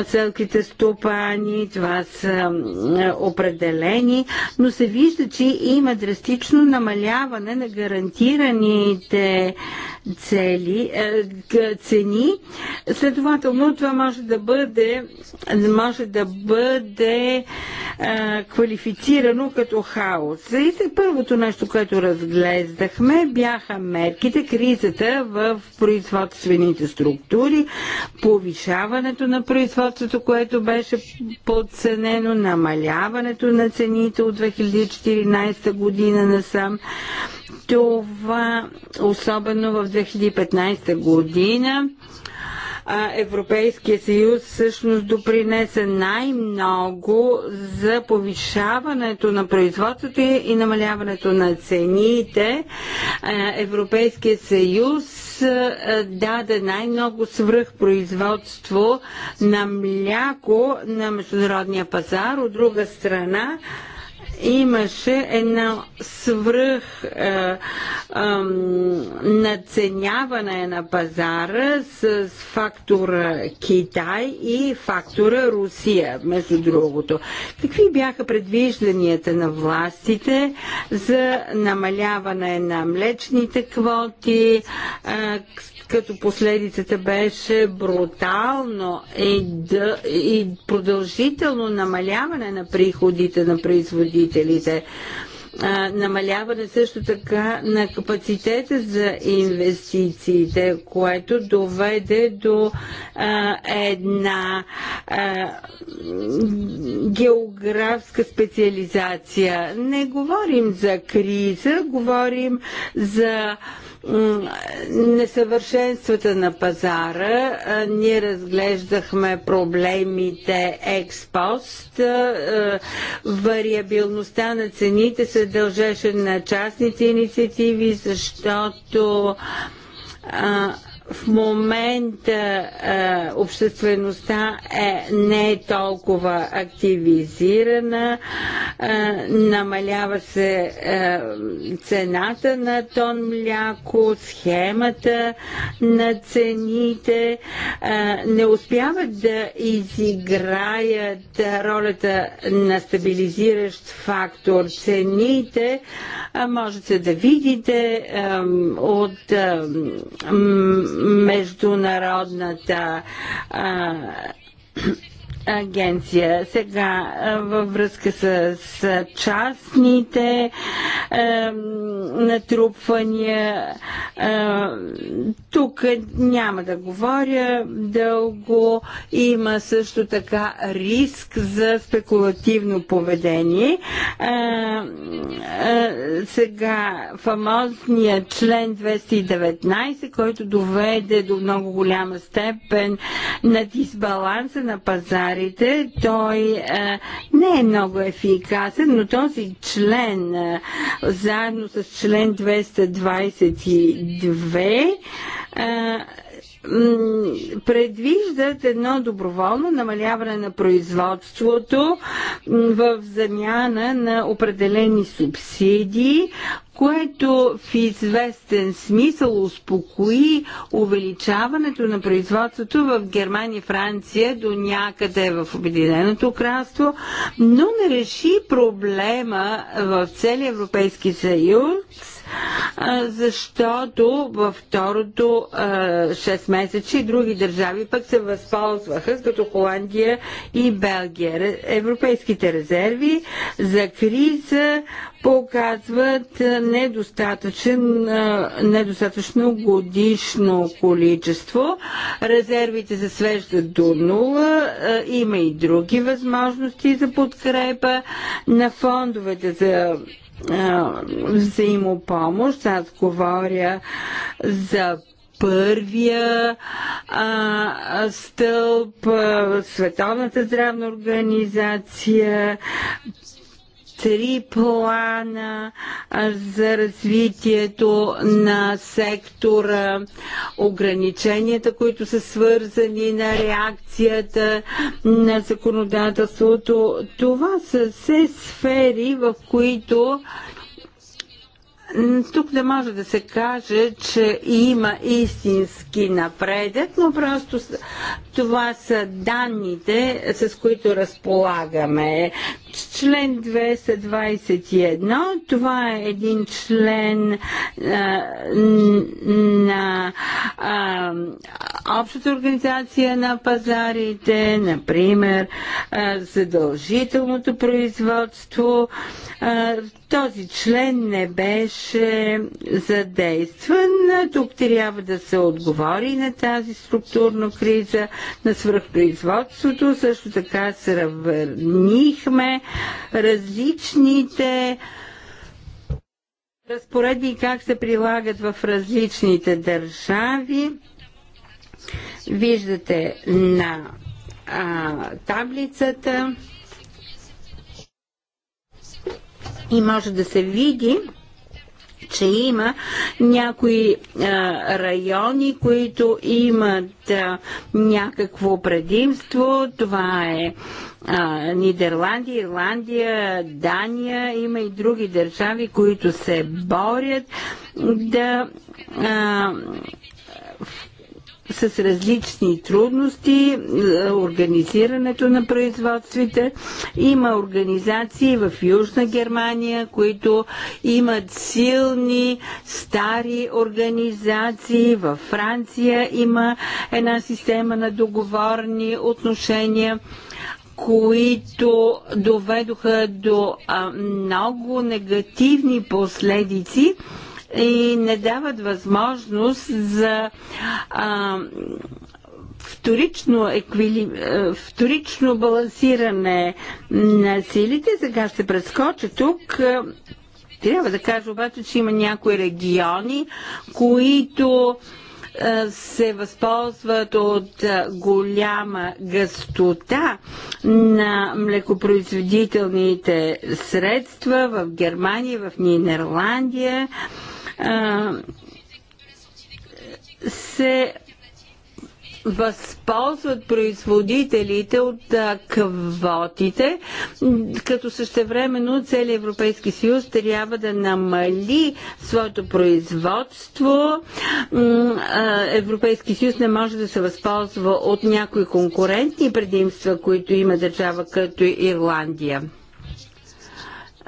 целките стопани, това са определени, но се вижда, че има драстично намаляване на гарантираните цени цели, е, цени. Следователно, това може да бъде, може да бъде а, е, квалифицирано като хаос. И първото нещо, което разглеждахме, бяха мерките, кризата в производствените структури, повишаването на производството, което беше подценено, намаляването на цените от 2014 година насам. Това, особено в 2000 2015 година Европейския съюз всъщност допринесе най-много за повишаването на производството и намаляването на цените. Европейския съюз даде най-много свръхпроизводство на мляко на международния пазар. От друга страна, имаше едно свръх е, е, наценяване на пазара с фактора Китай и фактора Русия, между другото. Какви бяха предвижданията на властите за намаляване на млечните квоти, е, като последицата беше брутално и, да, и продължително намаляване на приходите на производителите намаляване също така на капацитета за инвестициите, което доведе до а, една а, географска специализация. Не говорим за криза, говорим за несъвършенствата на пазара. Ние разглеждахме проблемите експост. Вариабилността на цените се дължеше на частните инициативи, защото в момента а, обществеността е, не е толкова активизирана, а, намалява се а, цената на тон мляко, схемата на цените, а, не успяват да изиграят ролята на стабилизиращ фактор цените. А, можете да видите а, от е, международната а, агенция. Сега във връзка с, с частните е, натрупвания, е, тук няма да говоря дълго. Има също така риск за спекулативно поведение. Е, е, сега фамозният член 219, който доведе до много голяма степен на дисбаланса на пазара, пазарите. Той а, е, не е много ефикасен, но този член, а, е, заедно с член 222, а, предвиждат едно доброволно намаляване на производството в замяна на определени субсидии, което в известен смисъл успокои увеличаването на производството в Германия и Франция до някъде в Обединеното кралство, но не реши проблема в целия Европейски съюз защото във второто 6 месече други държави пък се възползваха, като Холандия и Белгия. Европейските резерви за криза показват недостатъчно годишно количество. Резервите се свеждат до нула. Има и други възможности за подкрепа на фондовете за е, взаимопомощ. Аз говоря за първия а, стълб, а, Световната здравна организация три плана за развитието на сектора, ограниченията, които са свързани на реакцията на законодателството. Това са все сфери, в които тук не може да се каже, че има истински напредък, но просто това са данните, с които разполагаме. Член 221, това е един член а, на а, общата организация на пазарите, например, а, задължителното производство. А, този член не беше задействан. Тук трябва да се отговори на тази структурна криза на свръхпроизводството. Също така сравнихме различните разпоредби как се прилагат в различните държави. Виждате на а, таблицата и може да се види, че има някои а, райони, които имат а, някакво предимство. Това е а, Нидерландия, Ирландия, Дания. Има и други държави, които се борят да а, с различни трудности, е, организирането на производствите. Има организации в Южна Германия, които имат силни стари организации. В Франция има една система на договорни отношения които доведоха до а, много негативни последици и не дават възможност за а, вторично, еквили... вторично балансиране на силите. Сега ще прескоча тук трябва да кажа обаче, че има някои региони, които се възползват от голяма гъстота на млекопроизводителните средства в Германия, в Нидерландия се възползват производителите от квотите, като същевременно целият Европейски съюз трябва да намали своето производство. Европейски съюз не може да се възползва от някои конкурентни предимства, които има държава като Ирландия.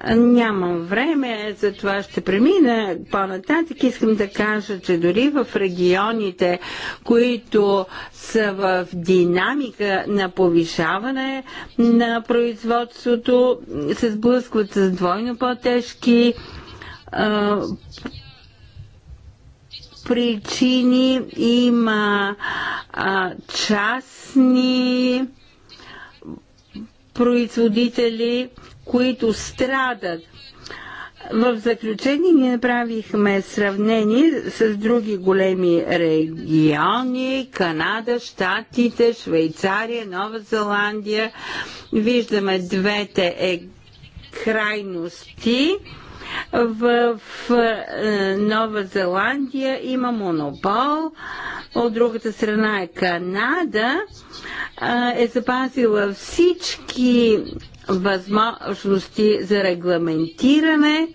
Нямам време, за това, ще премина по-нататък. Искам да кажа, че дори в регионите, които са в динамика на повишаване на производството, се сблъскват с двойно по-тежки причини. Има а, частни производители, които страдат. В заключение ние направихме сравнение с други големи региони Канада, Штатите, Швейцария, Нова Зеландия. Виждаме двете е крайности в е, Нова Зеландия има монопол, от другата страна е Канада, е, е запазила всички възможности за регламентиране,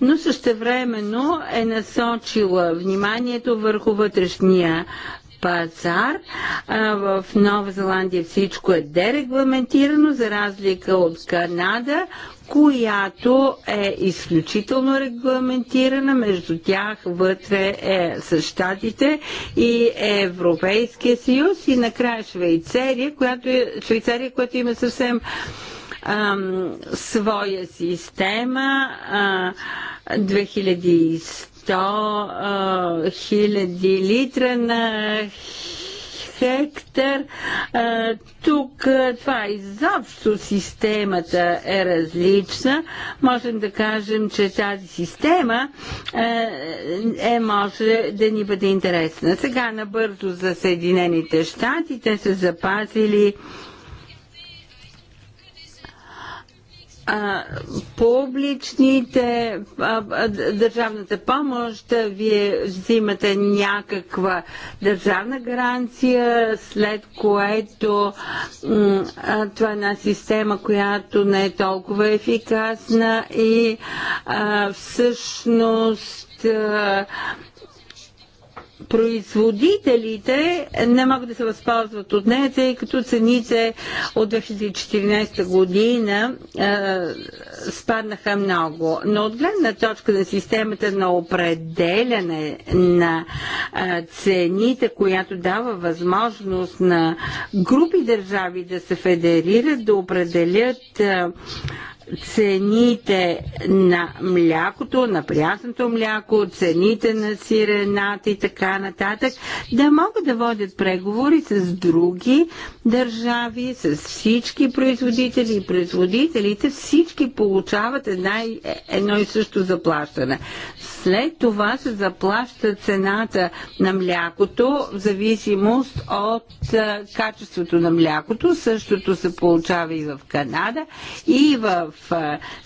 но същевременно е насочила вниманието върху вътрешния пазар. Е, в Нова Зеландия всичко е дерегламентирано, за разлика от Канада, която е изключително регламентирана. Между тях вътре е с щатите и Европейския съюз и накрая Швейцария, която, е, Швейцария, която има съвсем ам, своя система. А, 2100 а, хиляди литра на хектар. Тук това изобщо системата е различна. Можем да кажем, че тази система е, може да ни бъде интересна. Сега набързо за Съединените щати. Те са запазили а, публичните а, а, държавната помощ, вие взимате някаква държавна гаранция, след което а, това е една система, която не е толкова ефикасна и а, всъщност а, производителите не могат да се възползват от нея, тъй като цените от 2014 година е, спаднаха много. Но от гледна точка на системата на определяне на е, цените, която дава възможност на групи държави да се федерират, да определят е, цените на млякото, на прясното мляко, цените на сирената и така нататък, да могат да водят преговори с други държави, с всички производители и производителите, всички получават една, е, едно и също заплащане. След това се заплаща цената на млякото в зависимост от качеството на млякото. Същото се получава и в Канада и в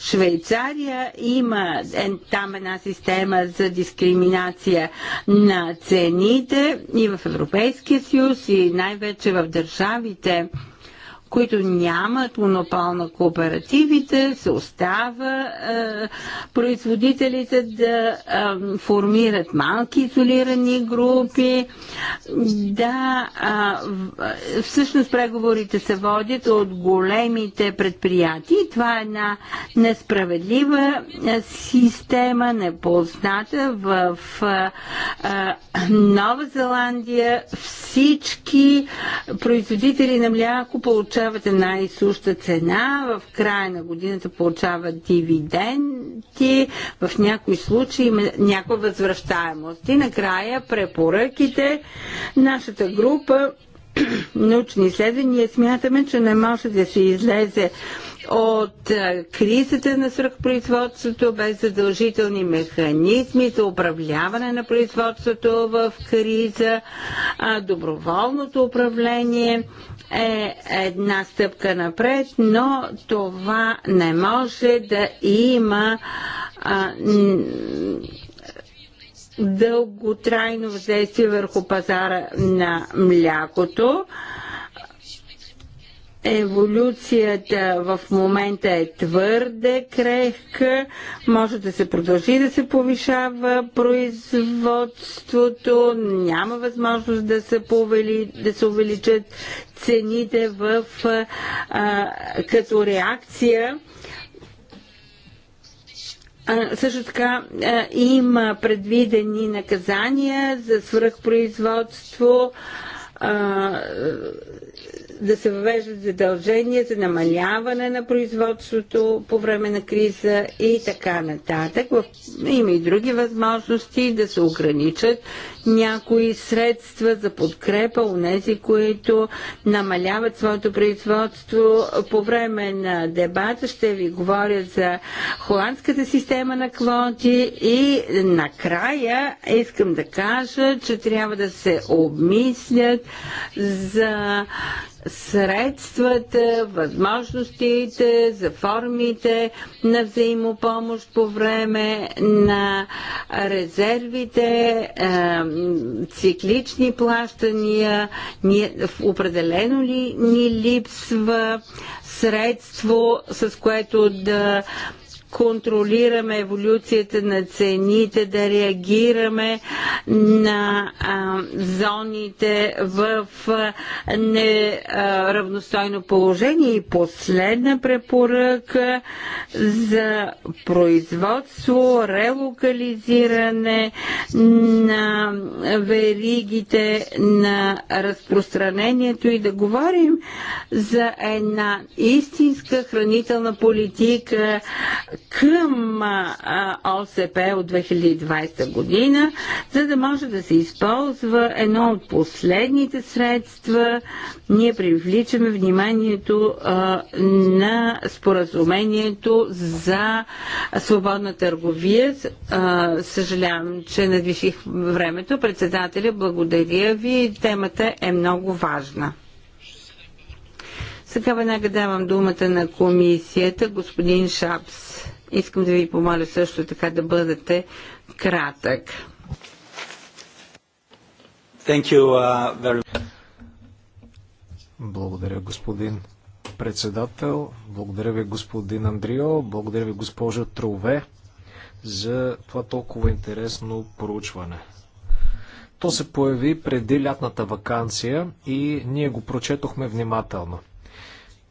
Швейцария. Има там една система за дискриминация на цените и в Европейския съюз и най-вече в държавите, които нямат монопол на кооперативите, се остава е, производителите да е, формират малки изолирани групи. Да, е, всъщност преговорите се водят от големите предприятия. Това е една несправедлива е, система, непозната в е, е, Нова Зеландия. Всички производители на мляко получават получават една и суща цена, в края на годината получават дивиденти, в някои случаи има някаква възвръщаемост. И накрая препоръките. Нашата група научни изследвания смятаме, че не може да се излезе от кризата на свръхпроизводството без задължителни механизми за управляване на производството в криза, доброволното управление е една стъпка напред, но това не може да има а, дълготрайно въздействие върху пазара на млякото. А, еволюцията в момента е твърде крехка, може да се продължи да се повишава производството, няма възможност да се, повели, да се увеличат цените в, а, като реакция. А, също така а, има предвидени наказания за свръхпроизводство а, да се въвеждат задължения за намаляване на производството по време на криза и така нататък. Има и други възможности да се ограничат някои средства за подкрепа у нези, които намаляват своето производство. По време на дебата ще ви говоря за холандската система на квоти и накрая искам да кажа, че трябва да се обмислят за средствата, възможностите за формите на взаимопомощ по време на резервите, е, циклични плащания. Определено ли ни липсва средство, с което да контролираме еволюцията на цените, да реагираме на а, зоните в а, неравностойно положение. И последна препоръка за производство, релокализиране на веригите на разпространението и да говорим за една истинска хранителна политика, към ОСП от 2020 година, за да може да се използва едно от последните средства. Ние привличаме вниманието на споразумението за свободна търговия. Съжалявам, че надвиших времето. Председателя, благодаря ви. Темата е много важна. Сега веднага давам думата на комисията, господин Шапс. Искам да ви помоля също така да бъдете кратък. Thank you, uh, very... Благодаря, господин председател. Благодаря ви, господин Андрио. Благодаря ви, госпожа Трове, за това толкова интересно проучване. То се появи преди лятната вакансия и ние го прочетохме внимателно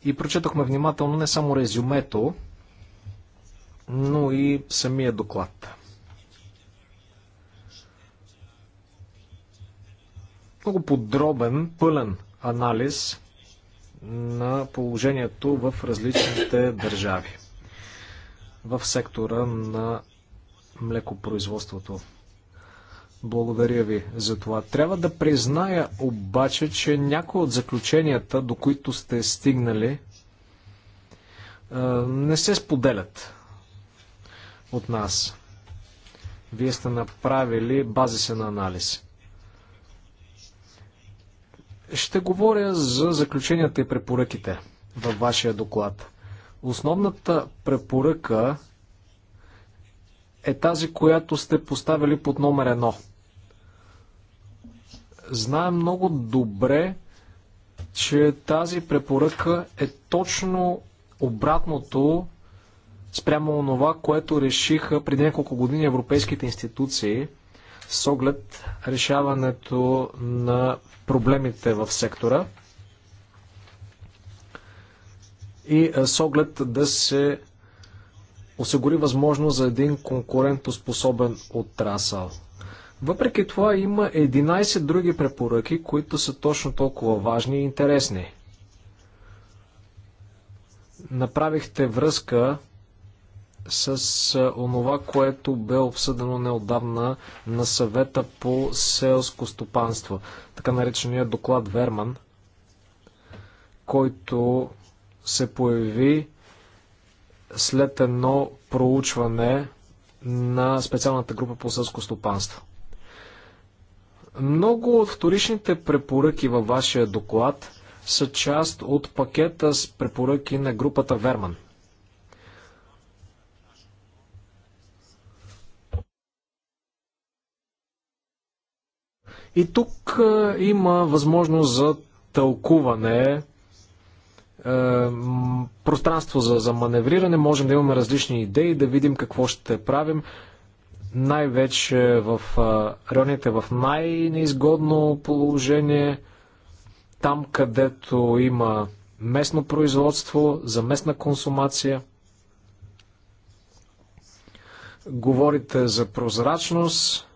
и прочетохме внимателно не само резюмето, но и самия доклад. Много подробен, пълен анализ на положението в различните държави в сектора на млекопроизводството. Благодаря ви за това. Трябва да призная обаче, че някои от заключенията, до които сте стигнали, не се споделят от нас. Вие сте направили базисен анализ. Ще говоря за заключенията и препоръките във вашия доклад. Основната препоръка е тази, която сте поставили под номер едно – Знае много добре, че тази препоръка е точно обратното спрямо онова, което решиха преди няколко години европейските институции с оглед решаването на проблемите в сектора и с оглед да се осигури възможност за един конкурентоспособен отрасъл. Въпреки това има 11 други препоръки, които са точно толкова важни и интересни. Направихте връзка с онова, което бе обсъдено неодавна на съвета по селско стопанство, така наречения доклад Верман, който се появи след едно проучване на специалната група по селско стопанство. Много от вторичните препоръки във вашия доклад са част от пакета с препоръки на групата Верман. И тук е, има възможност за тълкуване, е, пространство за, за маневриране, можем да имаме различни идеи, да видим какво ще правим най-вече в районите в най-неизгодно положение, там където има местно производство, за местна консумация. Говорите за прозрачност,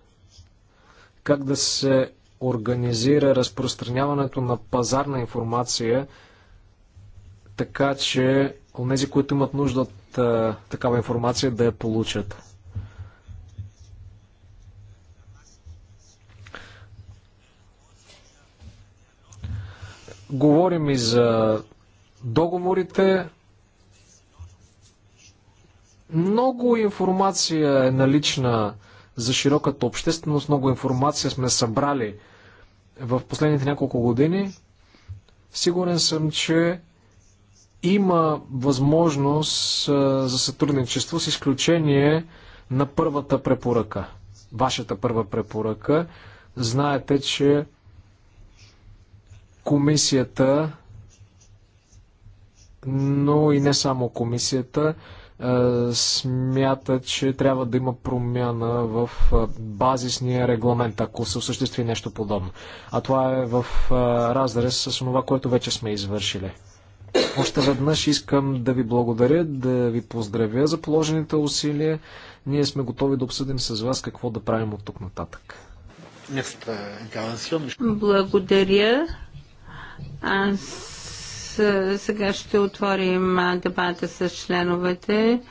как да се организира разпространяването на пазарна информация, така че онези, които имат нужда от такава информация, да я получат. Говорим и за договорите. Много информация е налична за широката общественост. Много информация сме събрали в последните няколко години. Сигурен съм, че има възможност за сътрудничество с изключение на първата препоръка. Вашата първа препоръка. Знаете, че комисията, но и не само комисията, смята, че трябва да има промяна в базисния регламент, ако се осъществи нещо подобно. А това е в разрез с това, което вече сме извършили. Още веднъж искам да ви благодаря, да ви поздравя за положените усилия. Ние сме готови да обсъдим с вас какво да правим от тук нататък. Е благодаря. Аз сега ще отворим дебата с членовете.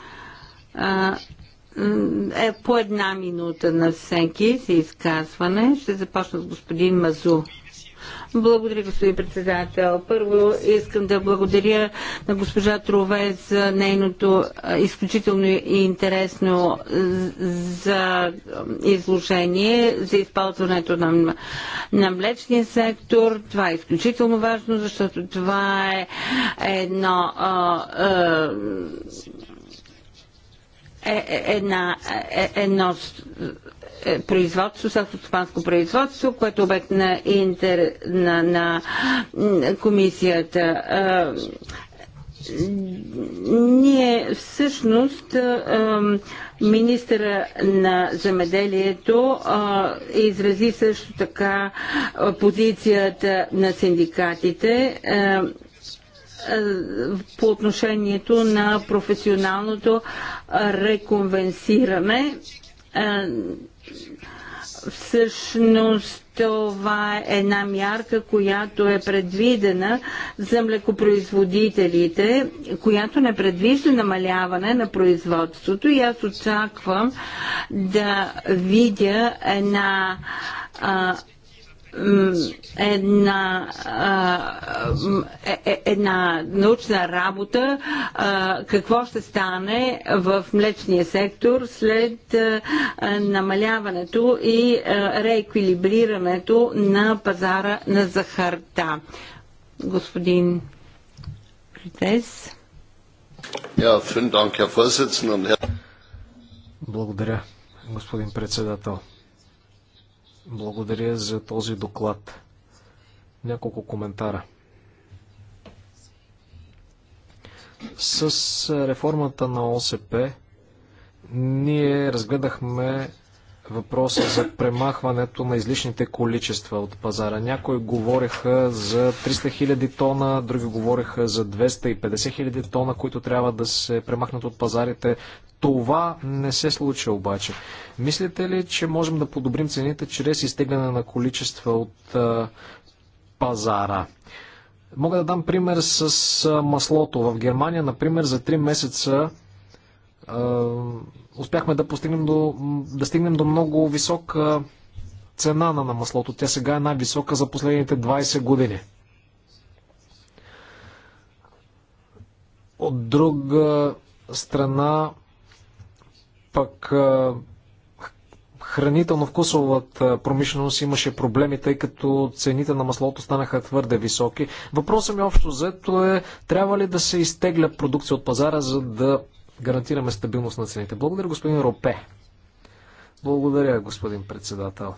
Е по една минута на всеки за изказване. Ще започна с господин Мазу. Благодаря, господин председател. Първо искам да благодаря на госпожа Трове за нейното изключително и интересно за изложение за използването на, на млечния сектор. Това е изключително важно, защото това е едно а, а, е, е една, е, е едно е, производство, селско производство, което е обект на, интер, на, на комисията. Ние всъщност министъра на земеделието изрази също така позицията на синдикатите по отношението на професионалното реконвенсиране всъщност това е една мярка, която е предвидена за млекопроизводителите, която не предвижда намаляване на производството и аз очаквам да видя една а, една, е, е, една научна работа какво ще стане в млечния сектор след намаляването и рееквилибрирането на пазара на захарта. Господин Критес. Благодаря, господин председател. Благодаря за този доклад. Няколко коментара. С реформата на ОСП ние разгледахме въпроса за премахването на излишните количества от пазара. Някои говореха за 300 000 тона, други говореха за 250 000 тона, които трябва да се премахнат от пазарите. Това не се случи обаче. Мислите ли, че можем да подобрим цените чрез изтегляне на количества от а, пазара? Мога да дам пример с маслото. В Германия, например, за 3 месеца а, успяхме да, постигнем до, да стигнем до много висока цена на маслото. Тя сега е най-висока за последните 20 години. От друга страна, пък хранително-вкусовата промишленост имаше проблеми, тъй като цените на маслото станаха твърде високи. Въпросът ми общо взето е, трябва ли да се изтегля продукция от пазара, за да гарантираме стабилност на цените. Благодаря, господин Ропе. Благодаря, господин председател.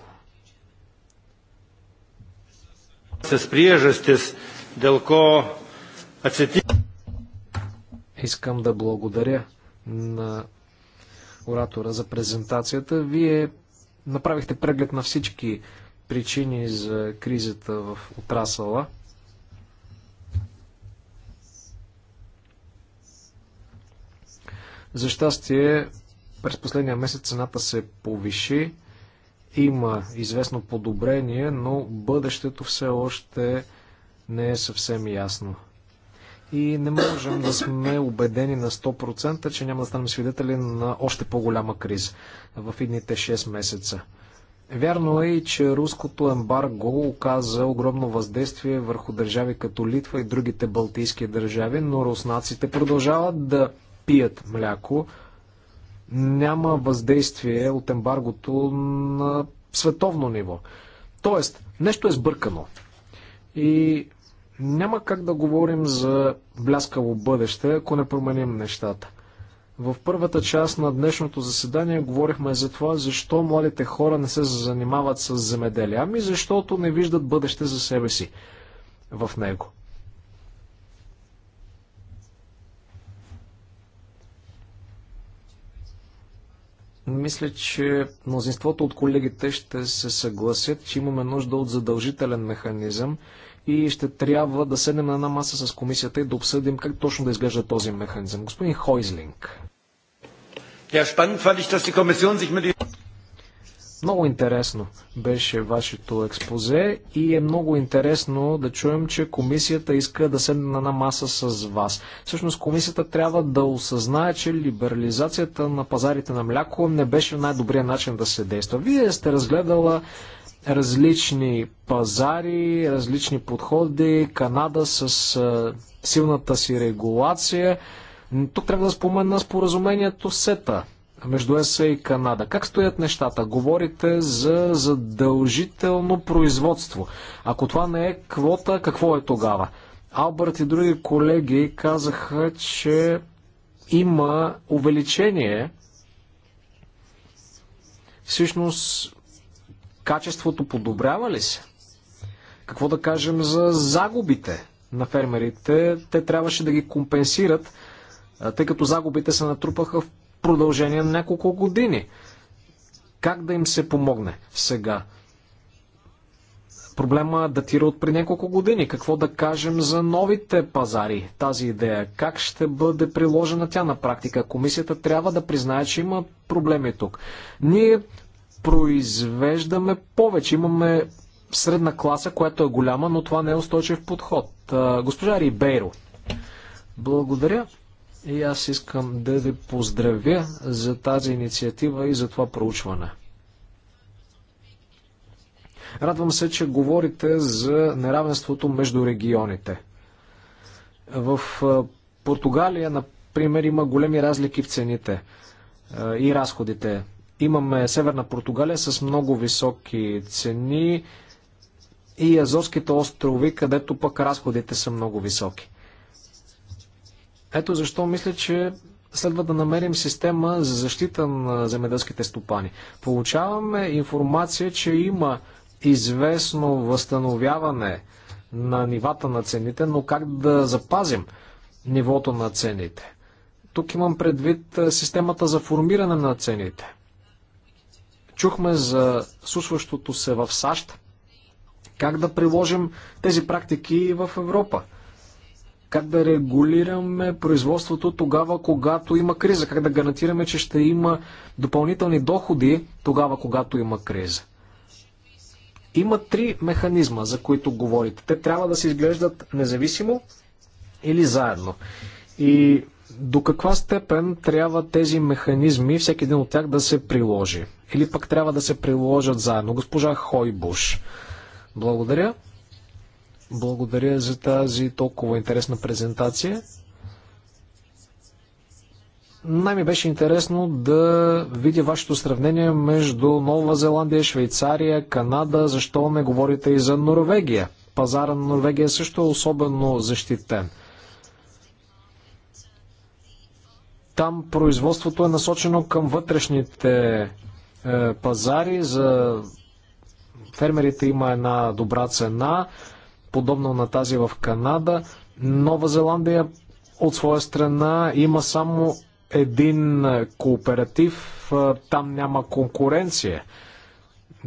С Искам да благодаря на оратора за презентацията. Вие направихте преглед на всички причини за кризата в отрасъла. За щастие, през последния месец цената се повиши, има известно подобрение, но бъдещето все още не е съвсем ясно. И не можем да сме убедени на 100%, че няма да станем свидетели на още по-голяма криза в идните 6 месеца. Вярно е и, че руското ембарго оказа огромно въздействие върху държави като Литва и другите балтийски държави, но руснаците продължават да пият мляко, няма въздействие от ембаргото на световно ниво. Тоест, нещо е сбъркано. И няма как да говорим за бляскаво бъдеще, ако не променим нещата. В първата част на днешното заседание говорихме за това, защо младите хора не се занимават с земеделие. Ами защото не виждат бъдеще за себе си в него. Мисля, че мнозинството от колегите ще се съгласят, че имаме нужда от задължителен механизъм и ще трябва да седнем на една маса с комисията и да обсъдим как точно да изглежда този механизъм. Господин Хойзлинг. Много интересно беше вашето експозе и е много интересно да чуем, че комисията иска да седне на една маса с вас. Всъщност комисията трябва да осъзнае, че либерализацията на пазарите на мляко не беше най-добрият начин да се действа. Вие сте разгледала различни пазари, различни подходи, Канада с силната си регулация. Тук трябва да спомена споразумението СЕТА между ЕСА и Канада. Как стоят нещата? Говорите за задължително производство. Ако това не е квота, какво е тогава? Албърт и други колеги казаха, че има увеличение. Всъщност, качеството подобрява ли се? Какво да кажем за загубите на фермерите? Те трябваше да ги компенсират, тъй като загубите се натрупаха в продължение на няколко години. Как да им се помогне сега? Проблема датира от при няколко години. Какво да кажем за новите пазари, тази идея? Как ще бъде приложена тя на практика? Комисията трябва да признае, че има проблеми тук. Ние произвеждаме повече. Имаме средна класа, която е голяма, но това не е устойчив подход. Госпожа Рибейро, благодаря. И аз искам да ви поздравя за тази инициатива и за това проучване. Радвам се, че говорите за неравенството между регионите. В Португалия, например, има големи разлики в цените и разходите. Имаме Северна Португалия с много високи цени и Азорските острови, където пък разходите са много високи. Ето защо мисля, че следва да намерим система за защита на земеделските стопани. Получаваме информация, че има известно възстановяване на нивата на цените, но как да запазим нивото на цените? Тук имам предвид е, системата за формиране на цените. Чухме за случващото се в САЩ. Как да приложим тези практики в Европа? Как да регулираме производството тогава, когато има криза? Как да гарантираме, че ще има допълнителни доходи тогава, когато има криза? Има три механизма, за които говорите. Те трябва да се изглеждат независимо или заедно. И до каква степен трябва тези механизми, всеки един от тях да се приложи? Или пък трябва да се приложат заедно? Госпожа Хойбуш. Благодаря. Благодаря за тази толкова интересна презентация. Най-ми беше интересно да видя вашето сравнение между Нова Зеландия, Швейцария, Канада. Защо не говорите и за Норвегия? Пазара на Норвегия е също е особено защитен. Там производството е насочено към вътрешните е, пазари. За фермерите има една добра цена подобно на тази в Канада. Нова Зеландия от своя страна има само един кооператив, там няма конкуренция.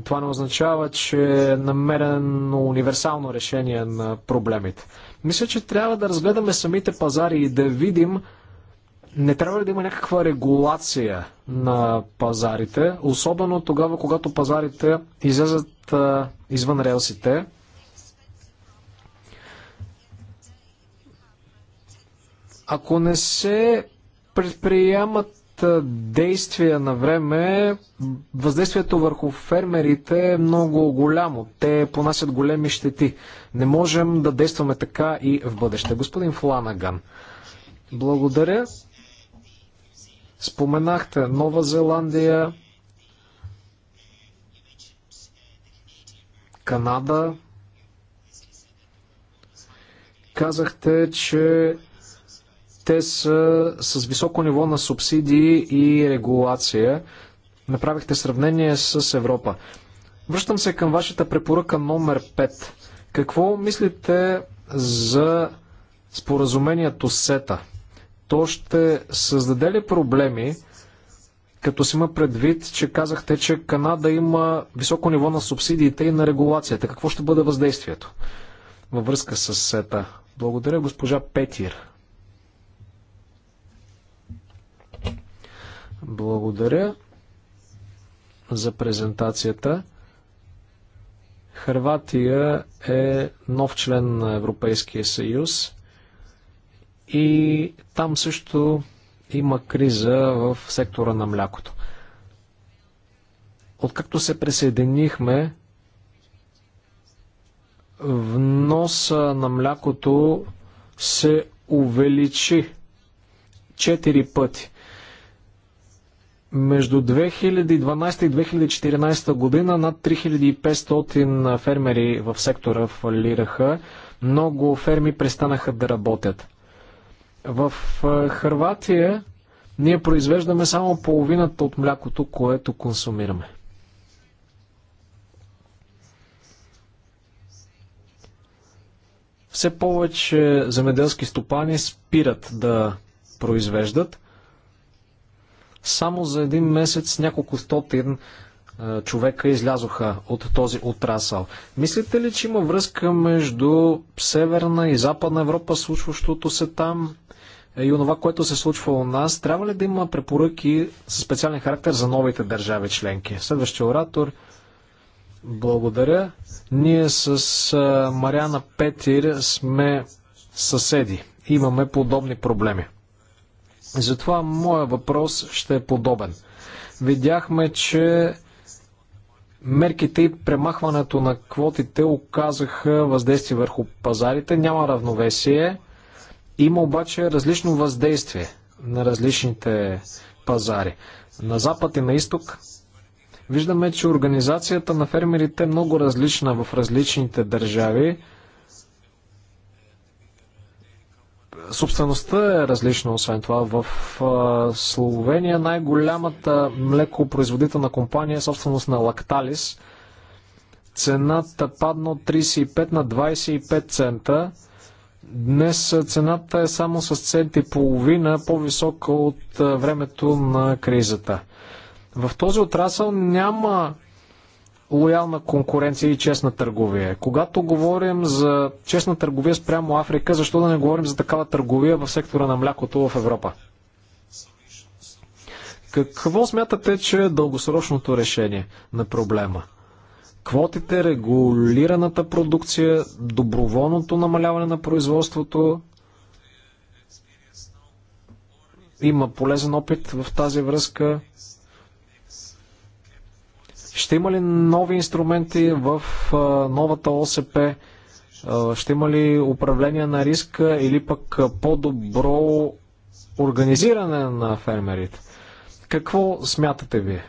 Това не означава, че е намерено универсално решение на проблемите. Мисля, че трябва да разгледаме самите пазари и да видим не трябва ли да има някаква регулация на пазарите, особено тогава, когато пазарите излезат извън релсите. Ако не се предприемат действия на време, въздействието върху фермерите е много голямо. Те понасят големи щети. Не можем да действаме така и в бъдеще. Господин Фланаган, благодаря. Споменахте Нова Зеландия, Канада. Казахте, че те са с високо ниво на субсидии и регулация. Направихте сравнение с Европа. Връщам се към вашата препоръка номер 5. Какво мислите за споразумението СЕТА? То ще създаде ли проблеми, като си има предвид, че казахте, че Канада има високо ниво на субсидиите и на регулацията? Какво ще бъде въздействието във връзка с СЕТА? Благодаря, госпожа Петир. Благодаря за презентацията. Хрватия е нов член на Европейския съюз и там също има криза в сектора на млякото. Откакто се присъединихме, вноса на млякото се увеличи 4 пъти. Между 2012 и 2014 година над 3500 фермери в сектора фалираха. Много ферми престанаха да работят. В Хрватия ние произвеждаме само половината от млякото, което консумираме. Все повече земеделски стопани спират да произвеждат. Само за един месец няколко стотин е, човека излязоха от този отрасъл. Мислите ли, че има връзка между Северна и Западна Европа, случващото се там е, и онова, което се случва у нас? Трябва ли да има препоръки с специален характер за новите държави членки? Следващия оратор. Благодаря. Ние с е, Мариана Петир сме съседи. Имаме подобни проблеми. Затова моя въпрос ще е подобен. Видяхме, че мерките и премахването на квотите оказаха въздействие върху пазарите. Няма равновесие. Има обаче различно въздействие на различните пазари. На запад и на изток виждаме, че организацията на фермерите е много различна в различните държави. Собствеността е различна, освен това. В Словения най-голямата млекопроизводителна компания е собственост на Лакталис. Цената падна от 35 на 25 цента. Днес цената е само с цент и половина по-висока от времето на кризата. В този отрасъл няма лоялна конкуренция и честна търговия. Когато говорим за честна търговия спрямо Африка, защо да не говорим за такава търговия в сектора на млякото в Европа? Какво смятате, че е дългосрочното решение на проблема? Квотите, регулираната продукция, доброволното намаляване на производството. Има полезен опит в тази връзка. Ще има ли нови инструменти в новата ОСП? Ще има ли управление на риска или пък по-добро организиране на фермерите? Какво смятате вие?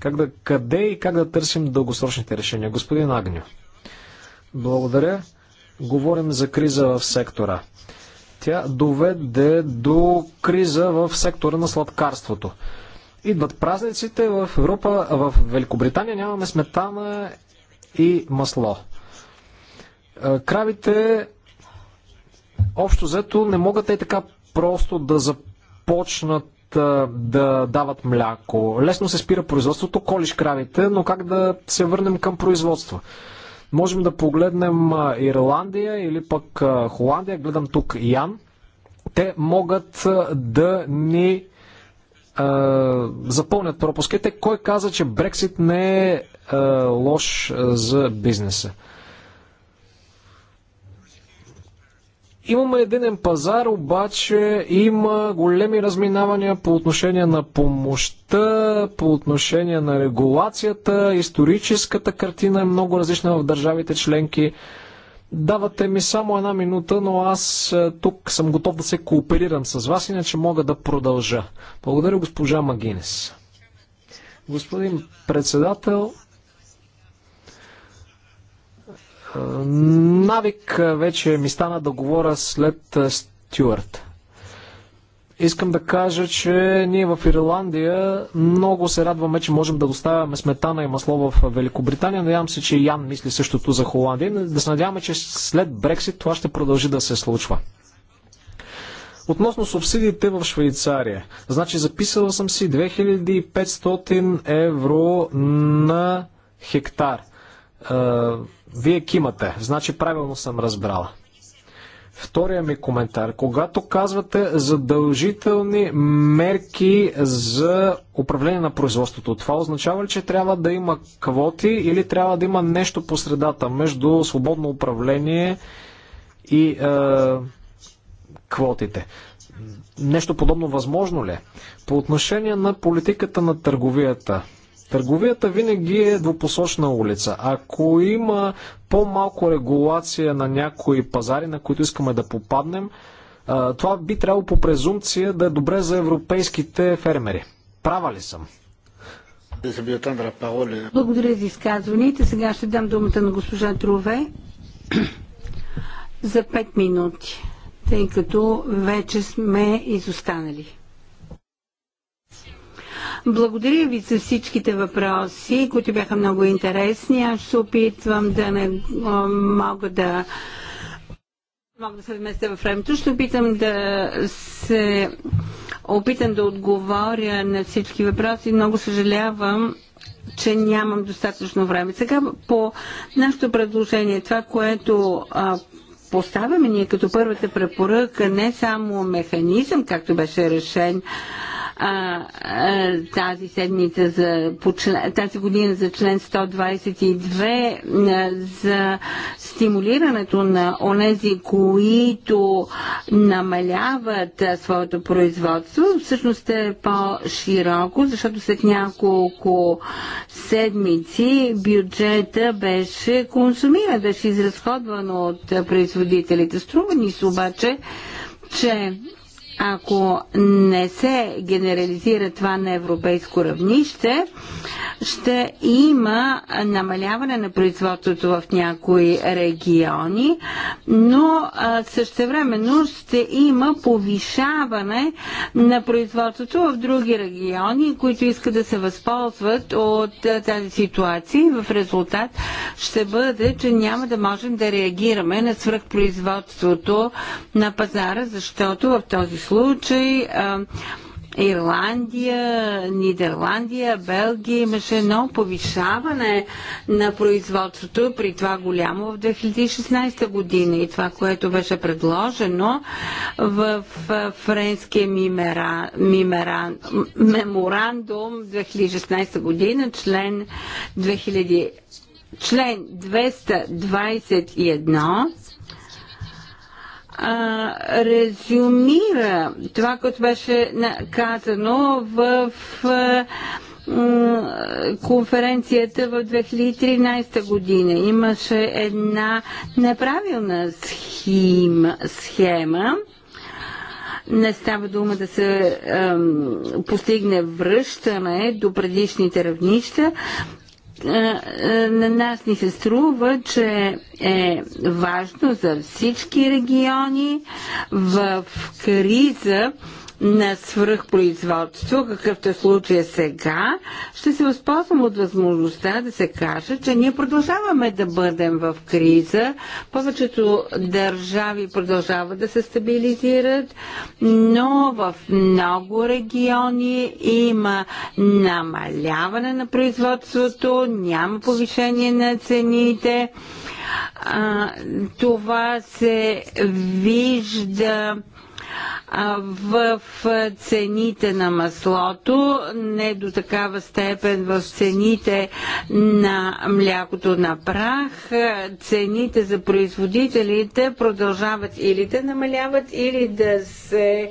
Как да, къде и как да търсим дългосрочните решения? Господин Агню. Благодаря. Говорим за криза в сектора. Тя доведе до криза в сектора на сладкарството. Идват празниците в Европа, в Великобритания нямаме сметана и масло. Кравите общо взето не могат и така просто да започнат да дават мляко. Лесно се спира производството, колиш кравите, но как да се върнем към производство? Можем да погледнем Ирландия или пък Холандия, гледам тук Ян. Те могат да ни запълнят пропуските. Кой каза, че Брексит не е, лош за бизнеса? Имаме единен пазар, обаче има големи разминавания по отношение на помощта, по отношение на регулацията, историческата картина е много различна в държавите членки. Давате ми само една минута, но аз е, тук съм готов да се кооперирам с вас, иначе мога да продължа. Благодаря госпожа Магинес. Господин председател, е, навик е, вече ми стана да говоря след Стюарт. Искам да кажа, че ние в Ирландия много се радваме, че можем да доставяме сметана и масло в Великобритания. Надявам се, че Ян мисли същото за Холандия. Да се надяваме, че след Брексит това ще продължи да се случва. Относно субсидиите в Швейцария. Значи записал съм си 2500 евро на хектар. Е, вие кимате. Значи правилно съм разбрала. Втория ми коментар. Когато казвате задължителни мерки за управление на производството, това означава ли, че трябва да има квоти или трябва да има нещо по средата между свободно управление и е, квотите? Нещо подобно възможно ли? Е? По отношение на политиката на търговията, Търговията винаги е двупосочна улица. Ако има по-малко регулация на някои пазари, на които искаме да попаднем, това би трябвало по презумпция да е добре за европейските фермери. Права ли съм? Благодаря за изказваните. Сега ще дам думата на госпожа Трове за 5 минути, тъй като вече сме изостанали. Благодаря ви за всичките въпроси, които бяха много интересни. Аз ще опитвам да не мога да мога да се вместя във времето. Ще опитам да се опитам да отговоря на всички въпроси. Много съжалявам, че нямам достатъчно време. Сега по нашето предложение, това, което а, поставяме ние като първата препоръка, не е само механизъм, както беше решен, а, а, тази седмица за, член, тази година за член 122 а, за стимулирането на онези, които намаляват а, своето производство, всъщност е по-широко, защото след няколко седмици бюджета беше консумиран, беше изразходван от производителите. Струва ни се обаче, че ако не се генерализира това на европейско равнище, ще има намаляване на производството в някои региони, но същевременно ще има повишаване на производството в други региони, които искат да се възползват от тази ситуация и в резултат ще бъде, че няма да можем да реагираме на свръхпроизводството на пазара, защото в този случай. Ирландия, Нидерландия, Белгия имаше едно повишаване на производството, при това голямо в 2016 година и това, което беше предложено в френския мимера, мимера, меморандум 2016 година, член 2000 член 221 а, резюмира това, което беше казано в а, конференцията в 2013 година. Имаше една неправилна схема, схема не става дума да се а, постигне връщане до предишните равнища. Е, е, на нас ни се струва, че е важно за всички региони в криза на свръхпроизводство, какъвто е случая сега, ще се възползвам от възможността да се каже, че ние продължаваме да бъдем в криза. Повечето държави продължават да се стабилизират, но в много региони има намаляване на производството, няма повишение на цените. А, това се вижда в цените на маслото, не до такава степен в цените на млякото на прах. Цените за производителите продължават или да намаляват, или да се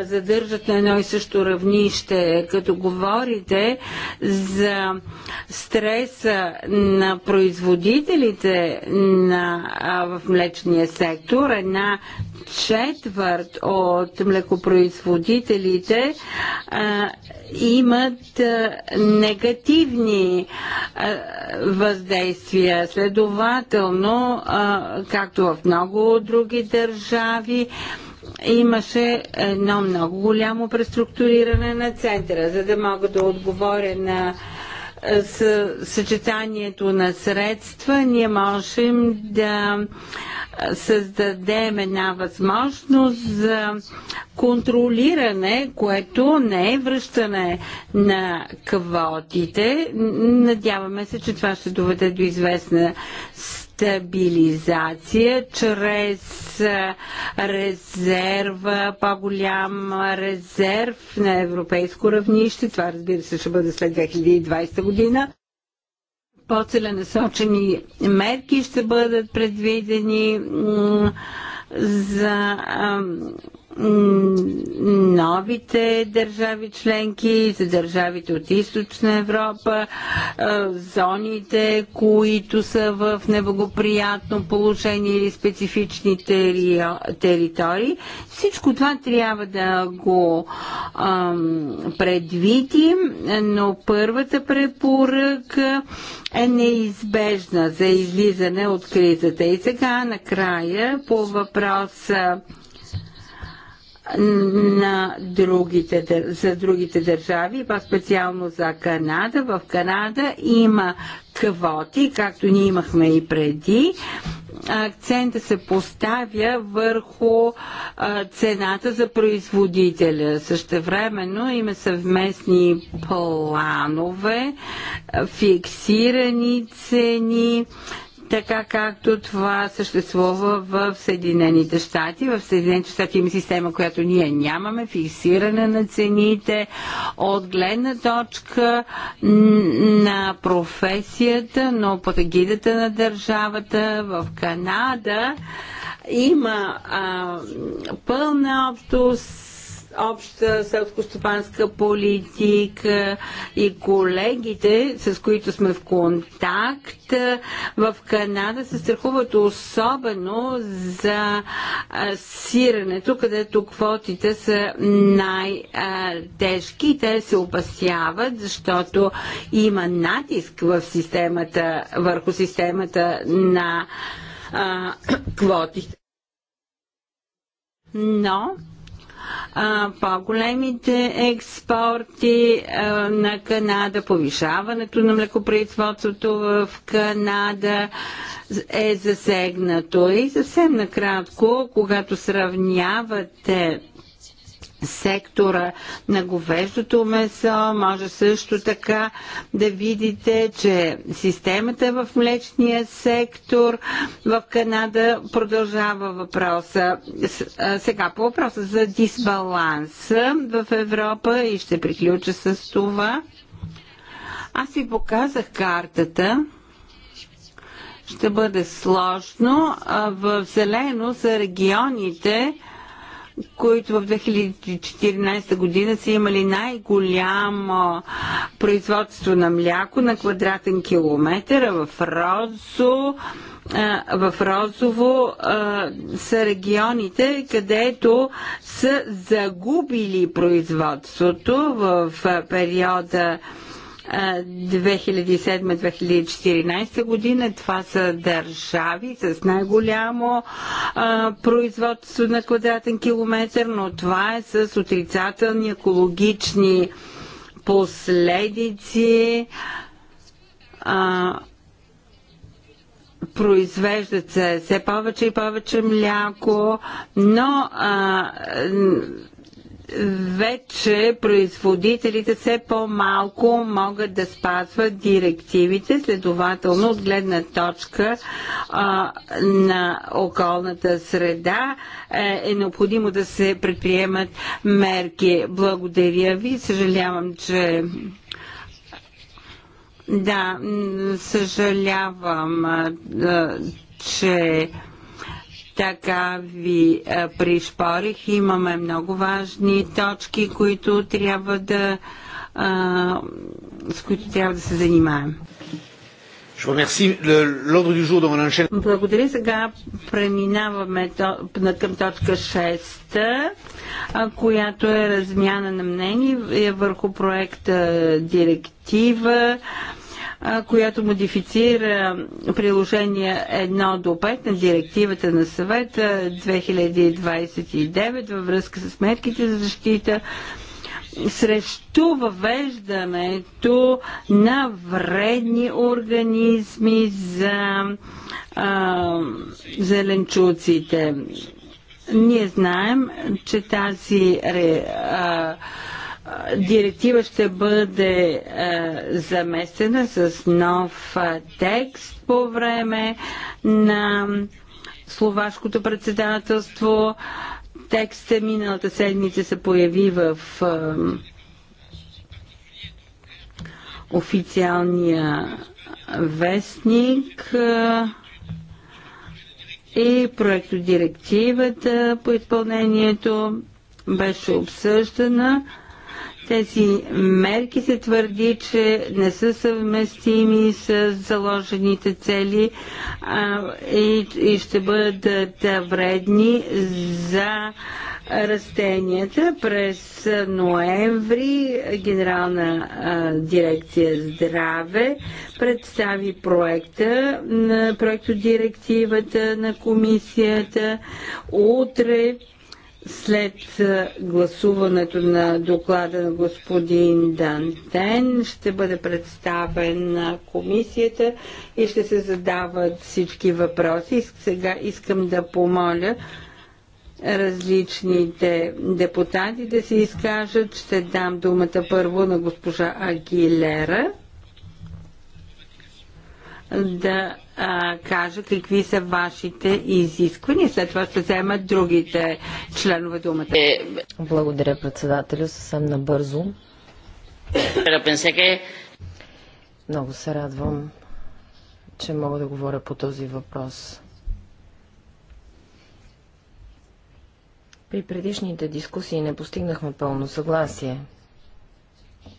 задържат на едно и също равнище. Като говорите за стреса на производителите на, в млечния сектор, една четвърт от млекопроизводителите а, имат а, негативни а, въздействия. Следователно, а, както в много други държави, имаше едно много голямо преструктуриране на центъра, за да мога да отговоря на с съчетанието на средства ние можем да създадем една възможност за контролиране, което не е връщане на квотите. Надяваме се, че това ще доведе до известна стабилизация чрез резерва, по-голям резерв на европейско равнище. Това разбира се ще бъде след 2020 година. По-целенасочени мерки ще бъдат предвидени за новите държави членки, за държавите от източна Европа, зоните, които са в неблагоприятно положение или специфични територии. Всичко това трябва да го предвидим, но първата препоръка е неизбежна за излизане от кризата. И сега накрая по въпроса на другите, за другите държави, по-специално за Канада. В Канада има квоти, както ние имахме и преди. Акцента се поставя върху цената за производителя. Същевременно има съвместни планове, фиксирани цени, така както това съществува в Съединените щати. В Съединените щати има система, която ние нямаме, фиксиране на цените от гледна точка на професията, но под егидата на държавата в Канада има а, пълна общост обща селскостопанска политика и колегите, с които сме в контакт, в Канада се страхуват особено за сирането, където квотите са най-тежки. Те се опасяват, защото има натиск в системата, върху системата на квотите. Но по-големите експорти на Канада, повишаването на млекопроизводството в Канада е засегнато. И съвсем накратко, когато сравнявате сектора на говеждото месо. Може също така да видите, че системата в млечния сектор в Канада продължава въпроса. Сега по въпроса за дисбаланс в Европа и ще приключа с това. Аз ви показах картата ще бъде сложно. В зелено са регионите, които в 2014 година са имали най-голямо производство на мляко на квадратен километър, в Розо в Розово са регионите, където са загубили производството в периода 2007-2014 година. Това са държави с най-голямо производство на квадратен километр, но това е с отрицателни екологични последици. А, произвеждат се все повече и повече мляко, но а, вече производителите все по-малко могат да спазват директивите, следователно от гледна точка а, на околната среда е, е необходимо да се предприемат мерки. Благодаря ви, съжалявам, че да, съжалявам, че така ви е, пришпорих. Имаме много важни точки, които трябва да, е, с които трябва да се занимаем. Благодаря. Сега преминаваме към точка 6, която е размяна на мнение е върху проекта директива която модифицира приложение 1 до 5 на директивата на съвета 2029 във връзка с мерките за защита срещу въвеждането на вредни организми за а, зеленчуците. Ние знаем, че тази а, директива ще бъде заместена с нов текст по време на словашкото председателство. Текстът е миналата седмица се появи в официалния вестник и проектодирективата по изпълнението беше обсъждана тези мерки се твърди, че не са съвместими с заложените цели а, и, и ще бъдат вредни за растенията. През ноември Генерална а, дирекция здраве представи проекта на проектодирективата на комисията. Утре след гласуването на доклада на господин Дантен ще бъде представен на комисията и ще се задават всички въпроси. Сега искам да помоля различните депутати да се изкажат. Ще дам думата първо на госпожа Агилера да а, кажа какви са вашите изисквания. След това ще вземат другите членове думата. Е, Благодаря, председателю, съвсем набързо. Много се радвам, че мога да говоря по този въпрос. При предишните дискусии не постигнахме пълно съгласие.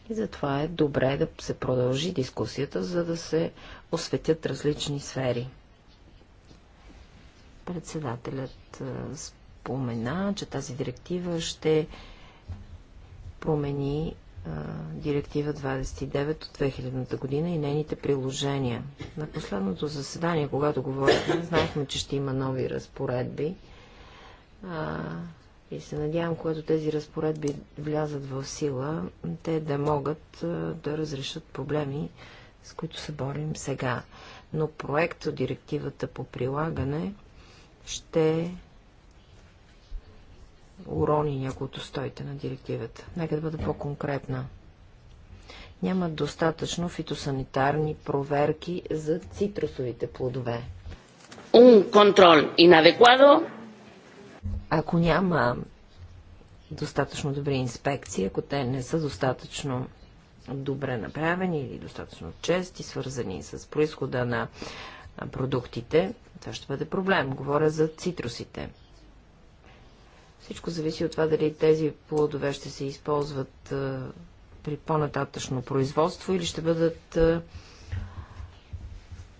И затова е добре да се продължи дискусията, за да се осветят различни сфери. Председателят спомена, че тази директива ще промени Директива 29 от 2000 година и нейните приложения. На последното заседание, когато говорихме, знаехме, че ще има нови разпоредби а, и се надявам, когато тези разпоредби влязат в сила, те да могат а, да разрешат проблеми, с които се борим сега. Но проект от директивата по прилагане ще урони някои от устоите на директивата. Нека да бъда по-конкретна. Няма достатъчно фитосанитарни проверки за цитрусовите плодове. Un контрол inadecuado. Ако няма достатъчно добри инспекции, ако те не са достатъчно добре направени или достатъчно чести, свързани с происхода на продуктите, това ще бъде проблем. Говоря за цитрусите. Всичко зависи от това дали тези плодове ще се използват при по-нататъчно производство или ще бъдат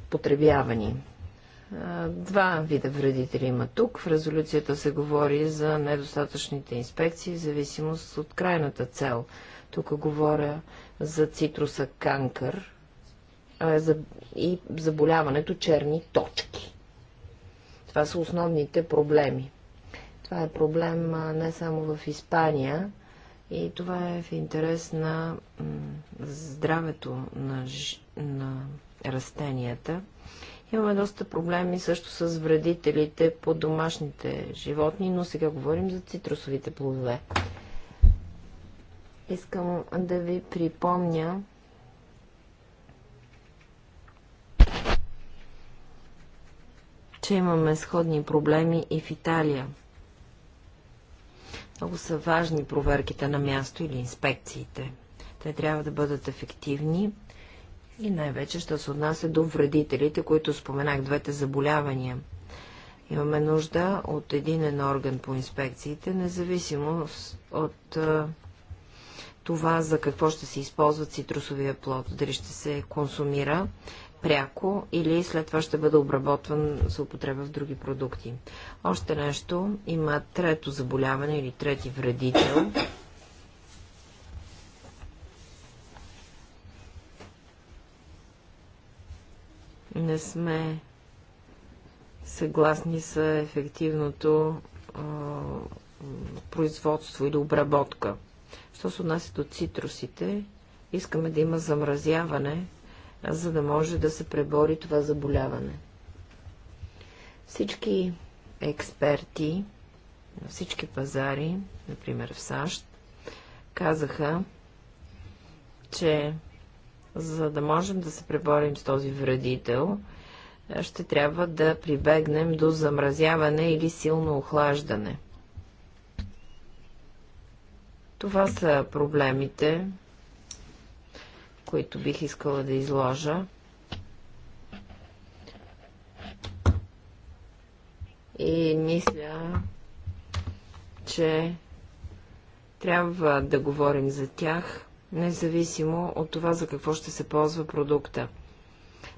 потребявани. два вида вредители има тук. В резолюцията се говори за недостатъчните инспекции в зависимост от крайната цел. Тук говоря за цитруса канкър а, за, и заболяването черни точки. Това са основните проблеми. Това е проблем не само в Испания, и това е в интерес на здравето на, ж... на растенията. Имаме доста проблеми също с вредителите по домашните животни, но сега говорим за цитрусовите плодове. Искам да ви припомня, че имаме сходни проблеми и в Италия. Много са важни проверките на място или инспекциите. Те трябва да бъдат ефективни и най-вече ще се отнася до вредителите, които споменах двете заболявания. Имаме нужда от единен орган по инспекциите, независимо от това за какво ще се използва цитрусовия плод. Дали ще се консумира пряко или след това ще бъде обработван за употреба в други продукти. Още нещо, има трето заболяване или трети вредител. Не сме съгласни с ефективното производство или обработка. Що се отнася до цитрусите, искаме да има замразяване, за да може да се пребори това заболяване. Всички експерти на всички пазари, например в САЩ, казаха, че за да можем да се преборим с този вредител, ще трябва да прибегнем до замразяване или силно охлаждане. Това са проблемите, които бих искала да изложа. И мисля, че трябва да говорим за тях, независимо от това за какво ще се ползва продукта.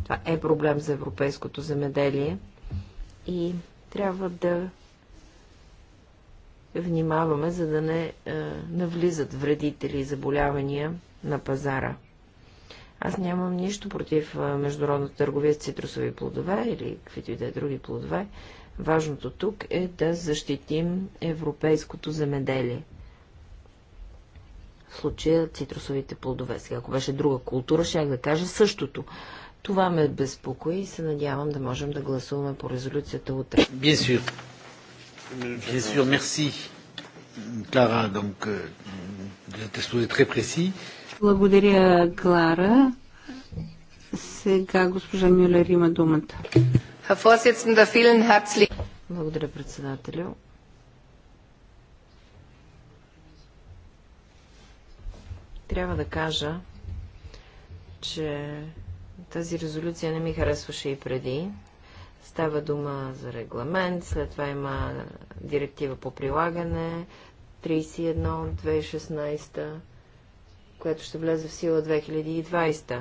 Това е проблем за европейското земеделие и трябва да внимаваме, за да не е, навлизат вредители и заболявания на пазара. Аз нямам нищо против е, международната търговия с цитрусови плодове или каквито и да е други плодове. Важното тук е да защитим европейското земеделие. В случая цитрусовите плодове. Сега, ако беше друга култура, ще да кажа същото. Това ме безпокои и се надявам да можем да гласуваме по резолюцията утре. Бисюр. Bien sûr, merci. Clara, donc, euh, exposé très précis. Благодаря, Клара. Сега госпожа Мюлер има думата. Благодаря, председателю. Трябва да кажа, че тази резолюция не ми харесваше и преди. Става дума за регламент, след това има директива по прилагане 31 от 2016, което ще влезе в сила 2020.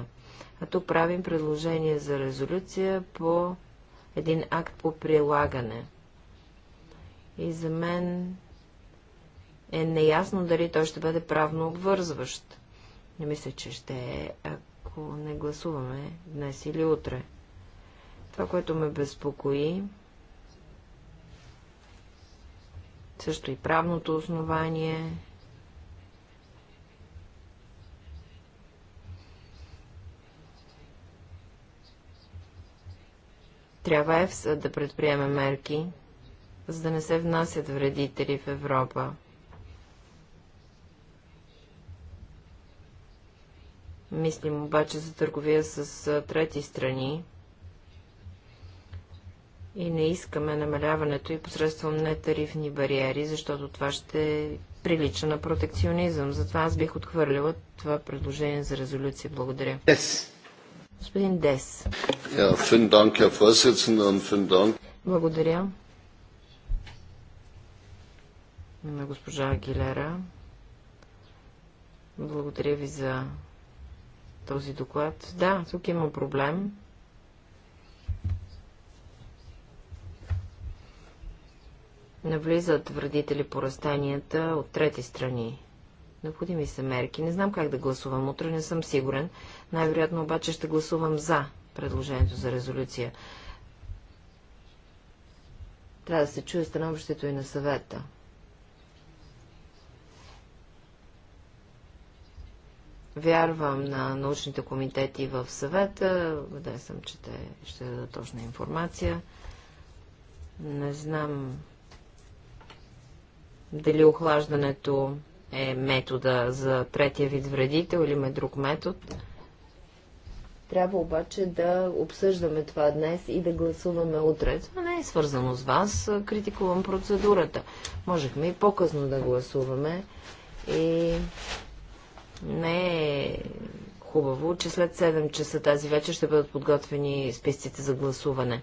А тук правим предложение за резолюция по един акт по прилагане. И за мен е неясно дали той ще бъде правно обвързващ. Не мисля, че ще е, ако не гласуваме днес или утре. Това, което ме безпокои, също и правното основание, Трябва ЕФСА да предприеме мерки, за да не се внасят вредители в Европа. Мислим обаче за търговия с трети страни и не искаме намаляването и посредством нетарифни бариери, защото това ще прилича на протекционизъм. Затова аз бих отхвърлила това предложение за резолюция. Благодаря. Yes. Господин Дес. Yeah, Dank, Благодаря на госпожа Агилера. Благодаря ви за този доклад. Да, тук има проблем. навлизат вредители по растенията от трети страни. Необходими са мерки. Не знам как да гласувам. Утре не съм сигурен. Най-вероятно обаче ще гласувам за предложението за резолюция. Трябва да се чуе становището и на съвета. Вярвам на научните комитети в съвета. Убеден съм, че те ще дадат точна информация. Не знам дали охлаждането е метода за третия вид вредител или има друг метод. Трябва обаче да обсъждаме това днес и да гласуваме утре. Това не е свързано с вас. Критикувам процедурата. Можехме и по-късно да гласуваме. И не е хубаво, че след 7 часа тази вечер ще бъдат подготвени списците за гласуване.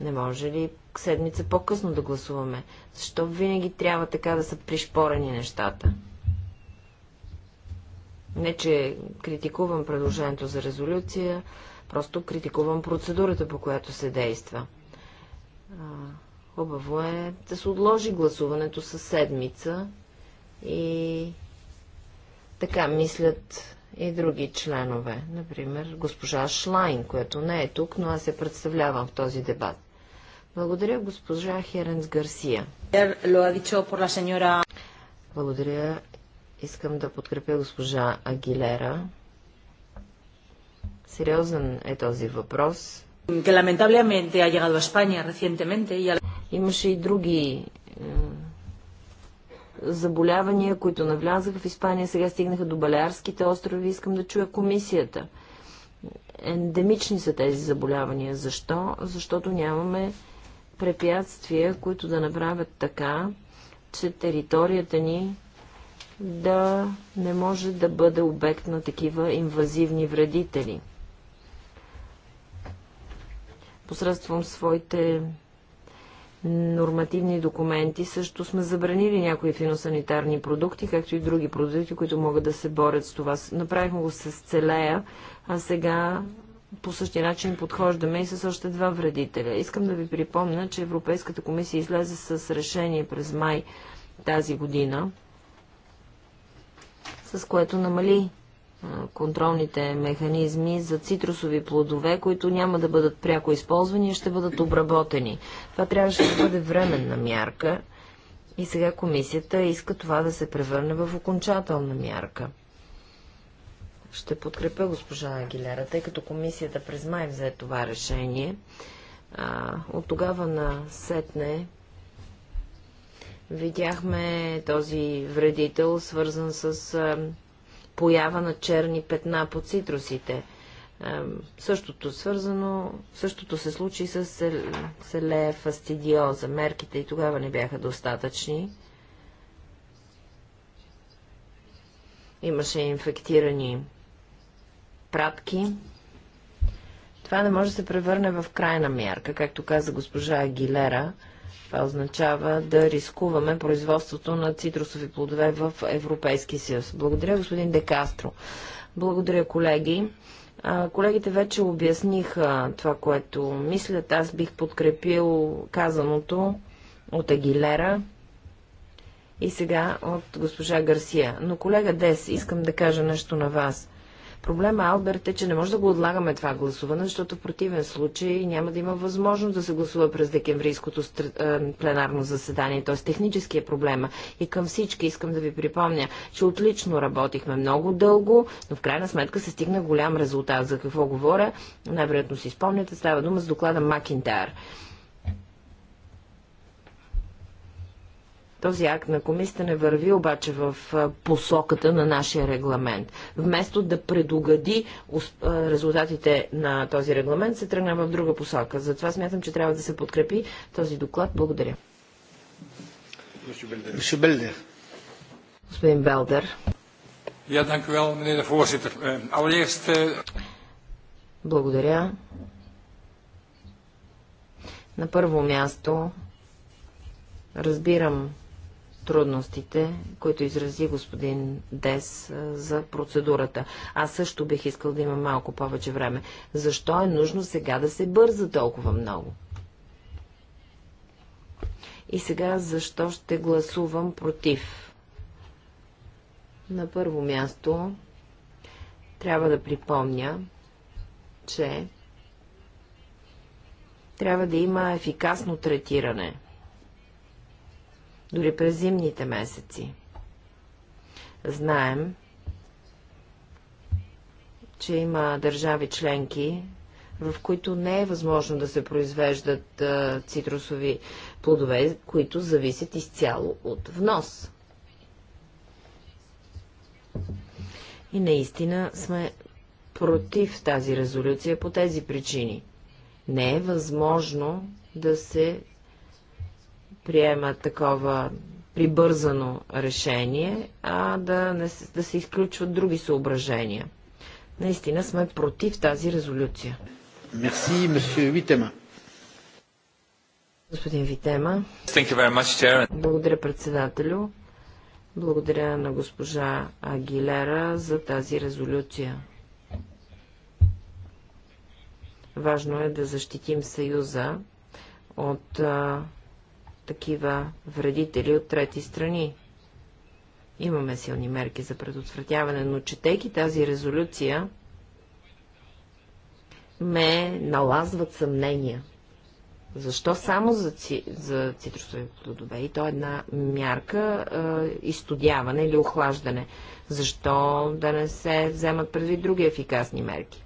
Не може ли седмица по-късно да гласуваме? Защо винаги трябва така да са пришпорени нещата? Не, че критикувам предложението за резолюция, просто критикувам процедурата, по която се действа. Хубаво е да се отложи гласуването със седмица и така мислят и други членове. Например, госпожа Шлайн, която не е тук, но аз я представлявам в този дебат. Благодаря госпожа Херенс Гарсия. Благодаря. Искам да подкрепя госпожа Агилера. Сериозен е този въпрос. Имаше и други е, заболявания, които навлязаха в Испания, сега стигнаха до Балеарските острови. Искам да чуя комисията. Ендемични са тези заболявания. Защо? Защото нямаме препятствия, които да направят така, че територията ни да не може да бъде обект на такива инвазивни вредители. Посредством своите нормативни документи също сме забранили някои финосанитарни продукти, както и други продукти, които могат да се борят с това. Направихме го с целея, а сега по същия начин подхождаме и с още два вредителя. Искам да ви припомня, че Европейската комисия излезе с решение през май тази година, с което намали контролните механизми за цитрусови плодове, които няма да бъдат пряко използвани и ще бъдат обработени. Това трябваше да бъде временна мярка и сега комисията иска това да се превърне в окончателна мярка. Ще подкрепя госпожа Агилера, тъй като комисията през май взе това решение. от тогава на сетне видяхме този вредител, свързан с поява на черни петна по цитрусите. Същото, свързано, същото се случи с селея фастидиоза. Мерките и тогава не бяха достатъчни. Имаше инфектирани пратки. Това не може да се превърне в крайна мярка, както каза госпожа Агилера. Това означава да рискуваме производството на цитрусови плодове в Европейски съюз. Благодаря, господин Декастро. Благодаря, колеги. Колегите вече обясниха това, което мислят. Аз бих подкрепил казаното от Агилера и сега от госпожа Гарсия. Но колега Дес, искам да кажа нещо на вас – Проблема, Алберт, е, че не може да го отлагаме това гласуване, защото в противен случай няма да има възможност да се гласува през декемврийското пленарно заседание. Т.е. технически е проблема. И към всички искам да ви припомня, че отлично работихме много дълго, но в крайна сметка се стигна голям резултат. За какво говоря? Най-вероятно си спомняте, става дума с доклада Макинтар. Този акт на комисията не върви обаче в посоката на нашия регламент. Вместо да предугади резултатите на този регламент, се тръгна в друга посока. Затова смятам, че трябва да се подкрепи този доклад. Благодаря. Господин Белдер. Ehm, eh, Благодаря. На първо място разбирам трудностите, които изрази господин Дес за процедурата. Аз също бих искал да има малко повече време. Защо е нужно сега да се бърза толкова много? И сега защо ще гласувам против? На първо място трябва да припомня, че трябва да има ефикасно третиране – дори през зимните месеци. Знаем, че има държави членки, в които не е възможно да се произвеждат а, цитрусови плодове, които зависят изцяло от внос. И наистина сме против тази резолюция по тези причини. Не е възможно да се приема такова прибързано решение, а да, не, да се изключват други съображения. Наистина сме против тази резолюция. Мерси, месье Витема. Господин Витема. Much, Благодаря председателю. Благодаря на госпожа Агилера за тази резолюция. Важно е да защитим Съюза от а, такива вредители от трети страни. Имаме силни мерки за предотвратяване, но четейки тази резолюция, ме налазват съмнения. Защо само за, ци, за цитрусови плодове? И то е една мярка е, изтодяване или охлаждане. Защо да не се вземат предвид други ефикасни мерки?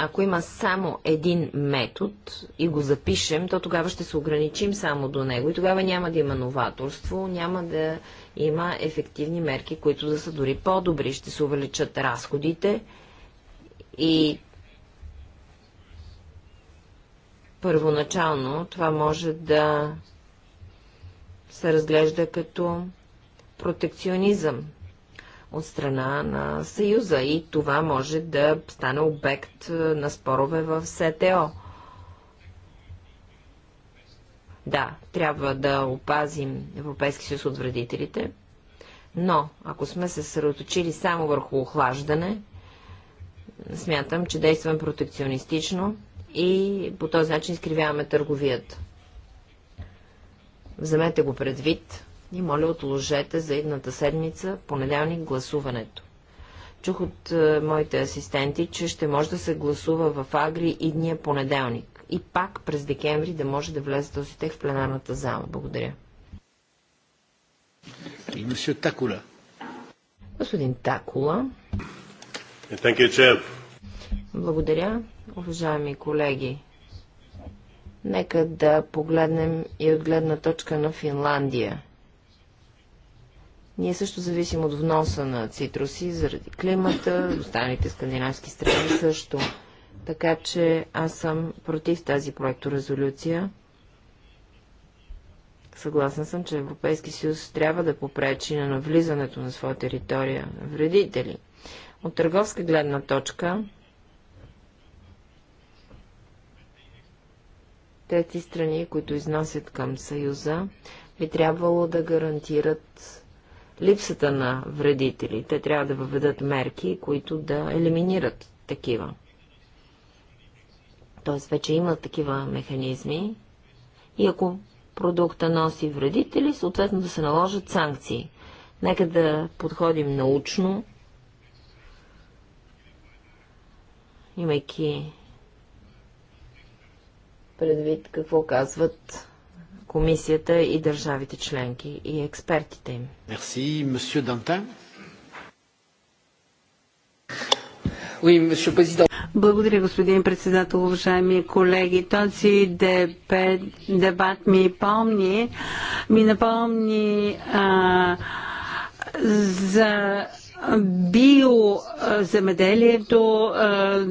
Ако има само един метод и го запишем, то тогава ще се ограничим само до него и тогава няма да има новаторство, няма да има ефективни мерки, които да са дори по-добри. Ще се увеличат разходите и първоначално това може да се разглежда като протекционизъм от страна на Съюза и това може да стане обект е, на спорове в СТО. Да, трябва да опазим Европейски съюз от вредителите, но ако сме се съсредоточили само върху охлаждане, смятам, че действаме протекционистично и по този начин изкривяваме търговията. Вземете го предвид и моля, отложете за едната седмица, понеделник, гласуването. Чух от е, моите асистенти, че ще може да се гласува в Агри и дния понеделник. И пак през декември да може да влезе този тех в пленарната зала. Благодаря. Имаше Такула. Господин Такула. You, Благодаря, уважаеми колеги. Нека да погледнем и от гледна точка на Финландия. Ние също зависим от вноса на цитруси заради климата, останалите скандинавски страни също. Така че аз съм против тази проекторезолюция. Съгласна съм, че Европейски съюз трябва да попречи на навлизането на своя територия на вредители. От търговска гледна точка, трети страни, които изнасят към Съюза, би трябвало да гарантират липсата на вредители. Те трябва да въведат мерки, които да елиминират такива. Тоест вече има такива механизми и ако продукта носи вредители, съответно да се наложат санкции. Нека да подходим научно, имайки предвид какво казват комисията и държавите членки и експертите им. Мерси, месье Дантен. Благодаря, господин председател, уважаеми колеги. Този дебат ми помни, ми напомни а, за биоземеделието,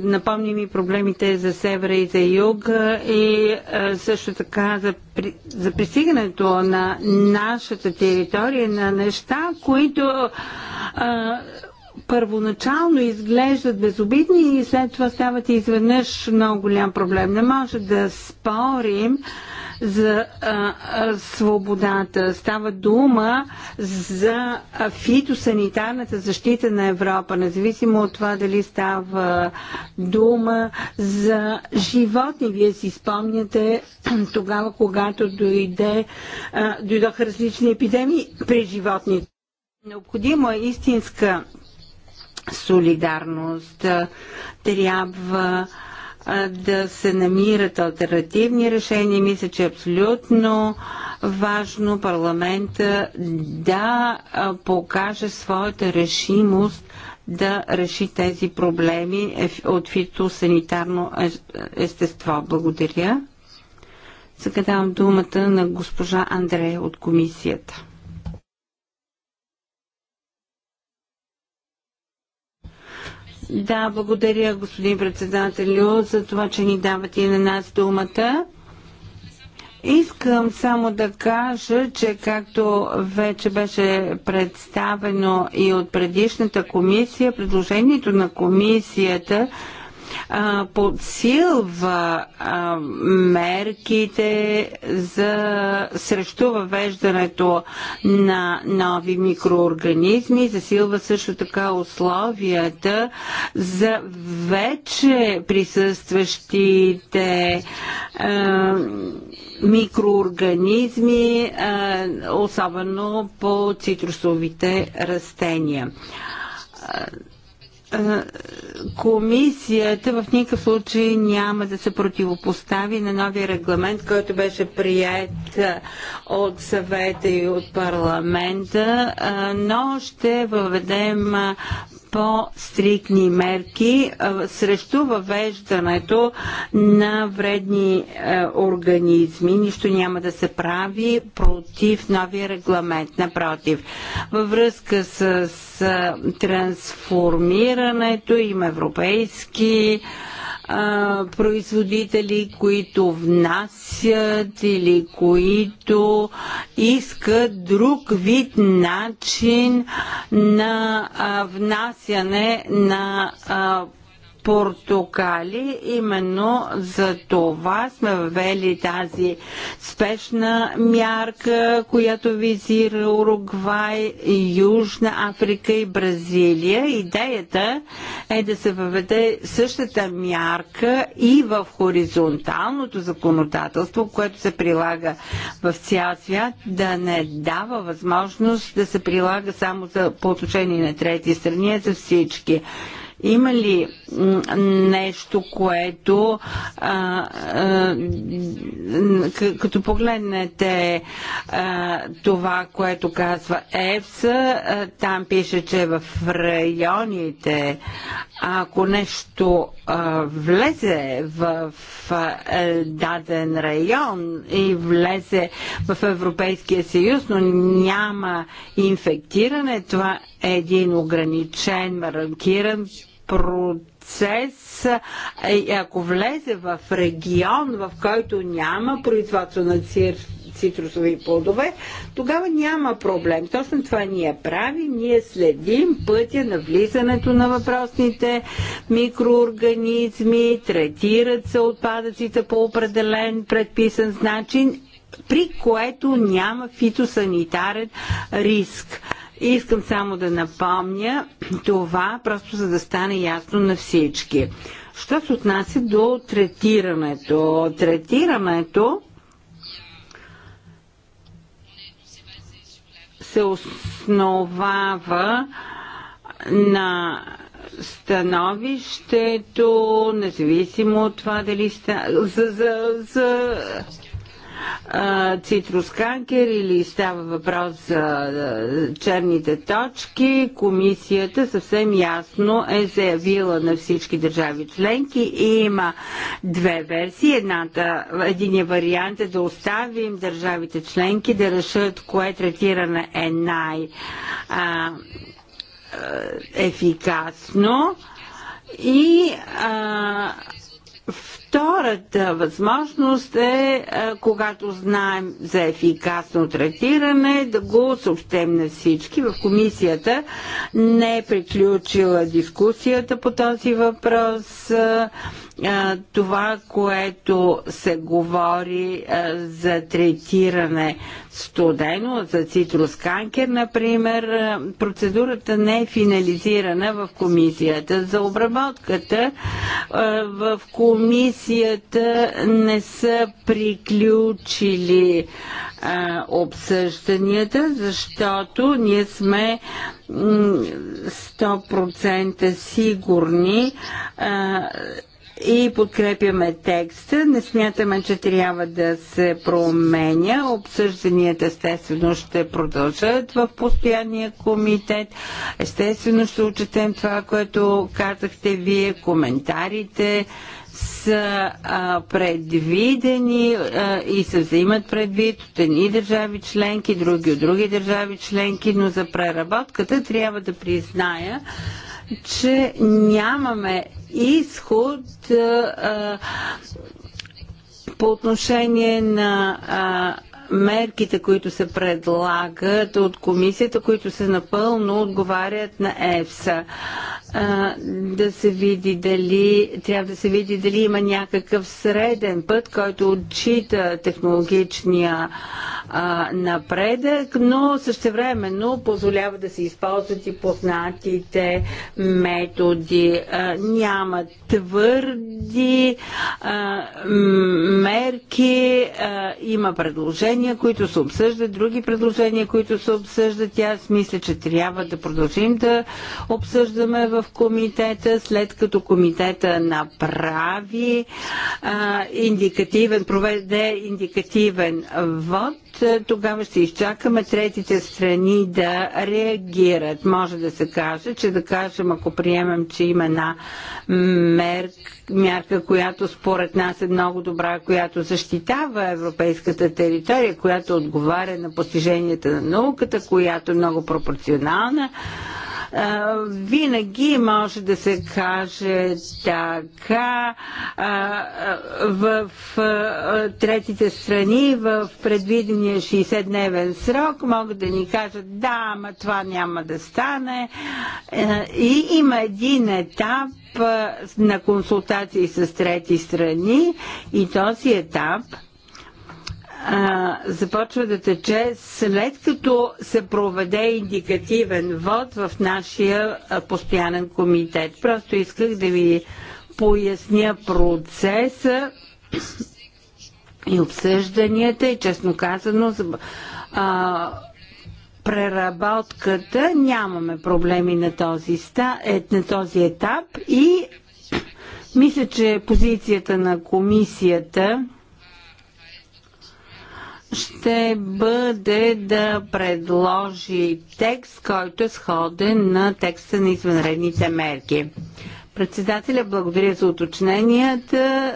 напомни ми проблемите за севера и за юг и също така за, при, за пристигането на нашата територия на неща, които а, първоначално изглеждат безобидни и след това стават изведнъж много голям проблем. Не може да спорим, за а, а, свободата. Става дума за фитосанитарната защита на Европа, независимо от това дали става дума за животни. Вие си спомняте тогава, когато дойде, а, дойдоха различни епидемии при животните. Необходима е истинска солидарност. Трябва да се намират альтернативни решения. Мисля, че е абсолютно важно парламента да покаже своята решимост да реши тези проблеми е, от фитосанитарно е, естество. Благодаря. Сега давам думата на госпожа Андрея от комисията. Да, благодаря, господин председателю, за това, че ни давате и на нас думата. Искам само да кажа, че както вече беше представено и от предишната комисия, предложението на комисията а, подсилва а, мерките за срещу въвеждането на нови микроорганизми, засилва също така условията за вече присъстващите а, микроорганизми, особено по цитрусовите растения комисията в никакъв случай няма да се противопостави на новия регламент, който беше прият от съвета и от парламента, но ще въведем по-стрикни мерки срещу въвеждането на вредни е, организми. Нищо няма да се прави против новия регламент. Напротив, във връзка с трансформирането им европейски а, производители, които внасят или които искат друг вид начин на а, внасяне на а, портокали. Именно за това сме въвели тази спешна мярка, която визира Уругвай, Южна Африка и Бразилия. Идеята е да се въведе същата мярка и в хоризонталното законодателство, което се прилага в цял свят, да не дава възможност да се прилага само за, по отношение на трети страни, а за всички. Има ли нещо, което а, а, като погледнете а, това, което казва ЕФСА, там пише, че в районите, ако нещо а, влезе в а, даден район и влезе в Европейския съюз, но няма инфектиране, това е един ограничен, маранкиран процес, е, ако влезе в регион, в който няма производство на цитрусови плодове, тогава няма проблем. Точно това ние правим. Ние следим пътя на влизането на въпросните микроорганизми, третират се отпадъците по определен предписан начин, при което няма фитосанитарен риск. И искам само да напомня това, просто за да стане ясно на всички. Що се отнася до третирането? Третирането се основава на становището, независимо от това дали сте... за, за, за Цитрус канкер, или става въпрос за черните точки, комисията съвсем ясно е заявила на всички държави членки и има две версии. Едната, единия вариант е да оставим държавите членки да решат кое третиране е най- а, ефикасно и а, в Втората възможност е, е, когато знаем за ефикасно третиране, да го съобщем на всички. В комисията не е приключила дискусията по този въпрос. Е, това, което се говори за третиране студено, за цитрус канкер, например, процедурата не е финализирана в комисията. За обработката в комисията не са приключили обсъжданията, защото ние сме 100% сигурни и подкрепяме текста. Не смятаме, че трябва да се променя. Обсъжданията естествено ще продължат в постоянния комитет. Естествено ще учетем това, което казахте вие, коментарите са а, предвидени а, и се взимат предвид от едни държави членки, други от други държави членки, но за преработката трябва да призная, че нямаме изход а, по отношение на а, мерките, които се предлагат от комисията, които се напълно отговарят на ЕФСА. Да се види дали, трябва да се види дали има някакъв среден път, който отчита технологичния а, напредък, но същевременно позволява да се използват и познатите методи. А, няма твърди а, мерки, а, има предложения предложения, които се обсъждат, други предложения, които се обсъждат. И аз мисля, че трябва да продължим да обсъждаме в комитета, след като комитета направи а, индикативен, проведе индикативен вод е, тогава ще изчакаме третите страни да реагират. Може да се каже, че да кажем, ако приемем, че има една мярка, която според нас е много добра, която защитава европейската територия, която отговаря на постиженията на науката, която е много пропорционална, винаги може да се каже така в третите страни в предвидения 60-дневен срок могат да ни кажат да, ама това няма да стане и има един етап на консултации с трети страни и този етап – а, започва да тече след като се проведе индикативен вод в нашия постоянен комитет. Просто исках да ви поясня процеса и обсъжданията и честно казано а, преработката нямаме проблеми на този, ста, е, на този етап и мисля, че позицията на комисията ще бъде да предложи текст, който е сходен на текста на извънредните мерки. Председателя, благодаря за уточненията.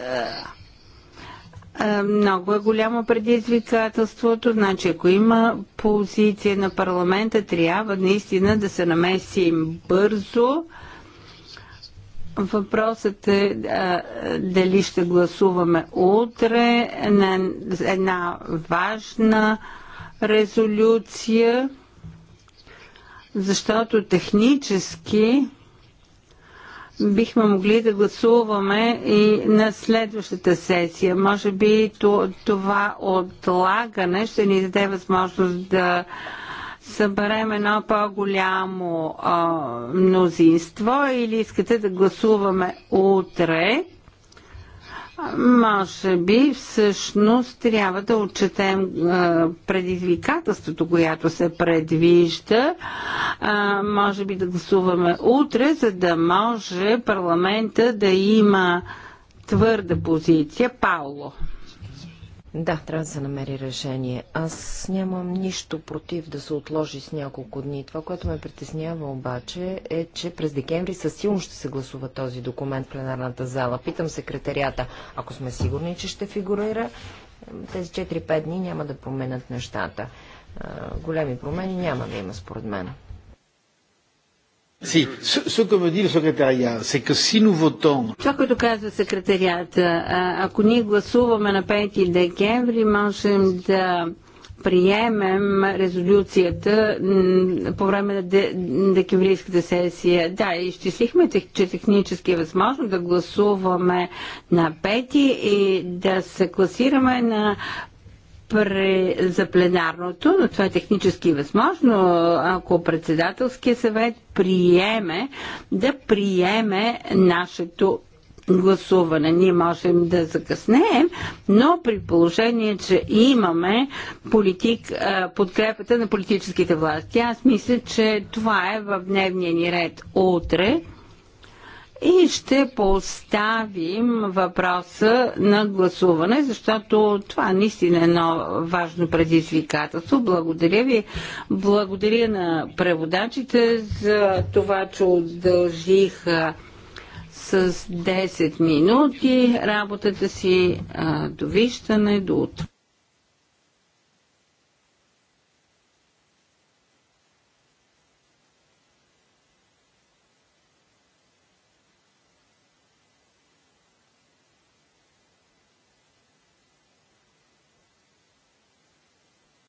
Е, е, много е голямо предизвикателството, значи ако има позиция на парламента, трябва наистина да се намесим бързо Въпросът е а, дали ще гласуваме утре на една важна резолюция, защото технически бихме могли да гласуваме и на следващата сесия. Може би това отлагане ще ни даде възможност да съберем едно по-голямо мнозинство или искате да гласуваме утре, може би всъщност трябва да отчетем предизвикателството, която се предвижда. Може би да гласуваме утре, за да може парламента да има твърда позиция. Пауло. Да, трябва да се намери решение. Аз нямам нищо против да се отложи с няколко дни. Това, което ме притеснява обаче е, че през декември със сигурност ще се гласува този документ в пленарната зала. Питам секретарията, ако сме сигурни, че ще фигурира, тези 4-5 дни няма да променят нещата. Големи промени няма да има, според мен. Си, ce que me dit le secrétariat, c'est que si nous votons... Това, което казва секретарията, ако ние гласуваме на 5 декември, можем да приемем резолюцията по време на декемврийската сесия. Да, изчислихме, че технически е възможно да гласуваме на пети и да се класираме на пре, за пленарното, но това е технически възможно, ако председателския съвет приеме да приеме нашето гласуване. Ние можем да закъснеем, но при положение, че имаме политик, подкрепата на политическите власти. Аз мисля, че това е в дневния ни ред утре и ще поставим въпроса на гласуване, защото това наистина е едно важно предизвикателство. Благодаря ви. Благодаря на преводачите за това, че удължиха с 10 минути работата си. Довиждане до утре.